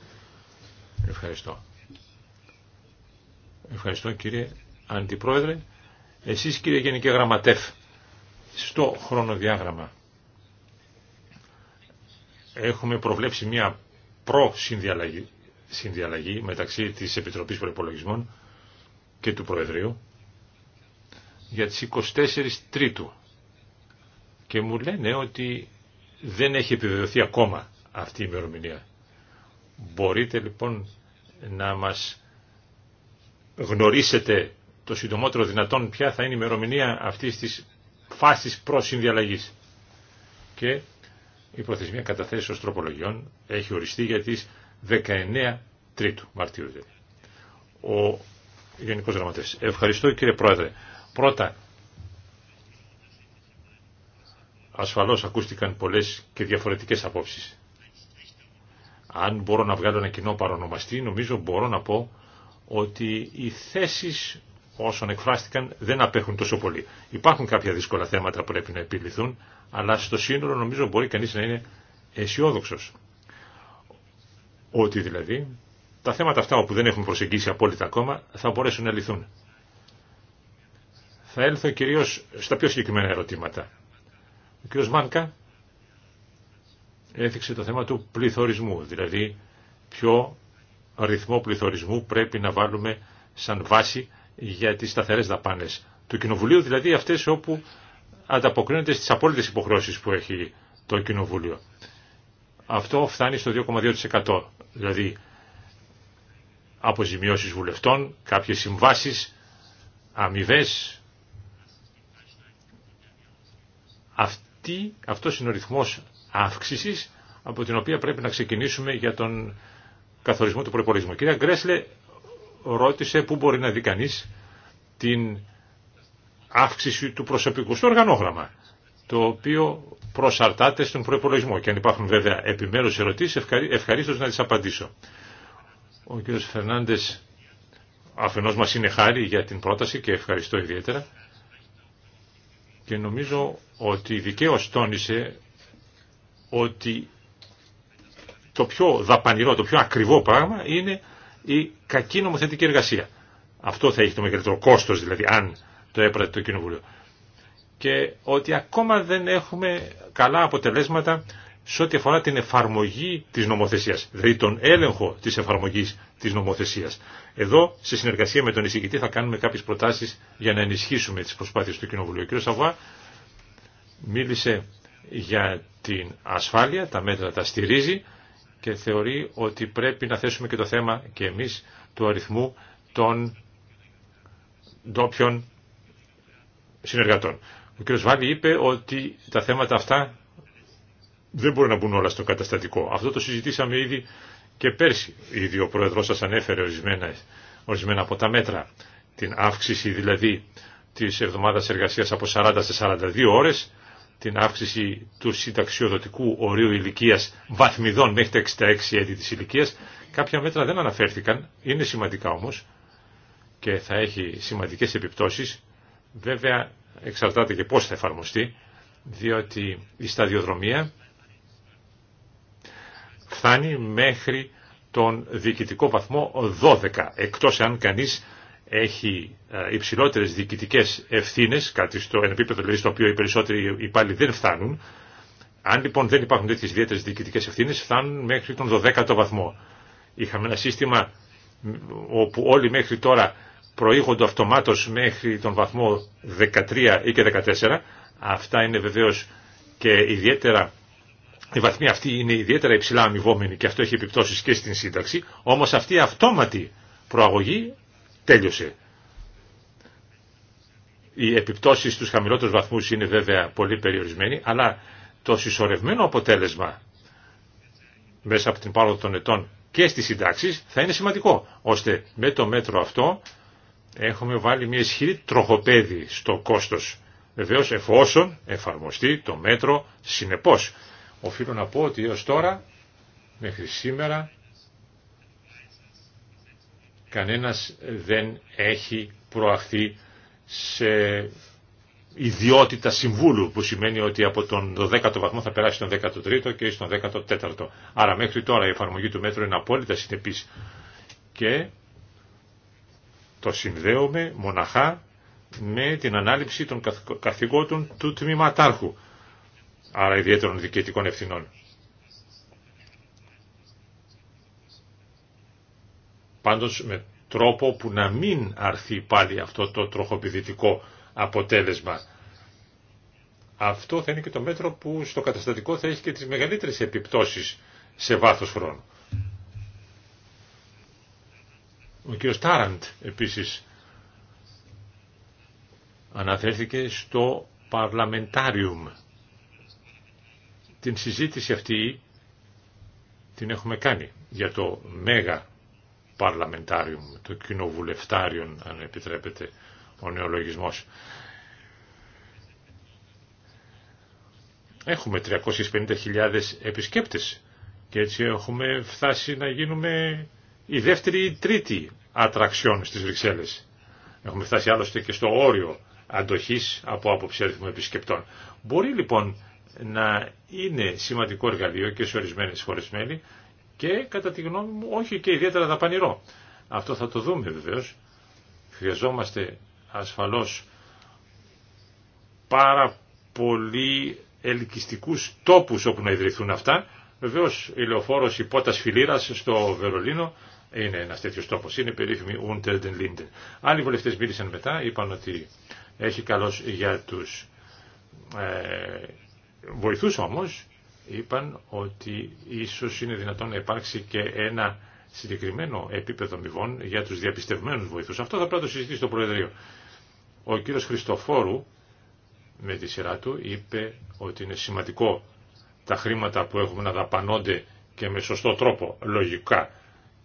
Ευχαριστώ. Ευχαριστώ κύριε Αντιπρόεδρε. Εσείς κύριε Γενική Γραμματεύ, στο χρονοδιάγραμμα έχουμε προβλέψει μια προ-συνδιαλλαγή συνδιαλλαγή μεταξύ της Επιτροπής Προϋπολογισμών και του Προεδρείου για τις 24 Τρίτου και μου λένε ότι δεν έχει επιβεβαιωθεί ακόμα αυτή η ημερομηνία. Μπορείτε λοιπόν να μας γνωρίσετε το συντομότερο δυνατόν ποια θα είναι η ημερομηνία αυτής της φάσης προσυνδιαλλαγής. Και η προθεσμία καταθέσεως τροπολογιών έχει οριστεί για τις 19 Τρίτου Μαρτίου. Δηλαδή. Ο Γενικός Γραμματέας. Ευχαριστώ κύριε Πρόεδρε. Πρώτα, ασφαλώς ακούστηκαν πολλές και διαφορετικές απόψεις. Αν μπορώ να βγάλω ένα κοινό παρονομαστή, νομίζω μπορώ να πω ότι οι θέσεις όσων εκφράστηκαν δεν απέχουν τόσο πολύ. Υπάρχουν κάποια δύσκολα θέματα που πρέπει να επιληθούν, αλλά στο σύνολο νομίζω μπορεί κανείς να είναι αισιόδοξο. Ότι δηλαδή τα θέματα αυτά όπου δεν έχουν προσεγγίσει απόλυτα ακόμα θα μπορέσουν να λυθούν. Θα έλθω κυρίως στα πιο συγκεκριμένα ερωτήματα. Ο κ. Μάνκα έθιξε το θέμα του πληθωρισμού, δηλαδή ποιο ρυθμό πληθωρισμού πρέπει να βάλουμε σαν βάση για τις σταθερές δαπάνες του Κοινοβουλίου, δηλαδή αυτές όπου ανταποκρίνονται στις απόλυτες υποχρεώσεις που έχει το Κοινοβούλιο. Αυτό φτάνει στο 2,2%. Δηλαδή αποζημιώσεις βουλευτών, κάποιες συμβάσεις, αμοιβέ. Αυτή, αυτός είναι ο ρυθμός αύξησης από την οποία πρέπει να ξεκινήσουμε για τον καθορισμό του προπολογισμού. κυρία Γκρέσλε ρώτησε πού μπορεί να δει κανεί την αύξηση του προσωπικού στο οργανόγραμμα, το οποίο προσαρτάται στον προπολογισμό. Και αν υπάρχουν βέβαια επιμέρους ερωτήσεις, ευχαριστώ να τις απαντήσω. Ο κύριος Φερνάντες αφενός μας είναι χάρη για την πρόταση και ευχαριστώ ιδιαίτερα. Και νομίζω ότι δικαίω τόνισε ότι το πιο δαπανηρό, το πιο ακριβό πράγμα είναι η κακή νομοθετική εργασία. Αυτό θα έχει το μεγαλύτερο κόστο, δηλαδή αν το έπρατε το Κοινοβούλιο. Και ότι ακόμα δεν έχουμε καλά αποτελέσματα σε ό,τι αφορά την εφαρμογή της νομοθεσίας, δηλαδή τον έλεγχο της εφαρμογής της νομοθεσίας. Εδώ, σε συνεργασία με τον εισηγητή, θα κάνουμε κάποιες προτάσεις για να ενισχύσουμε τις προσπάθειες του Κοινοβουλίου. Ο κ. Σαββά μίλησε για την ασφάλεια, τα μέτρα τα στηρίζει, και θεωρεί ότι πρέπει να θέσουμε και το θέμα και εμείς του αριθμού των ντόπιων συνεργατών. Ο κ. Βάλλη είπε ότι τα θέματα αυτά δεν μπορούν να μπουν όλα στο καταστατικό. Αυτό το συζητήσαμε ήδη και πέρσι. Ήδη ο Πρόεδρος σας ανέφερε ορισμένα, ορισμένα από τα μέτρα. Την αύξηση δηλαδή της εβδομάδας εργασίας από 40 σε 42 ώρες την αύξηση του συνταξιοδοτικού ορίου ηλικία βαθμιδών μέχρι τα 66 έτη της ηλικία Κάποια μέτρα δεν αναφέρθηκαν, είναι σημαντικά όμως και θα έχει σημαντικές επιπτώσεις. Βέβαια εξαρτάται και πώ θα εφαρμοστεί, διότι η σταδιοδρομία φτάνει μέχρι τον διοικητικό βαθμό 12, εκτός αν κανείς έχει ε, υψηλότερε διοικητικέ ευθύνε, κάτι στο ένα επίπεδο δηλαδή στο οποίο οι περισσότεροι υπάλληλοι δεν φτάνουν. Αν λοιπόν δεν υπάρχουν τέτοιε ιδιαίτερε διοικητικέ ευθύνε, φτάνουν μέχρι τον 12ο βαθμό. Είχαμε ένα σύστημα όπου όλοι μέχρι τώρα προήγονται αυτομάτω μέχρι τον βαθμό 13 ή και 14. Αυτά είναι βεβαίω και ιδιαίτερα. Οι βαθμοί αυτή είναι ιδιαίτερα υψηλά αμοιβόμενοι και αυτό έχει επιπτώσει και στην σύνταξη. Όμω αυτή η αυτόματη προαγωγή τέλειωσε. Οι επιπτώσεις στους χαμηλότερους βαθμούς είναι βέβαια πολύ περιορισμένοι, αλλά το συσσωρευμένο αποτέλεσμα μέσα από την πάροδο των ετών και στις συντάξεις θα είναι σημαντικό, ώστε με το μέτρο αυτό έχουμε βάλει μια ισχυρή τροχοπέδη στο κόστος. Βεβαίως εφόσον εφαρμοστεί το μέτρο συνεπώς. Οφείλω να πω ότι έως τώρα, μέχρι σήμερα, Κανένας δεν έχει προαχθεί σε ιδιότητα συμβούλου που σημαίνει ότι από τον 12ο βαθμό θα περάσει στον 13ο και στον 14ο. Άρα μέχρι τώρα η εφαρμογή του μέτρου είναι απόλυτα συνεπής και το συνδέουμε μοναχά με την ανάληψη των καθηγόντων του τμήματάρχου, άρα ιδιαίτερων δικαιωτικών ευθυνών. πάντως με τρόπο που να μην αρθεί πάλι αυτό το τροχοπηδητικό αποτέλεσμα. Αυτό θα είναι και το μέτρο που στο καταστατικό θα έχει και τις μεγαλύτερες επιπτώσεις σε βάθος χρόνου. Ο κ. Τάραντ επίσης αναφέρθηκε στο Παρλαμεντάριουμ. Την συζήτηση αυτή την έχουμε κάνει για το μέγα το κοινοβουλευτάριον αν επιτρέπετε ο νεολογισμός. Έχουμε 350.000 επισκέπτες και έτσι έχουμε φτάσει να γίνουμε η δεύτερη ή τρίτη ατραξιόν στις Βρυξέλλες. Έχουμε φτάσει άλλωστε και στο όριο αντοχής από άποψη αριθμού επισκεπτών. Μπορεί λοιπόν να είναι σημαντικό εργαλείο και σε ορισμένε χώρες μέλη και κατά τη γνώμη μου όχι και ιδιαίτερα δαπανηρό. Αυτό θα το δούμε βεβαίως. Χρειαζόμαστε ασφαλώς πάρα πολύ ελκυστικούς τόπους όπου να ιδρυθούν αυτά. Βεβαίως η λεωφόρος υπότα φιλήρας στο Βερολίνο είναι ένας τέτοιος τόπος. Είναι περίφημη Unter den Linden. Άλλοι βουλευτές μίλησαν μετά, είπαν ότι έχει καλός για τους ε, βοηθούς όμως είπαν ότι ίσως είναι δυνατόν να υπάρξει και ένα συγκεκριμένο επίπεδο αμοιβών για τους διαπιστευμένους βοηθούς. Αυτό θα πρέπει να το συζητήσει το Προεδρείο. Ο κύριος Χριστοφόρου με τη σειρά του είπε ότι είναι σημαντικό τα χρήματα που έχουμε να δαπανώνται και με σωστό τρόπο, λογικά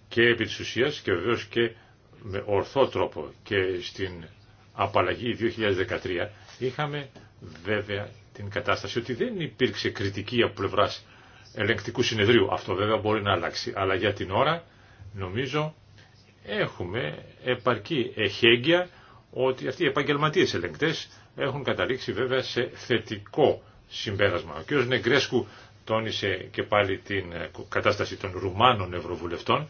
και επί της ουσίας και βεβαίως και με ορθό τρόπο και στην απαλλαγή 2013 είχαμε βέβαια την κατάσταση ότι δεν υπήρξε κριτική από πλευρά ελεγκτικού συνεδρίου. Αυτό βέβαια μπορεί να αλλάξει. Αλλά για την ώρα νομίζω έχουμε επαρκή εχέγγυα ότι αυτοί οι επαγγελματίες ελεγκτές έχουν καταλήξει βέβαια σε θετικό συμπέρασμα. Ο κ. Νεγκρέσκου τόνισε και πάλι την κατάσταση των Ρουμάνων Ευρωβουλευτών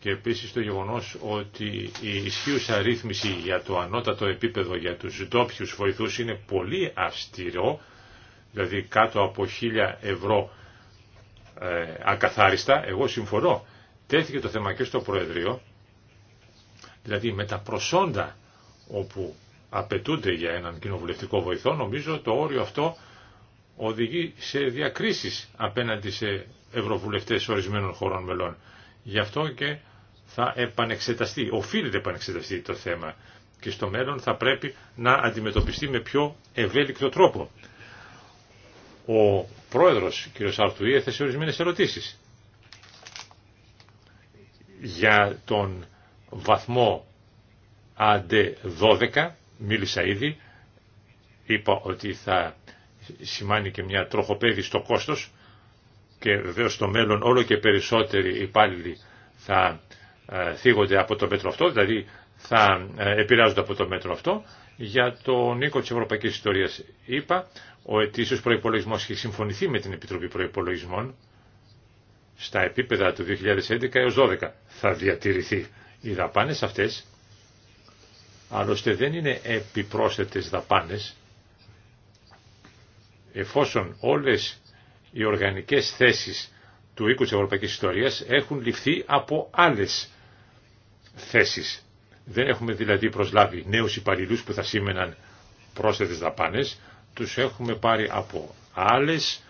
και επίσης το γεγονός ότι η ισχύουσα ρύθμιση για το ανώτατο επίπεδο για τους ντόπιου βοηθούς είναι πολύ αυστηρό δηλαδή κάτω από 1000 ευρώ ε, ακαθάριστα, εγώ συμφωνώ. Τέθηκε το θέμα και στο Προεδρείο, δηλαδή με τα προσόντα όπου απαιτούνται για έναν κοινοβουλευτικό βοηθό, νομίζω το όριο αυτό οδηγεί σε διακρίσεις απέναντι σε ευρωβουλευτές ορισμένων χωρών μελών. Γι' αυτό και θα επανεξεταστεί, οφείλεται να επανεξεταστεί το θέμα και στο μέλλον θα πρέπει να αντιμετωπιστεί με πιο ευέλικτο τρόπο. Ο πρόεδρος, κ. Αρτουή, έθεσε ορισμένες ερωτήσεις για τον βαθμό άντε 12, μίλησα ήδη, είπα ότι θα σημάνει και μια τροχοπέδη στο κόστος και βεβαίω στο μέλλον όλο και περισσότεροι υπάλληλοι θα ε, θίγονται από το μέτρο αυτό, δηλαδή θα ε, επηρεάζονται από το μέτρο αυτό για τον οίκο της Ευρωπαϊκής Ιστορίας. Είπα, ο ετήσιος προϋπολογισμός έχει συμφωνηθεί με την Επιτροπή Προϋπολογισμών στα επίπεδα του 2011 έως 2012. Θα διατηρηθεί οι δαπάνες αυτές, άλλωστε δεν είναι επιπρόσθετες δαπάνες, εφόσον όλες οι οργανικές θέσεις του οίκου της Ευρωπαϊκής Ιστορίας έχουν ληφθεί από άλλες θέσεις δεν έχουμε δηλαδή προσλάβει νέους υπαλληλούς που θα σήμαιναν πρόσθετες δαπάνες. Τους έχουμε πάρει από άλλες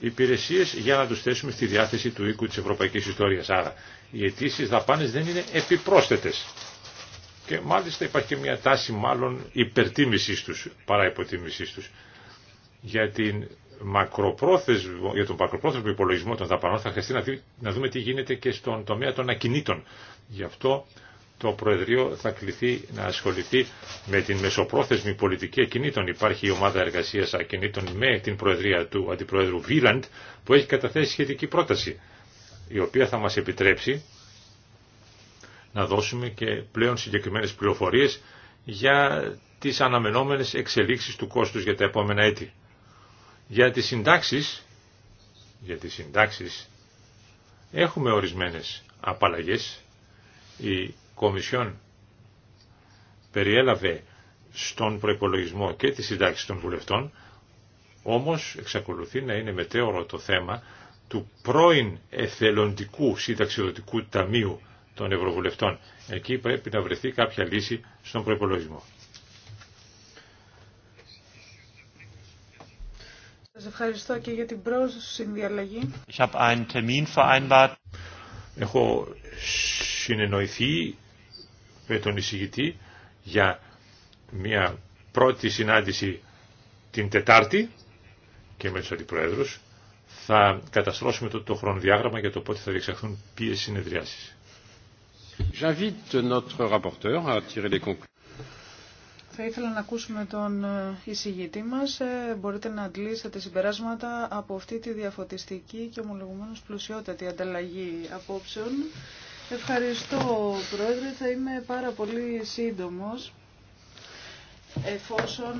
υπηρεσίες για να τους θέσουμε στη διάθεση του οίκου της ευρωπαϊκής ιστορίας. Άρα οι αιτήσει δαπάνες δεν είναι επιπρόσθετες. Και μάλιστα υπάρχει και μια τάση μάλλον υπερτίμησής τους παρά υποτίμησής τους. Για, την μακροπρόθεσμο, για τον μακροπρόθεσμο υπολογισμό των δαπανών θα χρειαστεί να, δούμε τι γίνεται και στον τομέα των ακινήτων. Γι' αυτό το Προεδρείο θα κληθεί να ασχοληθεί με την μεσοπρόθεσμη πολιτική ακινήτων. Υπάρχει η ομάδα εργασία ακινήτων με την Προεδρία του Αντιπροέδρου Βίλαντ που έχει καταθέσει σχετική πρόταση η οποία θα μας επιτρέψει να δώσουμε και πλέον συγκεκριμένες πληροφορίες για τις αναμενόμενες εξελίξεις του κόστους για τα επόμενα έτη. Για τις συντάξεις, για τις συντάξεις έχουμε ορισμένες απαλλαγές. Η Κομισιόν περιέλαβε στον προπολογισμό και τη συντάξη των βουλευτών, όμως εξακολουθεί να είναι μετέωρο το θέμα του πρώην εθελοντικού συνταξιδοτικού ταμείου των Ευρωβουλευτών. Εκεί πρέπει να βρεθεί κάποια λύση στον προπολογισμό. Σας ευχαριστώ και για την Έχω συνεννοηθεί με τον εισηγητή για μια πρώτη συνάντηση την Τετάρτη και με του αντιπροέδρους θα καταστρώσουμε το, το χρονοδιάγραμμα για το πότε θα διεξαχθούν ποιες συνεδριάσεις. Θα ήθελα να ακούσουμε τον ε, εισηγητή μας. Ε, μπορείτε να αντλήσετε συμπεράσματα από αυτή τη διαφωτιστική και ομολογουμένως πλουσιότατη ανταλλαγή απόψεων. Ευχαριστώ, Πρόεδρε. Θα είμαι πάρα πολύ σύντομος, εφόσον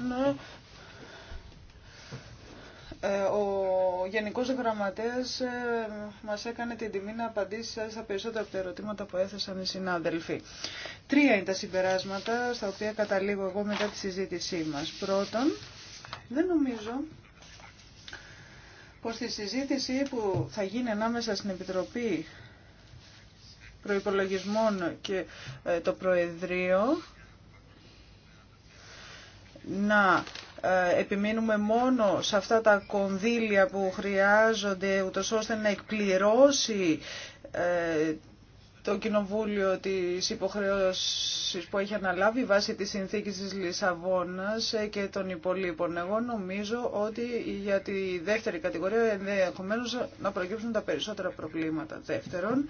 ε, ο Γενικός Γραμματέας ε, μας έκανε την τιμή να απαντήσει στα περισσότερα από τα ερωτήματα που έθεσαν οι συνάδελφοι. Τρία είναι τα συμπεράσματα στα οποία καταλήγω εγώ μετά τη συζήτησή μας. Πρώτον, δεν νομίζω πως τη συζήτηση που θα γίνει ανάμεσα στην Επιτροπή Προϋπολογισμών και ε, το Προεδρείο να ε, επιμείνουμε μόνο σε αυτά τα κονδύλια που χρειάζονται ούτως ώστε να εκπληρώσει ε, το Κοινοβούλιο της υποχρεώσεις που έχει αναλάβει βάσει της συνθήκης της Λισαβόνας και των υπολείπων. Εγώ νομίζω ότι για τη δεύτερη κατηγορία ενδεχομένως να προκύψουν τα περισσότερα προβλήματα. Δεύτερον,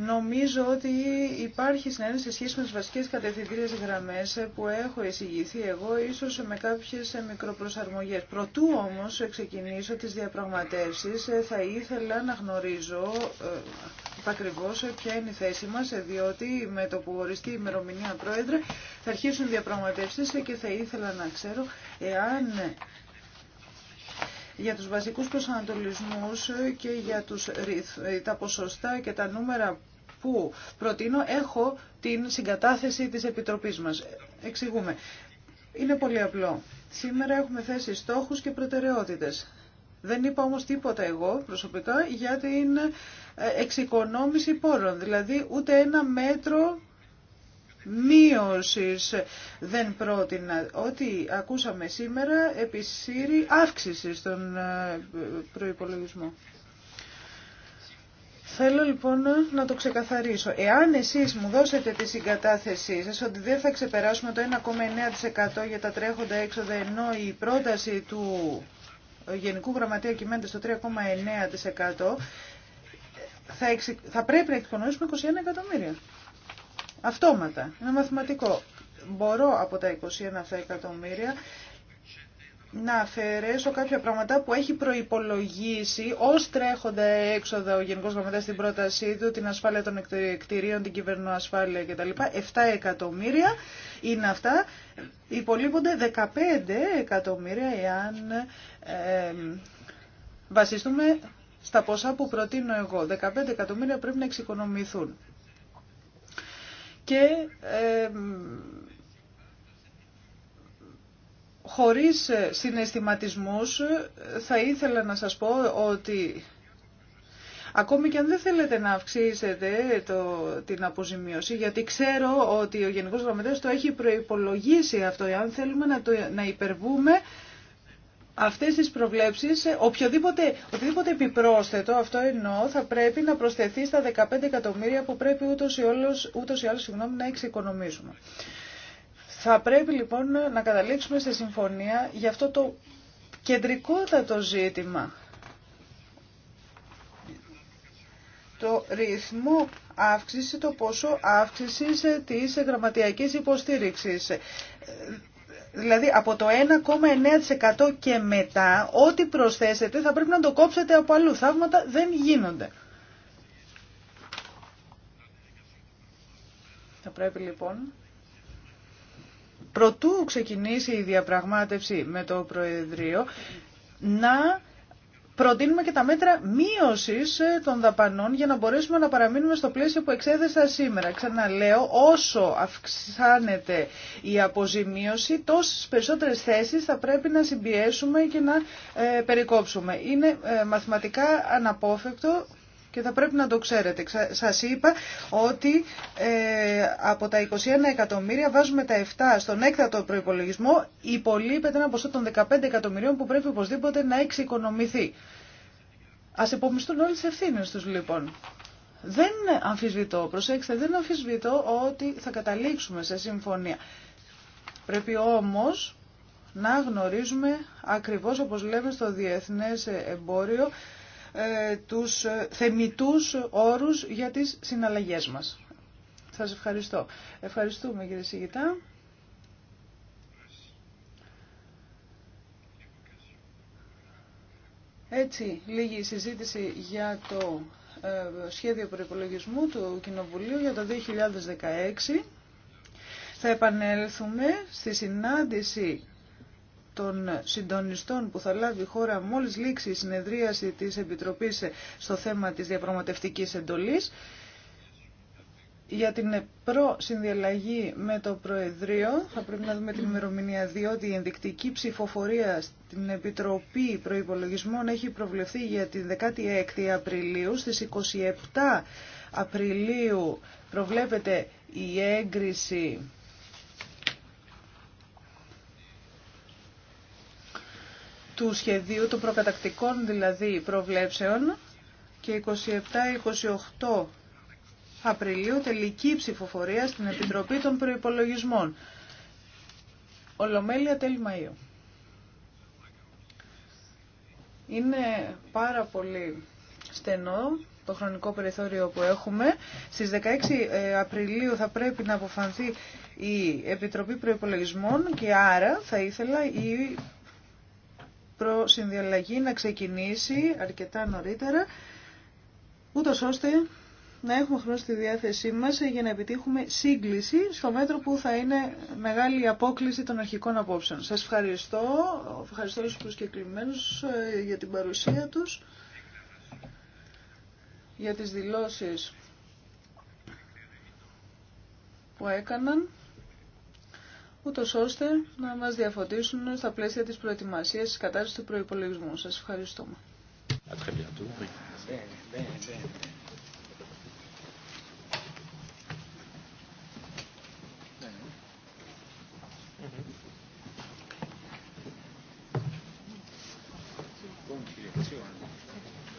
Νομίζω ότι υπάρχει συνέντευξη σε σχέση με τι βασικέ κατευθυντήριε γραμμέ που έχω εισηγηθεί εγώ, ίσω με κάποιε μικροπροσαρμογέ. Προτού όμω ξεκινήσω τι διαπραγματεύσει, θα ήθελα να γνωρίζω ε, ακριβώ ποια είναι η θέση μα, διότι με το που οριστεί η ημερομηνία πρόεδρε θα αρχίσουν διαπραγματεύσει και θα ήθελα να ξέρω εάν για τους βασικούς προσανατολισμούς και για τους, τα ποσοστά και τα νούμερα που προτείνω, έχω την συγκατάθεση της Επιτροπής μας. Εξηγούμε. Είναι πολύ απλό. Σήμερα έχουμε θέσει στόχους και προτεραιότητες. Δεν είπα όμως τίποτα εγώ προσωπικά για την ε, εξοικονόμηση πόρων. Δηλαδή ούτε ένα μέτρο μείωσης δεν πρότεινα. Ό,τι ακούσαμε σήμερα επισύρει αύξηση στον ε, προϋπολογισμό. Θέλω λοιπόν να το ξεκαθαρίσω. Εάν εσείς μου δώσετε τη συγκατάθεσή σας ότι δεν θα ξεπεράσουμε το 1,9% για τα τρέχοντα έξοδα ενώ η πρόταση του Γενικού Γραμματέα κυμαίνεται στο 3,9% θα, θα πρέπει να εκπονοήσουμε 21 εκατομμύρια. Αυτόματα. Είναι μαθηματικό. Μπορώ από τα 21 εκατομμύρια να αφαιρέσω κάποια πράγματα που έχει προϋπολογίσει ως τρέχοντα έξοδα ο Γενικός Γραμματέας στην πρότασή του, την ασφάλεια των εκτηρίων, την κυβερνοασφάλεια κτλ. 7 εκατομμύρια είναι αυτά. Υπολείπονται 15 εκατομμύρια εάν ε, βασιστούμε στα ποσά που προτείνω εγώ. 15 εκατομμύρια πρέπει να εξοικονομηθούν και ε, χωρίς συναισθηματισμούς θα ήθελα να σας πω ότι Ακόμη και αν δεν θέλετε να αυξήσετε το, την αποζημίωση, γιατί ξέρω ότι ο Γενικός Γραμματέας το έχει προϋπολογίσει αυτό. Αν θέλουμε να, να υπερβούμε, αυτές τις προβλέψεις, ε, οποιοδήποτε, οποιοδήποτε επιπρόσθετο, αυτό εννοώ, θα πρέπει να προσθεθεί στα 15 εκατομμύρια που πρέπει ούτως ή άλλως, ούτως ή άλλως συγγνώμη, να εξοικονομήσουμε. Θα πρέπει λοιπόν να καταλήξουμε σε συμφωνία για αυτό το κεντρικότατο ζήτημα. Το ρυθμό αύξηση, το πόσο αύξηση ε, της ε, γραμματιακής υποστήριξης δηλαδή από το 1,9% και μετά, ό,τι προσθέσετε θα πρέπει να το κόψετε από αλλού. Θαύματα δεν γίνονται. Θα πρέπει λοιπόν, προτού ξεκινήσει η διαπραγμάτευση με το Προεδρείο, να προτείνουμε και τα μέτρα μείωση ε, των δαπανών για να μπορέσουμε να παραμείνουμε στο πλαίσιο που εξέδεσα σήμερα. Ξαναλέω, όσο αυξάνεται η αποζημίωση, τόσε περισσότερες θέσεις θα πρέπει να συμπιέσουμε και να ε, περικόψουμε. Είναι ε, μαθηματικά αναπόφευκτο και θα πρέπει να το ξέρετε. Σας είπα ότι ε, από τα 21 εκατομμύρια βάζουμε τα 7 στον έκτατο προϋπολογισμό, υπολείπεται ένα ποσό των 15 εκατομμυρίων που πρέπει οπωσδήποτε να εξοικονομηθεί. Ας επομιστούν όλες τις ευθύνες τους λοιπόν. Δεν αμφισβητώ, προσέξτε, δεν αμφισβητώ ότι θα καταλήξουμε σε συμφωνία. Πρέπει όμως να γνωρίζουμε ακριβώς όπως λέμε στο διεθνές εμπόριο ε, τους ε, θεμητούς όρους για τις συναλλαγές μας. Σας ευχαριστώ. Ευχαριστούμε κύριε Σιγητά. Έτσι, λίγη συζήτηση για το ε, σχέδιο προϋπολογισμού του Κοινοβουλίου για το 2016. Θα επανέλθουμε στη συνάντηση των συντονιστών που θα λάβει η χώρα μόλις λήξει η συνεδρίαση της Επιτροπής στο θέμα της διαπραγματευτικής εντολής για την προσυνδιαλλαγή με το Προεδρείο θα πρέπει να δούμε την ημερομηνία διότι η ενδεικτική ψηφοφορία στην Επιτροπή Προϋπολογισμών έχει προβλεφθεί για την 16η Απριλίου. Στις 27 Απριλίου προβλέπεται η έγκριση του σχεδίου των προκατακτικών δηλαδή προβλέψεων και 27-28 Απριλίου τελική ψηφοφορία στην Επιτροπή των Προϋπολογισμών. Ολομέλεια τέλη Μαΐου. Είναι πάρα πολύ στενό το χρονικό περιθώριο που έχουμε. Στις 16 Απριλίου θα πρέπει να αποφανθεί η Επιτροπή Προϋπολογισμών και άρα θα ήθελα η προσυνδιαλλαγή να ξεκινήσει αρκετά νωρίτερα, ούτω ώστε να έχουμε χρόνο στη διάθεσή μας για να επιτύχουμε σύγκληση στο μέτρο που θα είναι μεγάλη απόκληση των αρχικών απόψεων. Σας ευχαριστώ, ευχαριστώ όλους τους ε, για την παρουσία τους, για τις δηλώσεις που έκαναν ούτω ώστε να μας διαφωτίσουν στα πλαίσια της προετοιμασίας της κατάρτισης του προϋπολογισμού. Σας ευχαριστούμε.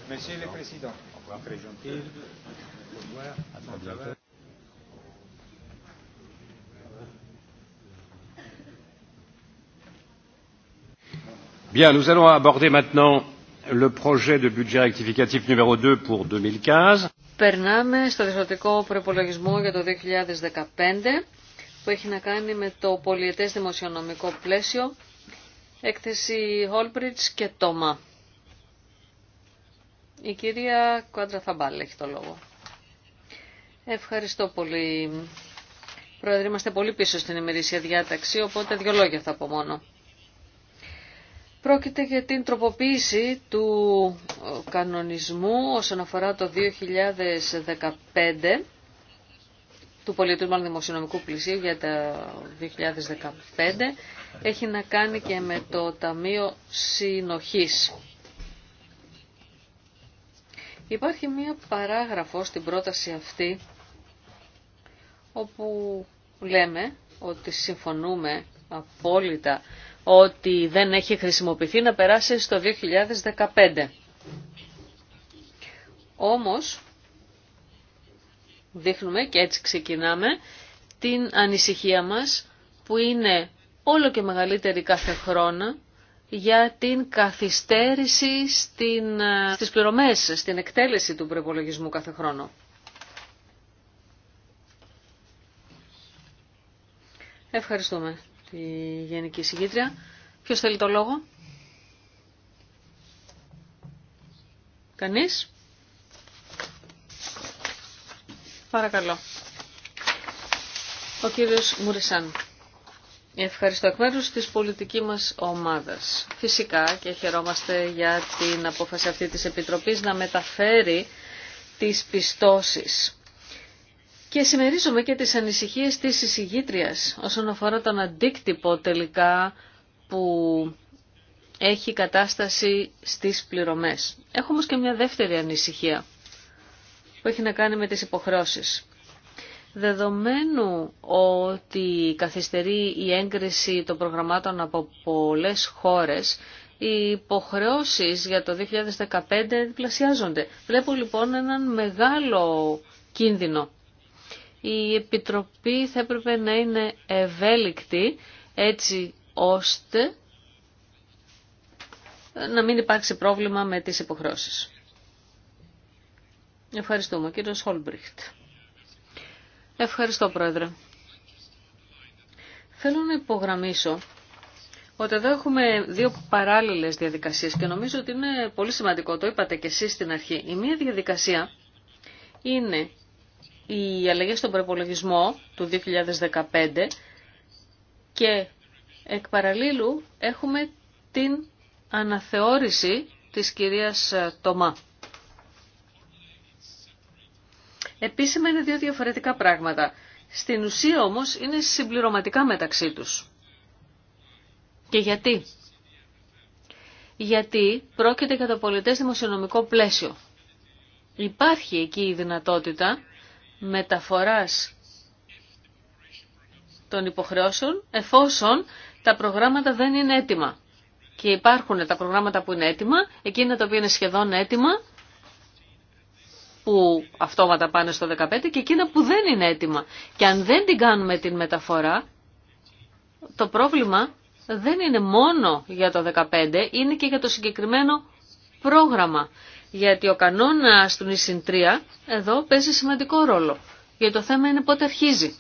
Monsieur le Président. Bien, nous allons aborder maintenant le projet de budget rectificatif numéro 2 pour 2015. Περνάμε στο διευθυντικό προπολογισμό για το 2015 που έχει να κάνει με το πολιετές δημοσιονομικό πλαίσιο, έκθεση Holbridge και Τόμα. Η κυρία Κόντρα Θαμπάλ έχει το λόγο. Ευχαριστώ πολύ. Πρόεδρε, είμαστε πολύ πίσω στην ημερήσια διάταξη, οπότε δύο λόγια θα πω μόνο. Πρόκειται για την τροποποίηση του ε, κανονισμού όσον αφορά το 2015 του πολιτισμού δημοσιονομικού πλησίου για το 2015 έχει να κάνει και με το Ταμείο Συνοχής. Υπάρχει μία παράγραφο στην πρόταση αυτή όπου λέμε ότι συμφωνούμε απόλυτα ότι δεν έχει χρησιμοποιηθεί να περάσει στο 2015. Όμως, δείχνουμε και έτσι ξεκινάμε, την ανησυχία μας που είναι όλο και μεγαλύτερη κάθε χρόνο για την καθυστέρηση στην, ε, στις πληρωμές, στην εκτέλεση του προπολογισμού κάθε χρόνο. Ευχαριστούμε η Γενική Συγκήτρια. Ποιος θέλει το λόγο? Κανείς? Παρακαλώ. Ο κύριος Μουρισάν. Ευχαριστώ εκ μέρους της πολιτικής μας ομάδας. Φυσικά και χαιρόμαστε για την απόφαση αυτή της Επιτροπής να μεταφέρει τις πιστώσεις και συμμερίζομαι και τις ανησυχίες της εισηγήτριας όσον αφορά τον αντίκτυπο τελικά που έχει κατάσταση στις πληρωμές. Έχω όμως και μια δεύτερη ανησυχία που έχει να κάνει με τις υποχρώσεις. Δεδομένου ότι καθυστερεί η έγκριση των προγραμμάτων από πολλές χώρες, οι υποχρεώσεις για το 2015 διπλασιάζονται. Βλέπω λοιπόν έναν μεγάλο κίνδυνο η Επιτροπή θα έπρεπε να είναι ευέλικτη έτσι ώστε να μην υπάρξει πρόβλημα με τις υποχρώσεις. Ευχαριστούμε, κύριο Χόλμπριχτ. Ευχαριστώ, Πρόεδρε. Θέλω να υπογραμμίσω ότι εδώ έχουμε δύο παράλληλες διαδικασίες και νομίζω ότι είναι πολύ σημαντικό, το είπατε και εσείς στην αρχή. Η μία διαδικασία είναι οι αλλαγή στον προπολογισμό του 2015 και εκ παραλίλου έχουμε την αναθεώρηση της κυρίας Τομά. Επίσημα είναι δύο διαφορετικά πράγματα. Στην ουσία όμως είναι συμπληρωματικά μεταξύ τους. Και γιατί. Γιατί πρόκειται για το πολιτές δημοσιονομικό πλαίσιο. Υπάρχει εκεί η δυνατότητα μεταφοράς των υποχρεώσεων εφόσον τα προγράμματα δεν είναι έτοιμα. Και υπάρχουν τα προγράμματα που είναι έτοιμα, εκείνα τα οποία είναι σχεδόν έτοιμα, που αυτόματα πάνε στο 15 και εκείνα που δεν είναι έτοιμα. Και αν δεν την κάνουμε την μεταφορά, το πρόβλημα δεν είναι μόνο για το 15, είναι και για το συγκεκριμένο πρόγραμμα. Γιατί ο κανόνα του νησιν 3 εδώ παίζει σημαντικό ρόλο. Γιατί το θέμα είναι πότε αρχίζει.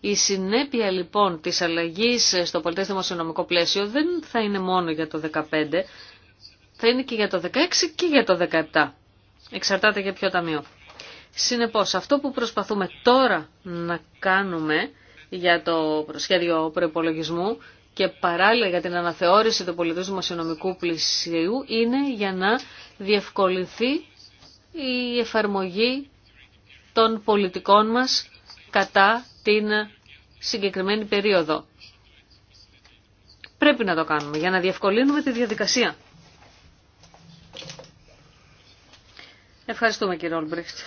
Η συνέπεια λοιπόν της αλλαγής στο πολιτές δημοσιονομικό πλαίσιο δεν θα είναι μόνο για το 15, θα είναι και για το 16 και για το 17. Εξαρτάται για ποιο ταμείο. Συνεπώς αυτό που προσπαθούμε τώρα να κάνουμε για το προσχέδιο προπολογισμού και παράλληλα για την αναθεώρηση του πολιτισμού δημοσιονομικού πλησίου είναι για να διευκολυνθεί η εφαρμογή των πολιτικών μας κατά την συγκεκριμένη περίοδο. Πρέπει να το κάνουμε για να διευκολύνουμε τη διαδικασία. Ευχαριστούμε κύριε Ολμπρίχτ.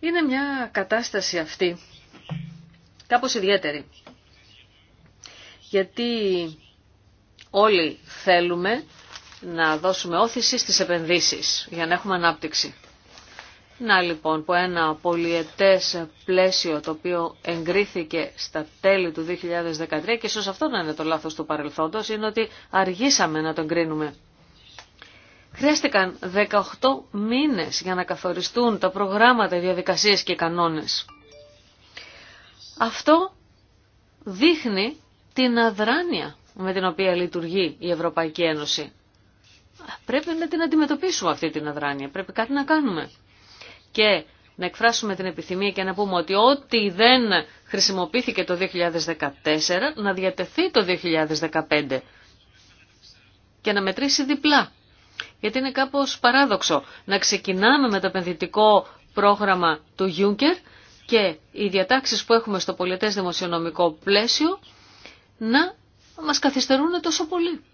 Είναι μια κατάσταση αυτή, κάπως ιδιαίτερη γιατί όλοι θέλουμε να δώσουμε όθηση στις επενδύσεις για να έχουμε ανάπτυξη. Να λοιπόν που ένα πολιετές πλαίσιο το οποίο εγκρίθηκε στα τέλη του 2013 και ίσως αυτό να είναι το λάθος του παρελθόντος είναι ότι αργήσαμε να τον κρίνουμε. Χρειάστηκαν 18 μήνες για να καθοριστούν τα προγράμματα, οι διαδικασίες και οι κανόνες. Αυτό δείχνει την αδράνεια με την οποία λειτουργεί η Ευρωπαϊκή Ένωση. Πρέπει να την αντιμετωπίσουμε αυτή την αδράνεια, πρέπει κάτι να κάνουμε. Και να εκφράσουμε την επιθυμία και να πούμε ότι ό,τι δεν χρησιμοποιήθηκε το 2014 να διατεθεί το 2015 και να μετρήσει διπλά. Γιατί είναι κάπως παράδοξο να ξεκινάμε με το επενδυτικό πρόγραμμα του Juncker και οι διατάξεις που έχουμε στο πολιτές δημοσιονομικό πλαίσιο να μας καθυστερούν τόσο πολύ.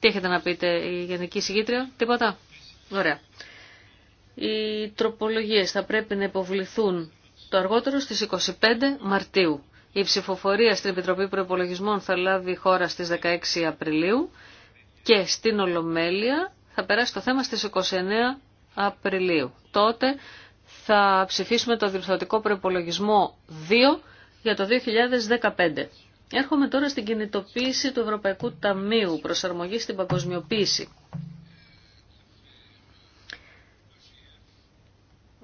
Τι έχετε να πείτε η Γενική Συγκήτρια, τίποτα. Ωραία. Οι τροπολογίες θα πρέπει να υποβληθούν το αργότερο στις 25 Μαρτίου. Η ψηφοφορία στην Επιτροπή Προπολογισμών θα λάβει χώρα στις 16 Απριλίου και στην Ολομέλεια θα περάσει το θέμα στις 29 Απριλίου. Τότε θα ψηφίσουμε το διορθωτικό προπολογισμό 2 για το 2015. Έρχομαι τώρα στην κινητοποίηση του Ευρωπαϊκού Ταμείου προσαρμογή στην παγκοσμιοποίηση.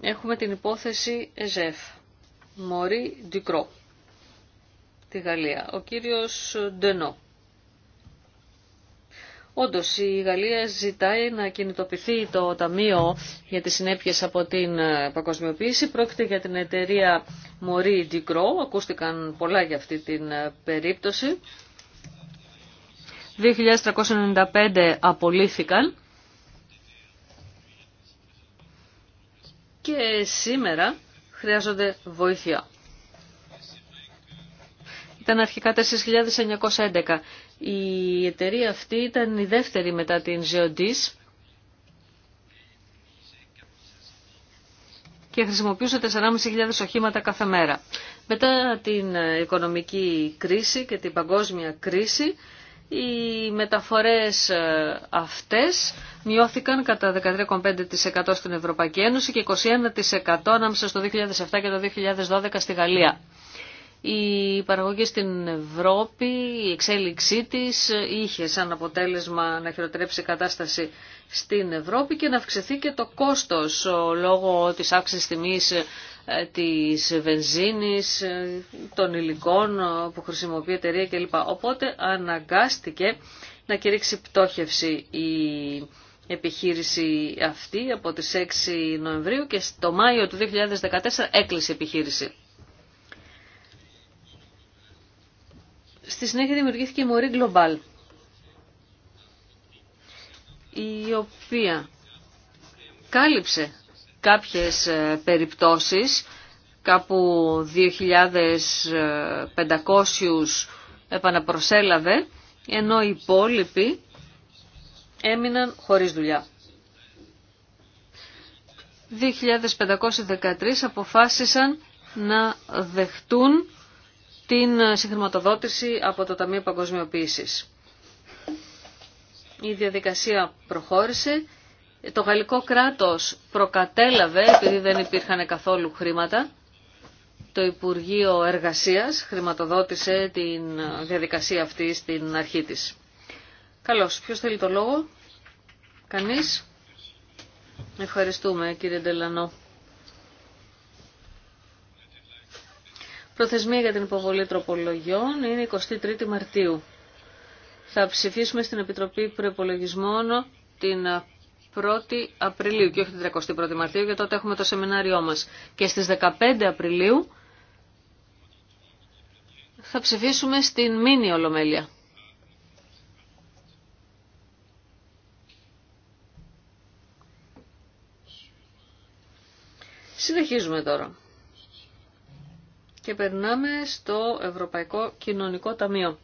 Έχουμε την υπόθεση ΕΖΕΦ, Μωρή Ντικρό, τη Γαλλία. Ο κύριος Ντενό Όντω, η Γαλλία ζητάει να κινητοποιηθεί το Ταμείο για τι συνέπειε από την ε, παγκοσμιοποίηση. Πρόκειται για την εταιρεία Μωρή Ντικρό. Ακούστηκαν πολλά για αυτή την ε, περίπτωση. 2.395 απολύθηκαν. Και σήμερα χρειάζονται βοήθεια. Ήταν αρχικά 4.911. Η εταιρεία αυτή ήταν η δεύτερη μετά την Geodis και χρησιμοποιούσε 4.500 οχήματα κάθε μέρα. Μετά την οικονομική κρίση και την παγκόσμια κρίση, οι μεταφορές ε, αυτές μειώθηκαν κατά 13,5% στην Ευρωπαϊκή Ένωση και 21% ανάμεσα στο 2007 και το 2012 στη Γαλλία η παραγωγή στην Ευρώπη, η εξέλιξή της είχε σαν αποτέλεσμα να χειροτρέψει η κατάσταση στην Ευρώπη και να αυξηθεί και το κόστος λόγω της αύξησης τιμής ε, της βενζίνης, ε, των υλικών ε, που χρησιμοποιεί η εταιρεία κλπ. Οπότε αναγκάστηκε να κηρύξει πτώχευση η επιχείρηση αυτή από τις 6 Νοεμβρίου και στο Μάιο του 2014 έκλεισε η επιχείρηση. Στη συνέχεια δημιουργήθηκε η Μωρή Global, η οποία κάλυψε κάποιες ε, περιπτώσεις, κάπου 2.500 επαναπροσέλαβε, ενώ οι υπόλοιποι έμειναν χωρίς δουλειά. 2.513 αποφάσισαν να δεχτούν την συγχρηματοδότηση από το Ταμείο Παγκοσμιοποίησης. Η διαδικασία προχώρησε. Το γαλλικό κράτος προκατέλαβε, επειδή δεν υπήρχαν καθόλου χρήματα, το Υπουργείο Εργασίας χρηματοδότησε τη διαδικασία αυτή στην αρχή της. Καλώς. Ποιος θέλει το λόγο? Κανείς? Ευχαριστούμε κύριε Ντελανό. Προθεσμία για την υποβολή τροπολογιών είναι 23η Μαρτίου. Θα ψηφίσουμε στην Επιτροπή Προπολογισμών την 1η Απριλίου και όχι την 31η Μαρτίου, γιατί τότε έχουμε το σεμινάριό μας. Και στις 15 Απριλίου θα ψηφίσουμε στην Μίνη Ολομέλεια. Συνεχίζουμε τώρα. Και περνάμε στο Ευρωπαϊκό Κοινωνικό Ταμείο.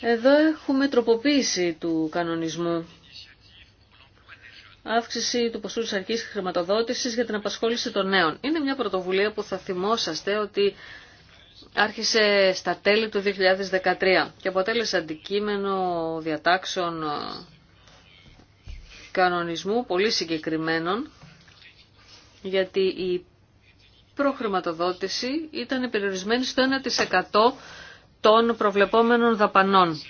Εδώ έχουμε τροποποίηση του κανονισμού. Αύξηση του ποσού της αρχής χρηματοδότησης για την απασχόληση των νέων. Είναι μια πρωτοβουλία που θα θυμόσαστε ότι άρχισε στα τέλη του 2013 και αποτέλεσε αντικείμενο διατάξεων ε, κανονισμού πολύ συγκεκριμένων γιατί η προχρηματοδότηση ήταν περιορισμένη στο 1% των προβλεπόμενων δαπανών.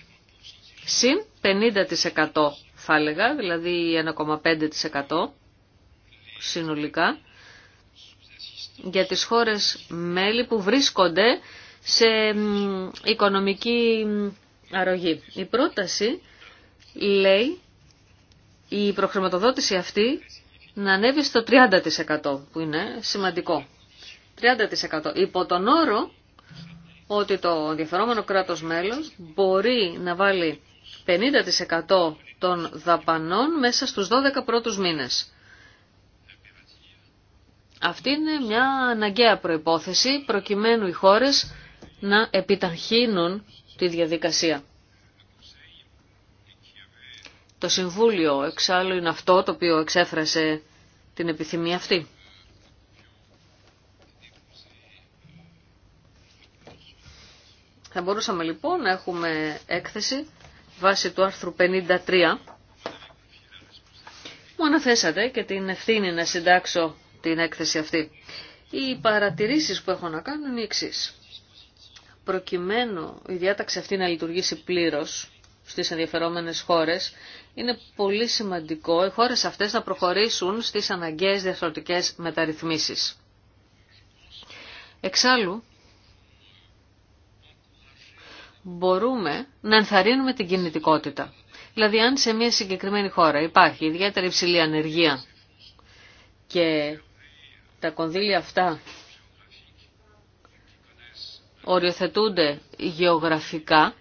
Συν 50% θα έλεγα, δηλαδή 1,5% συνολικά, για τις χώρες μέλη που βρίσκονται σε οικονομική αρρωγή. Η πρόταση λέει η προχρηματοδότηση αυτή να ανέβει στο 30% που είναι σημαντικό 30% υπό τον όρο ότι το ενδιαφερόμενο κράτος μέλος μπορεί να βάλει 50% των δαπανών μέσα στους 12 πρώτους μήνες. Αυτή είναι μια αναγκαία προϋπόθεση προκειμένου οι χώρες να επιταχύνουν τη διαδικασία. Το Συμβούλιο εξάλλου είναι αυτό το οποίο εξέφρασε την επιθυμία αυτή. Θα μπορούσαμε λοιπόν να έχουμε έκθεση βάσει του άρθρου 53. Μου αναθέσατε και την ευθύνη να συντάξω την έκθεση αυτή. Οι παρατηρήσεις που έχω να κάνω είναι οι εξής. Προκειμένου η διάταξη αυτή να λειτουργήσει πλήρως στις ενδιαφερόμενες χώρες, είναι πολύ σημαντικό οι χώρες αυτές να προχωρήσουν στις αναγκαίες διαφορετικές μεταρρυθμίσεις. Εξάλλου, μπορούμε να ενθαρρύνουμε την κινητικότητα. Δηλαδή αν σε μια συγκεκριμένη χώρα υπάρχει ιδιαίτερη υψηλή ανεργία και τα κονδύλια αυτά οριοθετούνται γεωγραφικά,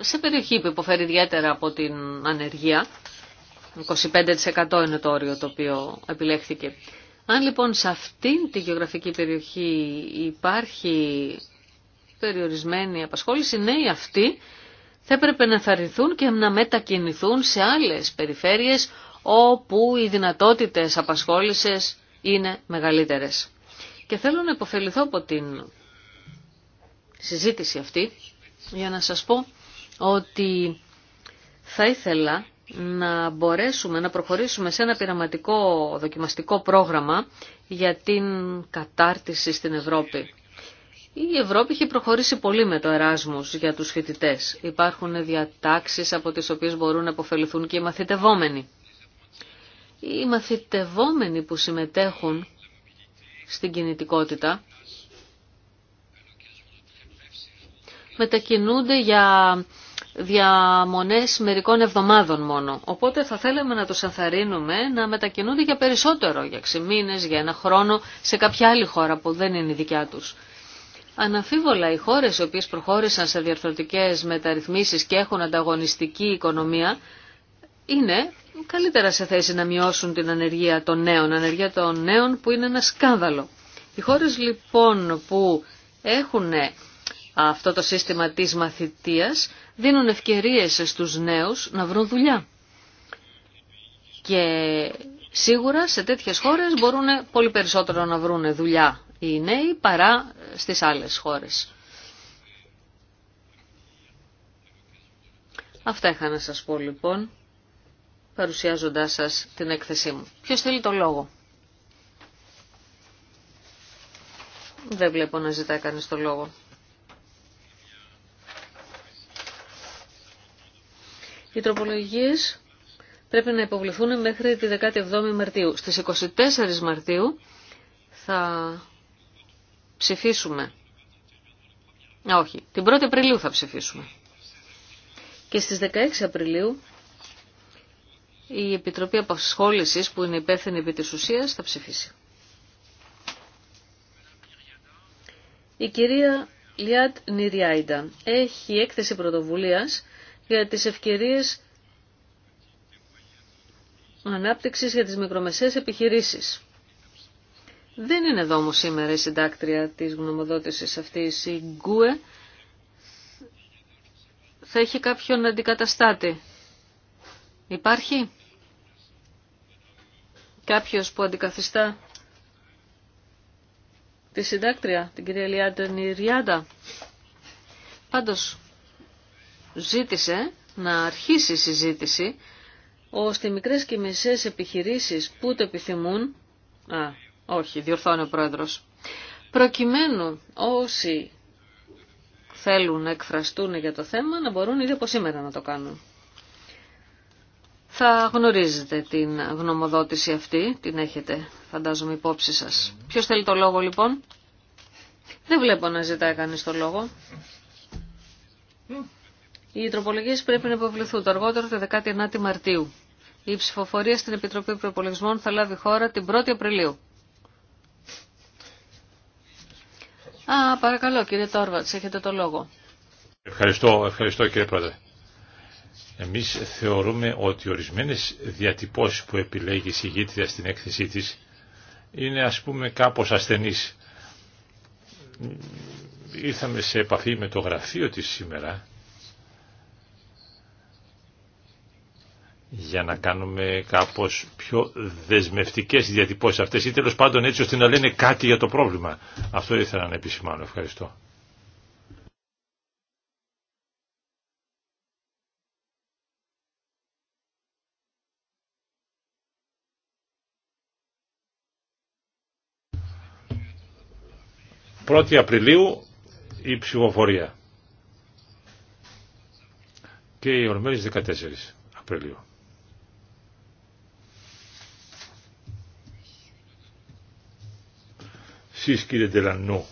σε περιοχή που υποφέρει ιδιαίτερα από την ανεργία, 25% είναι το όριο το οποίο επιλέχθηκε. Αν λοιπόν σε αυτήν τη γεωγραφική περιοχή υπάρχει περιορισμένη απασχόληση, νέοι ναι, αυτοί θα έπρεπε να θαρρυνθούν και να μετακινηθούν σε άλλες περιφέρειες όπου οι δυνατότητες απασχόλησης είναι μεγαλύτερες. Και θέλω να υποφεληθώ από την συζήτηση αυτή για να σας πω ότι θα ήθελα να μπορέσουμε να προχωρήσουμε σε ένα πειραματικό δοκιμαστικό πρόγραμμα για την κατάρτιση στην Ευρώπη. Η Ευρώπη έχει προχωρήσει πολύ με το Εράσμους για τους φοιτητές. Υπάρχουν διατάξεις από τις οποίες μπορούν να αποφεληθούν και οι μαθητευόμενοι. Οι μαθητευόμενοι που συμμετέχουν στην κινητικότητα μετακινούνται για διαμονές μερικών εβδομάδων μόνο. Οπότε θα θέλαμε να τους ενθαρρύνουμε να μετακινούνται για περισσότερο, για 6 για ένα χρόνο, σε κάποια άλλη χώρα που δεν είναι η δικιά τους. Αναφίβολα οι χώρες οι οποίες προχώρησαν σε διαρθρωτικές μεταρρυθμίσεις και έχουν ανταγωνιστική οικονομία είναι καλύτερα σε θέση να μειώσουν την ανεργία των νέων, ανεργία των νέων που είναι ένα σκάνδαλο. Οι χώρες λοιπόν που έχουν ε, αυτό το σύστημα της μαθητείας δίνουν ευκαιρίες στους νέους να βρουν δουλειά. Και σίγουρα σε τέτοιες χώρες μπορούν πολύ περισσότερο να βρουν δουλειά οι νέοι παρά στις άλλες χώρες. Αυτά είχα να σας πω λοιπόν, παρουσιάζοντάς σας την έκθεσή μου. Ποιος θέλει το λόγο. Δεν βλέπω να ζητάει κανείς το λόγο. Οι τροπολογίες πρέπει να υποβληθούν μέχρι τη 17η Μαρτίου. Στις 24 Μαρτίου θα ψηφίσουμε. Όχι, την 1η Απριλίου θα ψηφίσουμε. Και στις 16 Απριλίου η Επιτροπή Απασχόλησης που είναι υπεύθυνη επί της ουσίας θα ψηφίσει. Η κυρία Λιάτ Νιριάιντα έχει έκθεση πρωτοβουλίας για τις ευκαιρίες ανάπτυξης για τις μικρομεσαίες επιχειρήσεις. Δεν είναι εδώ όμως σήμερα η συντάκτρια της γνωμοδότησης αυτής η Γκουε. Θα έχει κάποιον αντικαταστάτη. Υπάρχει κάποιος που αντικαθιστά τη συντάκτρια, την κυρία Λιάντα Νιριάντα. Πάντως ζήτησε να αρχίσει η συζήτηση ώστε οι μικρές και μεσαίες επιχειρήσεις που το επιθυμούν, α, όχι, διορθώνει ο πρόεδρος. Προκειμένου όσοι θέλουν να εκφραστούν για το θέμα να μπορούν ήδη από σήμερα να το κάνουν. Θα γνωρίζετε την γνωμοδότηση αυτή, την έχετε φαντάζομαι υπόψη σας. Ποιος θέλει το λόγο λοιπόν? Δεν βλέπω να ζητάει κανείς το λόγο. Οι τροπολογίε πρέπει να υποβληθούν το αργότερο το 19η Μαρτίου. Η ψηφοφορία στην Επιτροπή Προπολογισμών θα λάβει χώρα την 1η Απριλίου. Α, παρακαλώ κύριε Τόρβατς, έχετε το λόγο. Ευχαριστώ, ευχαριστώ κύριε Πρόεδρε. Εμείς θεωρούμε ότι ορισμένες διατυπώσεις που επιλέγει η συγγήτρια στην έκθεσή της είναι ας πούμε κάπως ασθενής. Ήρθαμε σε επαφή με το γραφείο της σήμερα για να κάνουμε κάπως πιο δεσμευτικές διατυπώσεις αυτές ή τέλος πάντων έτσι ώστε να λένε κάτι για το πρόβλημα. Αυτό ήθελα να επισημάνω. Ευχαριστώ. Πρώτη Απριλίου η ψηφοφορία και η ορμένης 14 Απριλίου. Εσείς κύριε Τελανού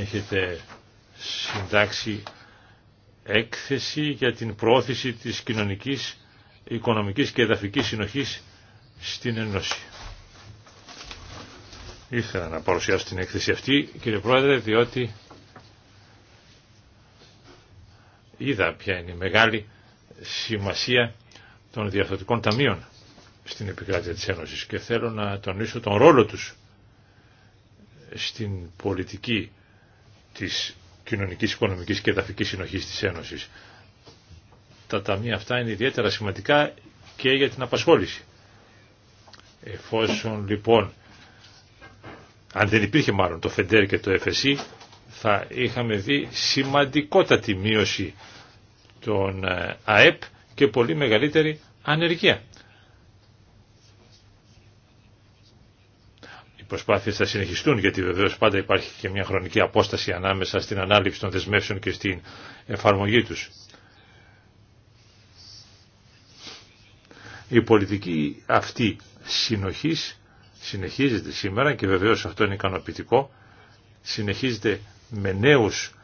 έχετε συντάξει έκθεση για την πρόθεση της κοινωνικής, οικονομικής και εδαφικής συνοχής στην Ενώση. Ήθελα να παρουσιάσω την έκθεση αυτή, κύριε Πρόεδρε, διότι είδα ποια είναι η μεγάλη σημασία των διαθετικών ταμείων στην επικράτεια της Ένωσης και θέλω να τονίσω τον ρόλο τους στην πολιτική της κοινωνικής, οικονομικής και εδαφικής συνοχής της Ένωσης. Τα ταμεία αυτά είναι ιδιαίτερα σημαντικά και για την απασχόληση. Εφόσον λοιπόν, αν δεν υπήρχε μάλλον το ΦΕΝΤΕΡ και το ΕΦΕΣΥ... θα είχαμε δει σημαντικότατη μείωση των ε, ΑΕΠ και πολύ μεγαλύτερη ανεργία. Οι προσπάθειες θα συνεχιστούν γιατί βεβαίως πάντα υπάρχει και μια χρονική απόσταση ανάμεσα στην ανάληψη των δεσμεύσεων και στην εφαρμογή τους. Η πολιτική αυτή συνοχής συνεχίζεται σήμερα και βεβαίως αυτό είναι ικανοποιητικό. Συνεχίζεται με νέους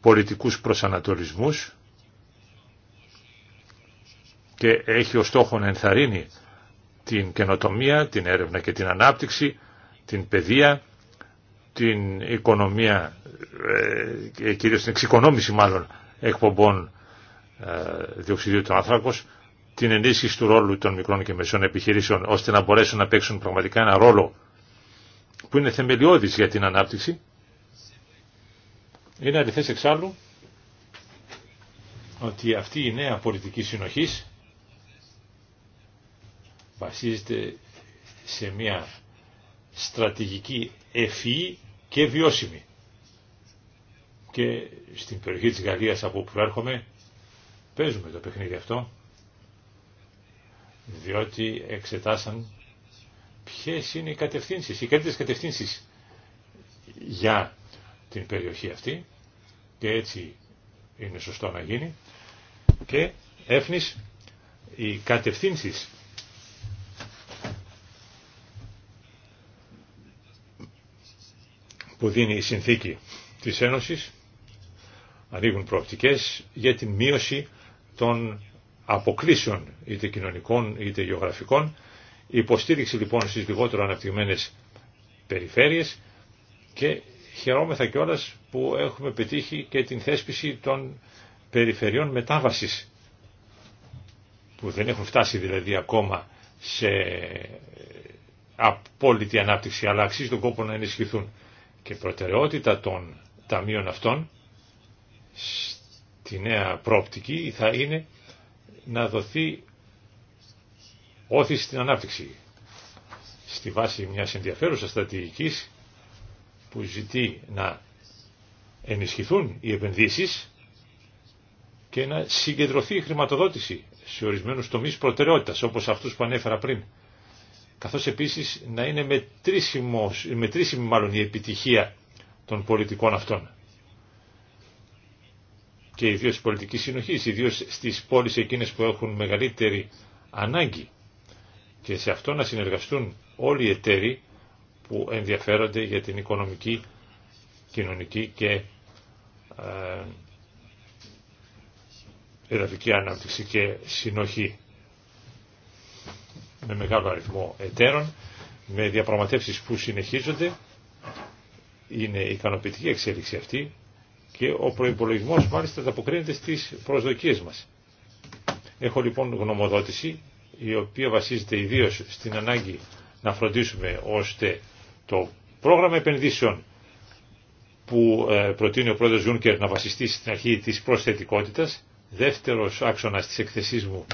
πολιτικούς προσανατολισμούς και έχει ως στόχο να ενθαρρύνει την καινοτομία, την έρευνα και την ανάπτυξη την παιδεία, την οικονομία, ε, κυρίως την εξοικονόμηση μάλλον εκπομπών ε, διοξιδίου του άνθρακος, την ενίσχυση του ρόλου των μικρών και μεσών επιχειρήσεων, ώστε να μπορέσουν να παίξουν πραγματικά ένα ρόλο που είναι θεμελιώδης για την ανάπτυξη. Είναι αληθές εξάλλου ότι αυτή η νέα πολιτική συνοχής βασίζεται σε μια στρατηγική ευφυή και βιώσιμη. Και στην περιοχή της Γαλλίας από όπου έρχομαι παίζουμε το παιχνίδι αυτό διότι εξετάσαν ποιες είναι οι κατευθύνσεις, οι καλύτερες κατευθύνσεις για την περιοχή αυτή και έτσι είναι σωστό να γίνει και έφνης οι κατευθύνσεις που δίνει η συνθήκη της Ένωσης ανοίγουν προοπτικές για την μείωση των αποκλήσεων είτε κοινωνικών είτε γεωγραφικών υποστήριξη λοιπόν στις λιγότερο αναπτυγμένες περιφέρειες και χαιρόμεθα κιόλα που έχουμε πετύχει και την θέσπιση των περιφερειών μετάβασης που δεν έχουν φτάσει δηλαδή ακόμα σε απόλυτη ανάπτυξη αλλά αξίζει τον κόπο να ενισχυθούν και προτεραιότητα των ταμείων αυτών στη νέα πρόπτικη θα είναι να δοθεί όθηση στην ανάπτυξη στη βάση μιας ενδιαφέρουσας στρατηγικής που ζητεί να ενισχυθούν οι επενδύσεις και να συγκεντρωθεί η χρηματοδότηση σε ορισμένους τομείς προτεραιότητας όπως αυτούς που ανέφερα πριν καθώς επίσης να είναι μετρήσιμη μάλλον η επιτυχία των πολιτικών αυτών. Και ιδίως της πολιτική συνοχής, ιδίως στις πόλεις εκείνες που έχουν μεγαλύτερη ανάγκη. Και σε αυτό να συνεργαστούν όλοι οι εταίροι που ενδιαφέρονται για την οικονομική, κοινωνική και ε, εδαφική ανάπτυξη και συνοχή με μεγάλο αριθμό εταίρων, με διαπραγματεύσεις που συνεχίζονται. Είναι ικανοποιητική εξέλιξη αυτή και ο προϋπολογισμός μάλιστα αποκρίνεται στις προσδοκίες μας. Έχω λοιπόν γνωμοδότηση η οποία βασίζεται ιδίως στην ανάγκη να φροντίσουμε ώστε το πρόγραμμα επενδύσεων που ε, προτείνει ο πρόεδρος Γιούνκερ να βασιστεί στην αρχή της προσθετικότητας, δεύτερος άξονας της εκθεσής μου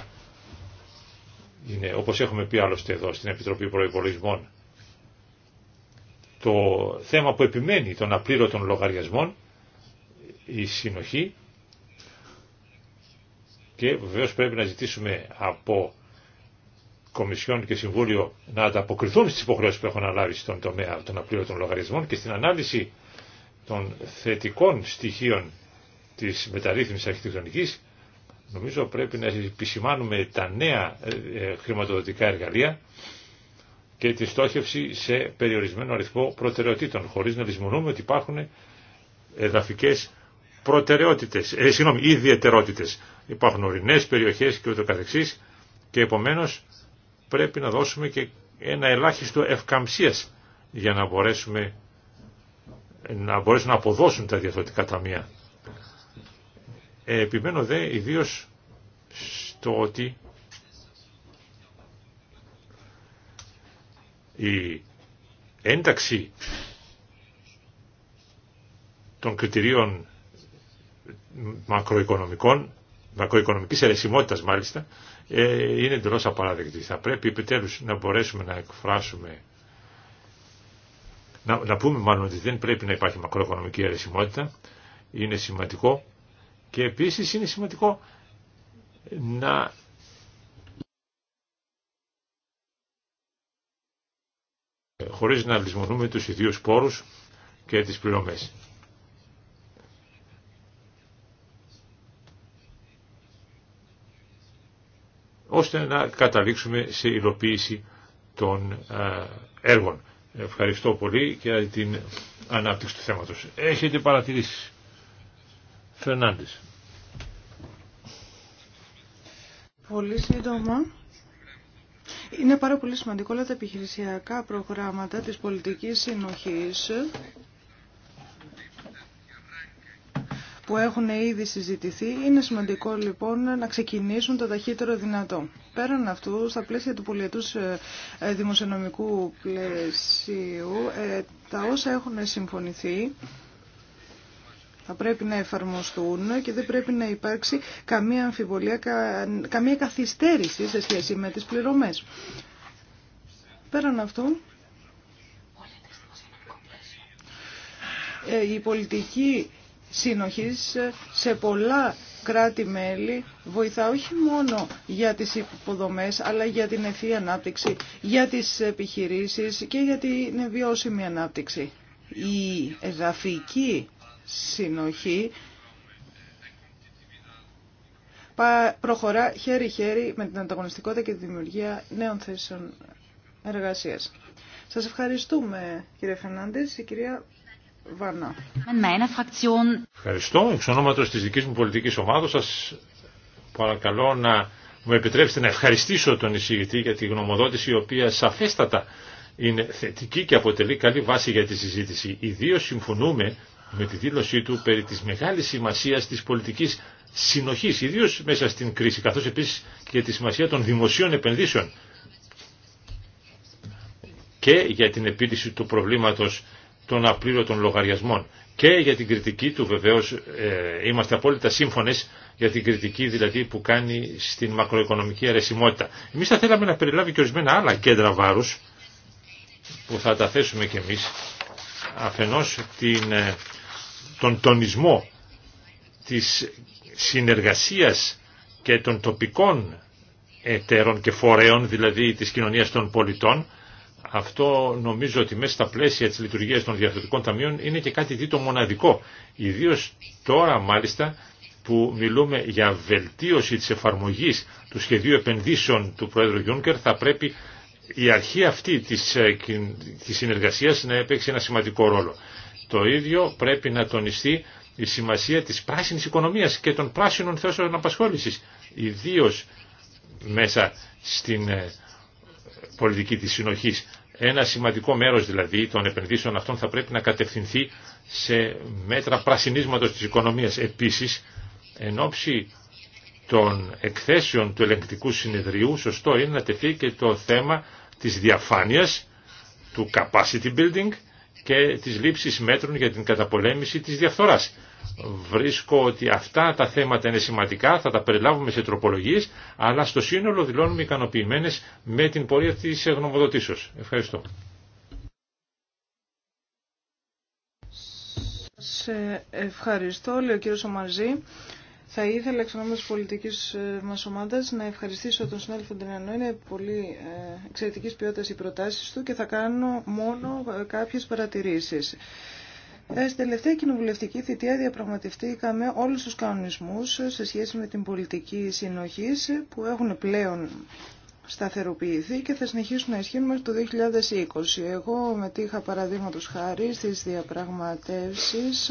είναι, όπως έχουμε πει άλλωστε εδώ στην Επιτροπή Προϋπολογισμών, το θέμα που επιμένει των απλήρωτων λογαριασμών, η συνοχή και βεβαίως πρέπει να ζητήσουμε από Κομισιόν και Συμβούλιο να ανταποκριθούν στις υποχρεώσεις που έχουν αναλάβει στον τομέα των απλήρωτων λογαριασμών και στην ανάλυση των θετικών στοιχείων της μεταρρύθμισης αρχιτεκτονικής Νομίζω πρέπει να επισημάνουμε τα νέα ε, ε, χρηματοδοτικά εργαλεία και τη στόχευση σε περιορισμένο αριθμό προτεραιοτήτων, χωρίς να λησμονούμε ότι υπάρχουν εδαφικές προτεραιότητες, ε, συγγνώμη, ιδιαιτερότητες. Υπάρχουν ορεινές περιοχές και ούτω καθεξής και επομένως πρέπει να δώσουμε και ένα ελάχιστο ευκαμψίας για να μπορέσουμε να μπορέσουν να αποδώσουν τα διαθωτικά ταμεία. Ε, επιμένω δε ιδίω στο ότι η ένταξη των κριτηρίων μακροοικονομικών, μακροοικονομικής αιρεσιμότητας μάλιστα, ε, είναι εντελώ απαράδεκτη. Θα πρέπει επιτέλου να μπορέσουμε να εκφράσουμε, να, να πούμε μάλλον ότι δεν πρέπει να υπάρχει μακροοικονομική αιρεσιμότητα, είναι σημαντικό και επίσης είναι σημαντικό να χωρίς να λησμονούμε τους ιδίους πόρους και τις πληρωμές. ώστε να καταλήξουμε σε υλοποίηση των ε, έργων. Ευχαριστώ πολύ για την ανάπτυξη του θέματος. Έχετε παρατηρήσει. Φερνάντης. Πολύ σύντομα. Είναι πάρα πολύ σημαντικό όλα τα επιχειρησιακά προγράμματα της πολιτικής συνοχής που έχουν ήδη συζητηθεί. Είναι σημαντικό λοιπόν να ξεκινήσουν το ταχύτερο δυνατό. Πέραν αυτού, στα πλαίσια του πολιετούς ε, ε, δημοσιονομικού πλαισίου, ε, τα όσα έχουν συμφωνηθεί θα πρέπει να εφαρμοστούν και δεν πρέπει να υπάρξει καμία αμφιβολία, καμία καθυστέρηση σε σχέση με τις πληρωμές. Πέραν αυτού, ε, η πολιτική σύνοχης σε πολλά κράτη-μέλη βοηθά όχι μόνο για τις υποδομές αλλά για την ευθεία ανάπτυξη, για τις επιχειρήσεις και για την βιώσιμη ανάπτυξη. Η εδαφική συνοχή προχωρά χέρι-χέρι με την ανταγωνιστικότητα και τη δημιουργία νέων θέσεων εργασίας. Σας ευχαριστούμε κύριε Φερνάντες, η κυρία Βάνα. Ευχαριστώ. Εξ ονόματος της δικής μου πολιτικής ομάδος σας παρακαλώ να μου επιτρέψετε να ευχαριστήσω τον εισηγητή για τη γνωμοδότηση η οποία σαφέστατα είναι θετική και αποτελεί καλή βάση για τη συζήτηση. Ιδίως συμφωνούμε με τη δήλωσή του περί της μεγάλης σημασίας της πολιτικής συνοχής, ιδίως μέσα στην κρίση, καθώς επίσης και τη σημασία των δημοσίων επενδύσεων και για την επίλυση του προβλήματος των απλήρωτων λογαριασμών και για την κριτική του βεβαίως ε, είμαστε απόλυτα σύμφωνες για την κριτική δηλαδή που κάνει στην μακροοικονομική αρεσιμότητα. Εμείς θα θέλαμε να περιλάβει και ορισμένα άλλα κέντρα βάρους που θα τα θέσουμε κι εμείς αφενός την ε, τον τονισμό της συνεργασίας και των τοπικών εταίρων και φορέων, δηλαδή της κοινωνίας των πολιτών, αυτό νομίζω ότι μέσα στα πλαίσια της λειτουργίας των διαθετικών ταμείων είναι και κάτι δίτο μοναδικό. Ιδίως τώρα μάλιστα που μιλούμε για βελτίωση της εφαρμογής του σχεδίου επενδύσεων του Πρόεδρου Γιούνκερ θα πρέπει η αρχή αυτή της, ε, της συνεργασίας να έπαιξε ένα σημαντικό ρόλο. Το ίδιο πρέπει να τονιστεί η σημασία της πράσινης οικονομίας και των πράσινων θέσεων απασχόλησης, ιδίως μέσα στην ε, πολιτική της συνοχής. Ένα σημαντικό μέρος δηλαδή των επενδύσεων αυτών θα πρέπει να κατευθυνθεί σε μέτρα πρασινίσματος της οικονομίας. Επίσης, εν ώψη των εκθέσεων του ελεγκτικού συνεδρίου, σωστό είναι να τεθεί και το θέμα της διαφάνειας, του capacity building και της λήψης μέτρων για την καταπολέμηση της διαφθοράς. Βρίσκω ότι αυτά τα θέματα είναι σημαντικά, θα τα περιλάβουμε σε τροπολογίες, αλλά στο σύνολο δηλώνουμε ικανοποιημένε με την πορεία της γνωμοδοτήσεως. Ευχαριστώ. Σε ευχαριστώ, λέει κύριος Ομαζή. Θα ήθελα εξ ονόματο τη πολιτική ε, μα ομάδα να ευχαριστήσω τον συνάδελφο Ντρινανό. Είναι πολύ ε, εξαιρετική ποιότητα οι προτάσει του και θα κάνω μόνο ε, κάποιε παρατηρήσει. Στην τελευταία κοινοβουλευτική θητεία διαπραγματευτήκαμε όλους τους κανονισμούς σε σχέση με την πολιτική συνοχή που έχουν πλέον σταθεροποιηθεί και θα συνεχίσουν να ισχύουν μέχρι το 2020. Εγώ μετήχα παραδείγματο χάρη στις διαπραγματεύσεις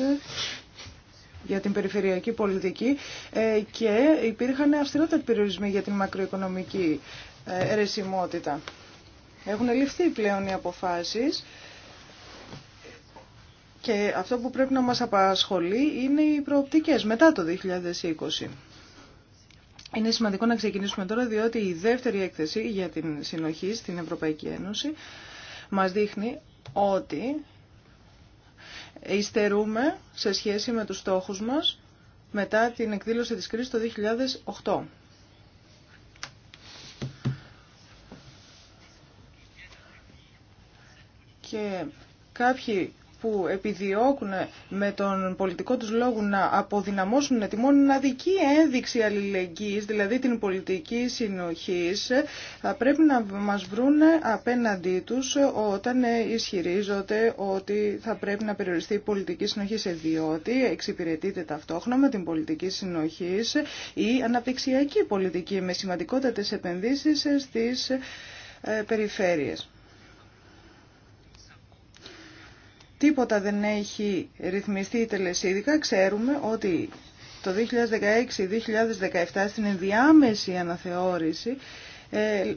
για την περιφερειακή πολιτική ε, και υπήρχαν αυστηρότατοι περιορισμοί για την μακροοικονομική ε, ρεσιμότητα. Έχουν ληφθεί πλέον οι αποφάσεις και αυτό που πρέπει να μας απασχολεί είναι οι προοπτικές μετά το 2020. Είναι σημαντικό να ξεκινήσουμε τώρα διότι η δεύτερη έκθεση για την συνοχή στην Ευρωπαϊκή Ένωση μας δείχνει ότι ειστερούμε σε σχέση με τους στόχους μας μετά την εκδήλωση της κρίσης το 2008. Και κάποιοι που επιδιώκουν με τον πολιτικό τους λόγο να αποδυναμώσουν τη μοναδική ένδειξη αλληλεγγύης, δηλαδή την πολιτική συνοχής, θα πρέπει να μας βρουν απέναντί τους όταν ισχυρίζονται ότι θα πρέπει να περιοριστεί η πολιτική συνοχή σε διότι εξυπηρετείται ταυτόχρονα με την πολιτική συνοχή η αναπτυξιακή πολιτική με σημαντικότατες επενδύσεις στις ε, περιφέρειες. τίποτα δεν έχει ρυθμιστεί τελεσίδικα, ξέρουμε ότι το 2016-2017 στην ενδιάμεση αναθεώρηση ε,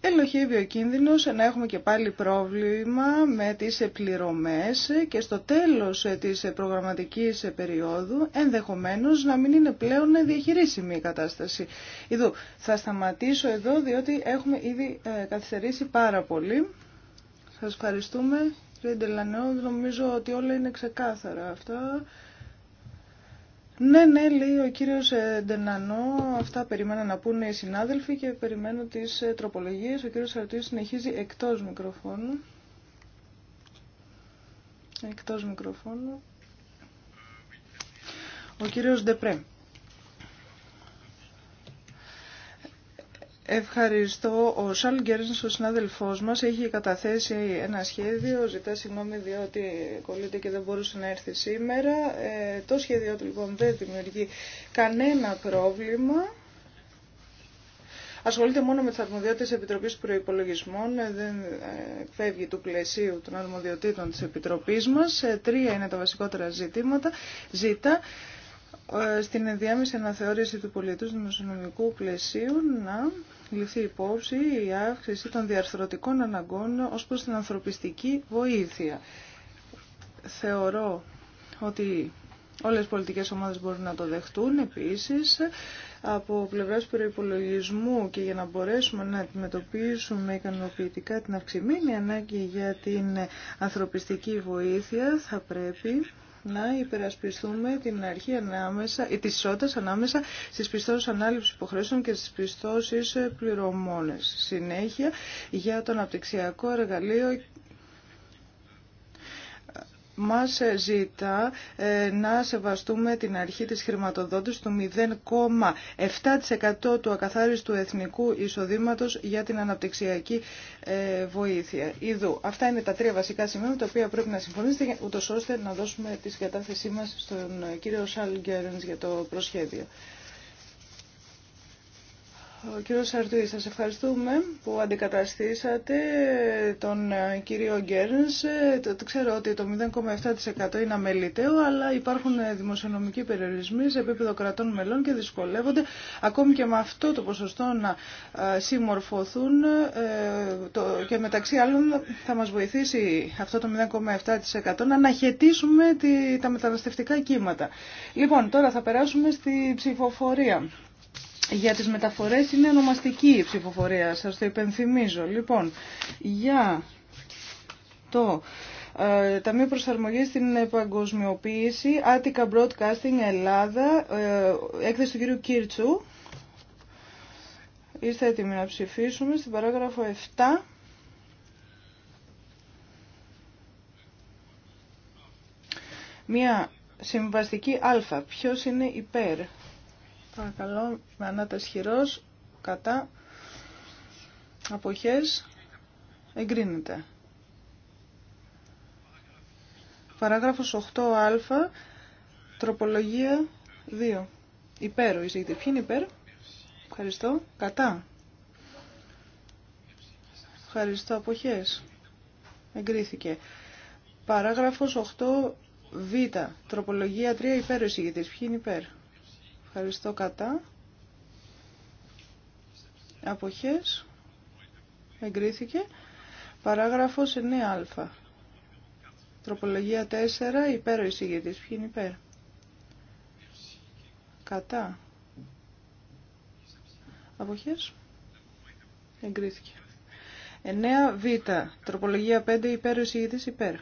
ελοχεύει ο κίνδυνος να έχουμε και πάλι πρόβλημα με τις πληρωμές και στο τέλος της προγραμματικής περίοδου ενδεχομένως να μην είναι πλέον διαχειρίσιμη η κατάσταση. Εδώ θα σταματήσω εδώ διότι έχουμε ήδη ε, καθυστερήσει πάρα πολύ. Σας ευχαριστούμε κύριε νομίζω ότι όλα είναι ξεκάθαρα αυτά. Ναι, ναι, λέει ο κύριος ε, Ντενανό, αυτά περιμένα να πούνε οι συνάδελφοι και περιμένω τις ε, τροπολογίες. Ο κύριος Σαρτής συνεχίζει εκτός μικροφώνου. Εκτός μικροφώνου. Ο κύριος Ντεπρέ. Ευχαριστώ. Ο Σαλ Γκέρνς, ο συνάδελφός μας, έχει καταθέσει ένα σχέδιο. Ζητά συγγνώμη διότι κολλείται και δεν μπορούσε να έρθει σήμερα. Ε, το σχέδιο του λοιπόν δεν δημιουργεί κανένα πρόβλημα. Ασχολείται μόνο με τις αρμοδιότητες της Επιτροπής Προϋπολογισμών, ε, δεν ε, φεύγει του πλαισίου των αρμοδιοτήτων της Επιτροπής μας. Τρία είναι τα βασικότερα ζητήματα. Ζήτα στην ενδιάμεση αναθεώρηση του πολιτού δημοσιονομικού πλαισίου να λυθεί υπόψη η αύξηση των διαρθρωτικών αναγκών ως προς την ανθρωπιστική βοήθεια. Θεωρώ ότι όλες οι πολιτικές ομάδες μπορούν να το δεχτούν. Επίσης, από πλευράς προϋπολογισμού και για να μπορέσουμε να αντιμετωπίσουμε ικανοποιητικά την αυξημένη ανάγκη για την ανθρωπιστική βοήθεια, θα πρέπει να υπερασπιστούμε την αρχή ανάμεσα, τις ισότητα ανάμεσα στις πιστώσεις ανάληψης υποχρεώσεων και στι πιστώσεις ε, πληρωμόνε. Συνέχεια για το αναπτυξιακό εργαλείο μας ζητά ε, να σεβαστούμε την αρχή της χρηματοδότησης του 0,7% του ακαθάριστου εθνικού εισοδήματος για την αναπτυξιακή ε, βοήθεια. Ιδού. Αυτά είναι τα τρία βασικά σημεία με τα οποία πρέπει να συμφωνήσετε ούτως ώστε να δώσουμε τη συγκατάθεσή μας στον ε, κύριο Σάλ για το προσχέδιο. Ο κύριο Σαρτή, σας ευχαριστούμε που αντικαταστήσατε τον ε, κύριο Γκέρνς. Ε, το, ξέρω ότι το 0,7% είναι αμεληταίο, αλλά υπάρχουν ε, δημοσιονομικοί περιορισμοί σε επίπεδο κρατών μελών και δυσκολεύονται ακόμη και με αυτό το ποσοστό να συμμορφωθούν και μεταξύ άλλων θα μας βοηθήσει αυτό το 0,7% να αναχαιτήσουμε τα μεταναστευτικά κύματα. Λοιπόν, τώρα θα περάσουμε στη ψηφοφορία. Για τις μεταφορές είναι ονομαστική η ψηφοφορία, σας το υπενθυμίζω. Λοιπόν, για το ε, Ταμείο Προσαρμογής στην Παγκοσμιοποίηση, Attica Broadcasting Ελλάδα, ε, έκθεση του κύριου Κίρτσου. Είστε έτοιμοι να ψηφίσουμε στην παράγραφο 7. Μία συμβαστική α. Ποιος είναι υπέρ. Παρακαλώ, με ανάταση χειρός, κατά, αποχές, εγκρίνεται. Παράγραφος 8α, τροπολογία 2. Υπέρ, εισηγητη Ποιοι είναι υπέρ? Ευχαριστώ. Κατά. Ευχαριστώ. Αποχές. Εγκρίθηκε. Παράγραφος 8β. Τροπολογία 3. Υπέρ εισηγητής. Ποιοι είναι υπέρ. Ευχαριστώ κατά. Αποχές. Εγκρίθηκε. Παράγραφος 9α. Τροπολογία 4. Υπέρ ο εισηγητής. Ποιοι είναι υπέρ. Κατά. Αποχές. Εγκρίθηκε. 9β. Τροπολογία 5. Υπέρ ο εισηγητής. Υπέρ.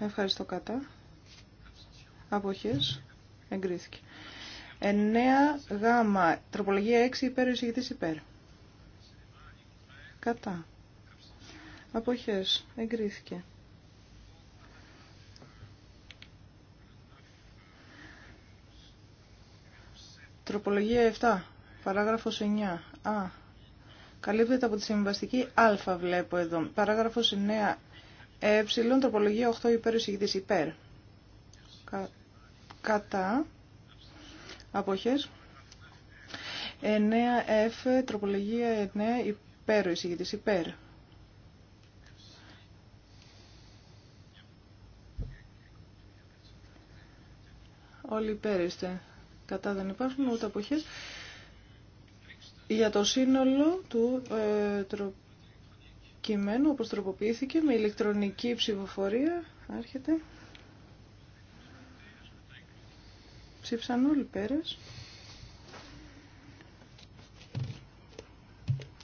Ευχαριστώ κατά. Αποχές εγκρίθηκε. 9 γάμα, τροπολογία 6 υπέρ, ο εισηγητής υπέρ. Κατά. Αποχές, εγκρίθηκε. Τροπολογία 7, παράγραφος 9. Α, καλύπτεται από τη συμβαστική α βλέπω εδώ. Παράγραφος 9, ε, τροπολογία 8 υπέρ, ο εισηγητής υπέρ. Κα, κατά αποχές 9F τροπολογία 9 υπέρ ο εισηγητής υπέρ όλοι υπέρ είστε κατά δεν υπάρχουν ούτε αποχές για το σύνολο του ε, κειμένου όπως τροποποιήθηκε με ηλεκτρονική ψηφοφορία άρχεται Ψήφισαν όλοι πέρας.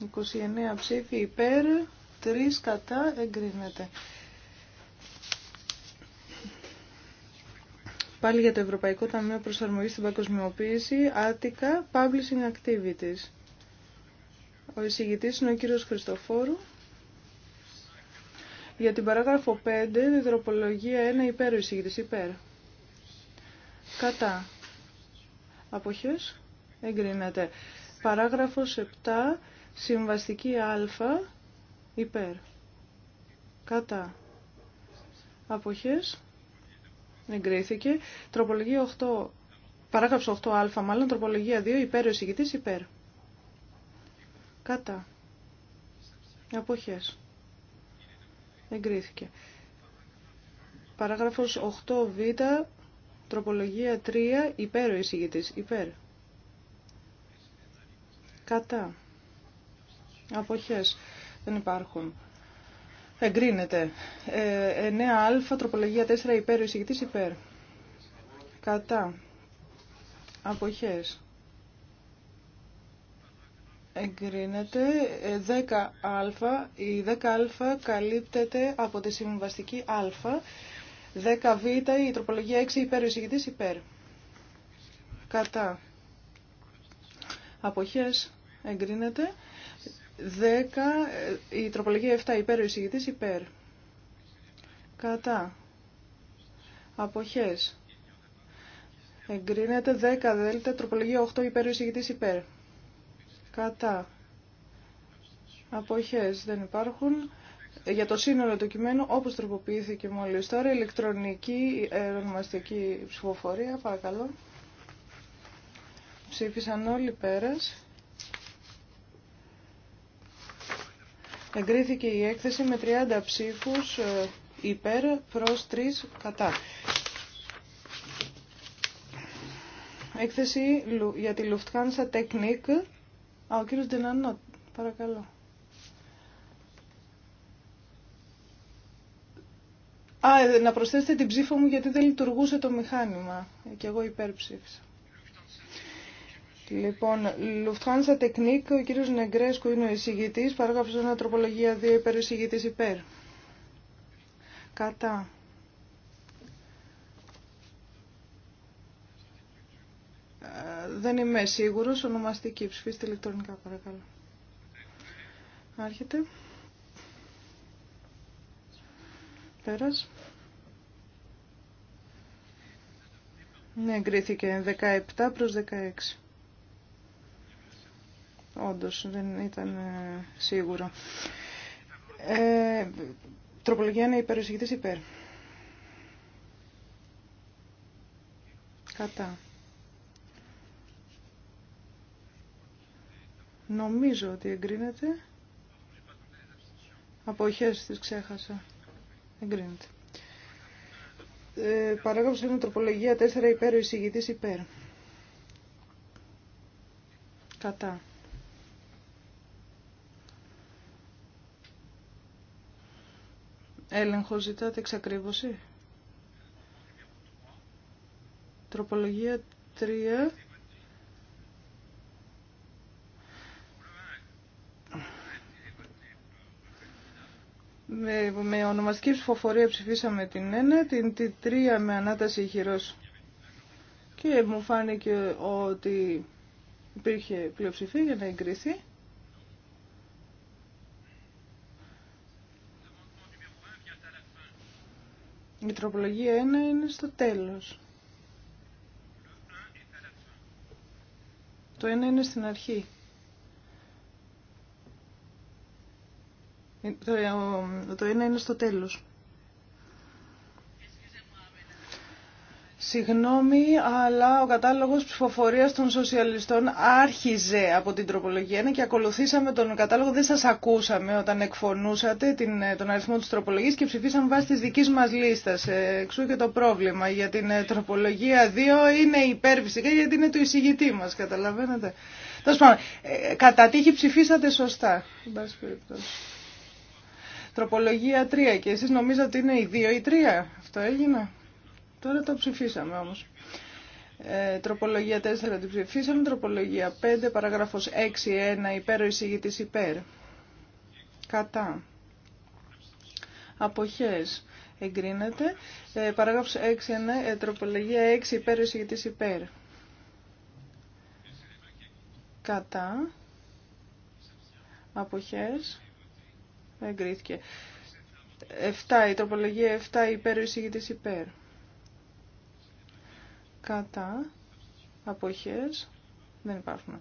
29 ψήφοι υπέρ, 3 κατά εγκρίνεται. Πάλι για το Ευρωπαϊκό Ταμείο Προσαρμογής στην Παγκοσμιοποίηση, Άτικα, Publishing Activities. Ο εισηγητής είναι ο κύριος Χριστοφόρου. Για την παράγραφο 5, η 1 υπέρ, ο εισηγητής υπέρ. Κατά αποχές εγκρίνεται. Παράγραφος 7 συμβαστική α υπέρ κατά αποχές εγκρίθηκε. Τροπολογία 8 Παράγραφος 8α, μάλλον τροπολογία 2, υπέρ ο εισηγητής, υπέρ. Κατά. Αποχές. Εγκρίθηκε. Παράγραφος 8β, Τροπολογία 3, υπέρ ο εισηγητής, υπέρ. Κατά. Αποχές. Δεν υπάρχουν. Εγκρίνεται. Ε, 9α, τροπολογία 4, υπέρ ο εισηγητής, υπέρ. Κατά. Αποχές. Εγκρίνεται 10α. Ε, Η 10α καλύπτεται από τη συμβαστική α 10β, η τροπολογία 6 υπέρ, ο εισηγητής υπέρ. Κατά. Αποχές εγκρίνεται. 10, ε, η τροπολογία 7 υπέρ, ο εισηγητής υπέρ. Κατά. Αποχές. Εγκρίνεται 10 δέλτα, τροπολογία 8 υπέρ, ο εισηγητής υπέρ. Κατά. Αποχές δεν υπάρχουν για το σύνολο του κειμένου όπως τροποποιήθηκε μόλις τώρα. Ηλεκτρονική ονομαστική ψηφοφορία, παρακαλώ. Ψήφισαν όλοι πέρας. Εγκρίθηκε η έκθεση με 30 ψήφους ε, υπέρ προς 3 κατά. Έκθεση για τη Lufthansa Technik. Α, ο κύριος Ντενανό, παρακαλώ. Α, να προσθέσετε την ψήφο μου γιατί δεν λειτουργούσε το μηχάνημα. Και εγώ υπέρψηφισα. Λοιπόν, Lufthansa Τεκνίκ, ο κύριος Νεγκρέσκου είναι ο εισηγητής, παράγραφος 1, τροπολογία 2, υπέρ εισηγητής υπέρ. Κατά. Ε, δεν είμαι σίγουρος, ονομαστική ψηφίστε ηλεκτρονικά παρακαλώ. Άρχεται. Πέρας. Ναι, εγκρίθηκε 17 προς 16. Όντως, δεν ήταν ε, σίγουρο. Ε, τροπολογία είναι υπέρ, υπέρ. Κατά. Νομίζω ότι εγκρίνεται. Αποχές τις ξέχασα. Εγκρίνεται. Ε, παράγραφος τροπολογία 4, υπέρ, ο εισηγητής υπέρ. Κατά. Έλεγχο ζητάτε εξακρίβωση. Τροπολογία 3, με, με ονομαστική ψηφοφορία ψηφίσαμε την 1, την, 3 με ανάταση χειρός και μου φάνηκε ότι υπήρχε πλειοψηφία για να εγκριθεί. Η τροπολογία 1 είναι στο τέλος. Το 1 είναι στην αρχή. Ε, ε, το ένα είναι στο τέλος. Συγγνώμη, αλλά ο κατάλογος ψηφοφορίας των σοσιαλιστών άρχιζε από την τροπολογία 1 και ακολουθήσαμε τον κατάλογο, δεν σας ακούσαμε όταν εκφωνούσατε την, τον αριθμό της τροπολογίας και ψηφίσαμε βάσει της δικής μας λίστας. Ε, εξού και το πρόβλημα για την τροπολογία 2 είναι υπέρ φυσικά γιατί είναι του εισηγητή μας, καταλαβαίνετε. Τέλος κατά τύχη ψηφίσατε σωστά. Εν Τροπολογία 3 και εσείς νομίζατε είναι η 2 ή 3. Αυτό έγινε. Τώρα το ψηφίσαμε όμως. Ε, τροπολογία 4 την ψηφίσαμε. Τροπολογία 5 παραγράφος 6-1 υπέρ ο εισηγητής υπέρ. Κατά. Αποχές. Εγκρίνεται. Ε, παράγραφος 6-1 ε, τροπολογία 6 υπέρ ο εισηγητής υπέρ. τροπολογια 6 υπερ ο Αποχές Εγκρίθηκε. 7. Η τροπολογία 7 υπέρ, ο εισηγητής υπέρ. Κατά. Αποχές. Δεν υπάρχουν.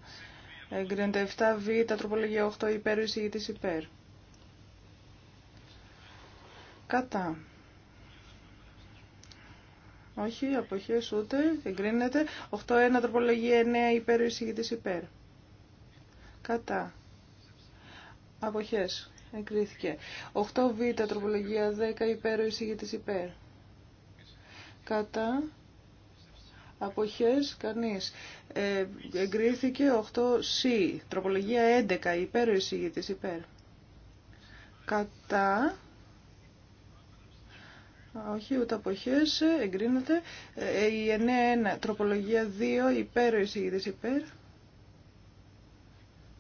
Εγκρίνεται 7. Β. Τα τροπολογία 8 υπέρ, ο υπερ υπέρ. Κατά. Όχι, αποχές ούτε. Εγκρίνεται. 8-1 τροπολογία 9 υπέρ, ο υπέρ. Κατά. Αποχές εγκρίθηκε. 8β, τροπολογία 10, υπέρ, ο εισηγητής υπέρ. Κατά, αποχές, κανείς. Ε, εγκρίθηκε Σ. τροπολογία 11, υπέρ, ο εισηγητής υπέρ. Κατά, όχι, ούτε αποχές, εγκρίνεται. Ε, η 9-1, τροπολογία 2, υπέρ, ο εισηγητής υπέρ.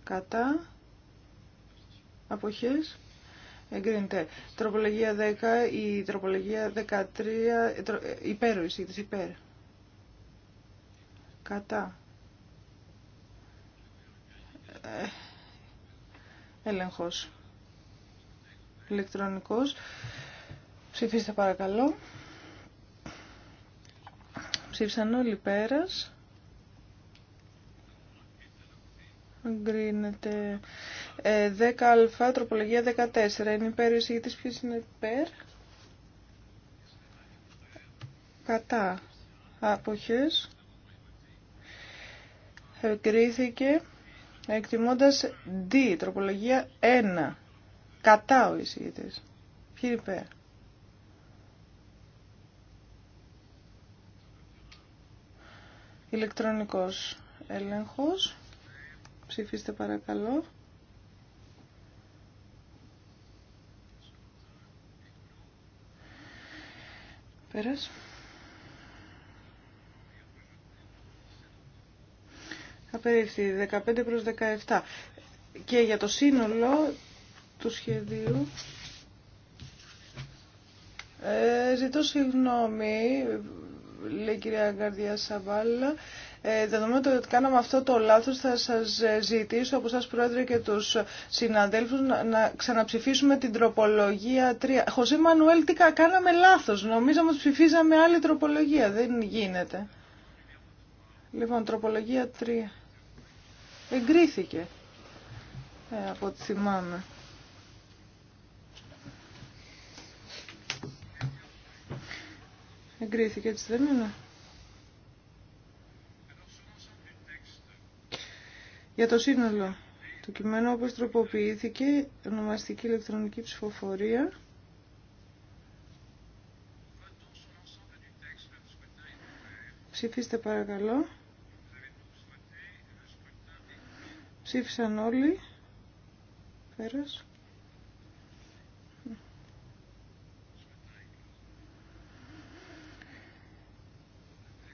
Κατά, αποχές εγκρίνεται. Τροπολογία 10, η τροπολογία 13, ε, ε, υπέρ, της υπέρ. Κατά. Ε, έλεγχος. Ηλεκτρονικός. Ψηφίστε παρακαλώ. Ψήφισαν όλοι πέρας. Εγκρίνεται. 10α, ε, τροπολογία 14. Είναι υπέρ ο εισηγητής. Ποιος είναι υπέρ. Κατά. Αποχές. Εγκρίθηκε. Εκτιμώντας D, τροπολογία 1. Κατά ο εισηγητής. Ποιοι είναι υπέρ. Ηλεκτρονικός έλεγχος. Ψηφίστε παρακαλώ. Πέρας. περίφθει 15 προς 17. Και για το σύνολο του σχεδίου... Ε, ζητώ συγγνώμη, λέει η κυρία Γκαρδιά Σαβάλα. Ε, δεδομένου ότι κάναμε αυτό το λάθος θα σας ζητήσω από σας Πρόεδρε και τους συναδέλφους να, ξαναψηφίσουμε την τροπολογία 3. Χωσή Μανουέλ, τι κάναμε λάθος. Νομίζαμε ότι ψηφίζαμε άλλη τροπολογία. Δεν γίνεται. Λοιπόν, τροπολογία 3. Εγκρίθηκε. Ε, από ό,τι θυμάμαι. Εγκρίθηκε έτσι δεν είναι. Για το σύνολο το κειμένου όπως τροποποιήθηκε ονομαστική ηλεκτρονική ψηφοφορία. Ψηφίστε παρακαλώ. Ψήφισαν όλοι. Πέρας.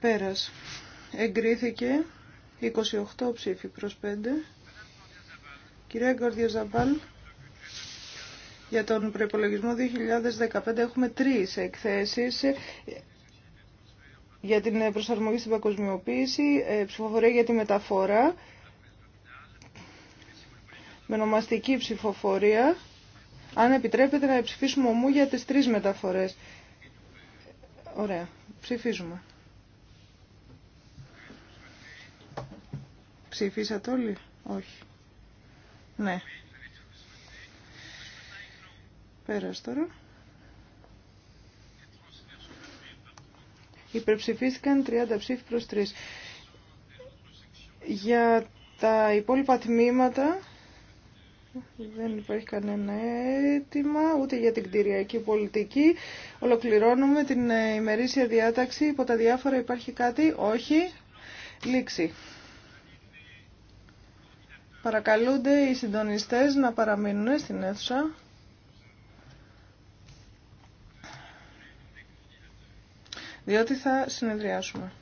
Πέρας. Εγκρίθηκε. 28 ψήφοι προς 5. Κυρία Γκόρδια Ζαμπάλ, για τον προπολογισμό 2015 έχουμε τρεις εκθέσεις για την προσαρμογή στην παγκοσμιοποίηση, ε, ψηφοφορία για τη μεταφορά, με νομαστική ψηφοφορία. Αν επιτρέπετε να ψηφίσουμε ομού για τις τρεις μεταφορές. Ωραία. Ψηφίζουμε. Ψηφίσατε όλοι. Όχι. Ναι. Πέρας τώρα. Υπερψηφίστηκαν 30 ψήφοι προς 3. Για τα υπόλοιπα τμήματα δεν υπάρχει κανένα αίτημα ούτε για την κτηριακή πολιτική. Ολοκληρώνουμε την ημερήσια διάταξη. Υπό τα διάφορα υπάρχει κάτι. Όχι. Λήξη. Παρακαλούνται οι συντονιστές να παραμείνουν στην αίθουσα. Διότι θα συνεδριάσουμε.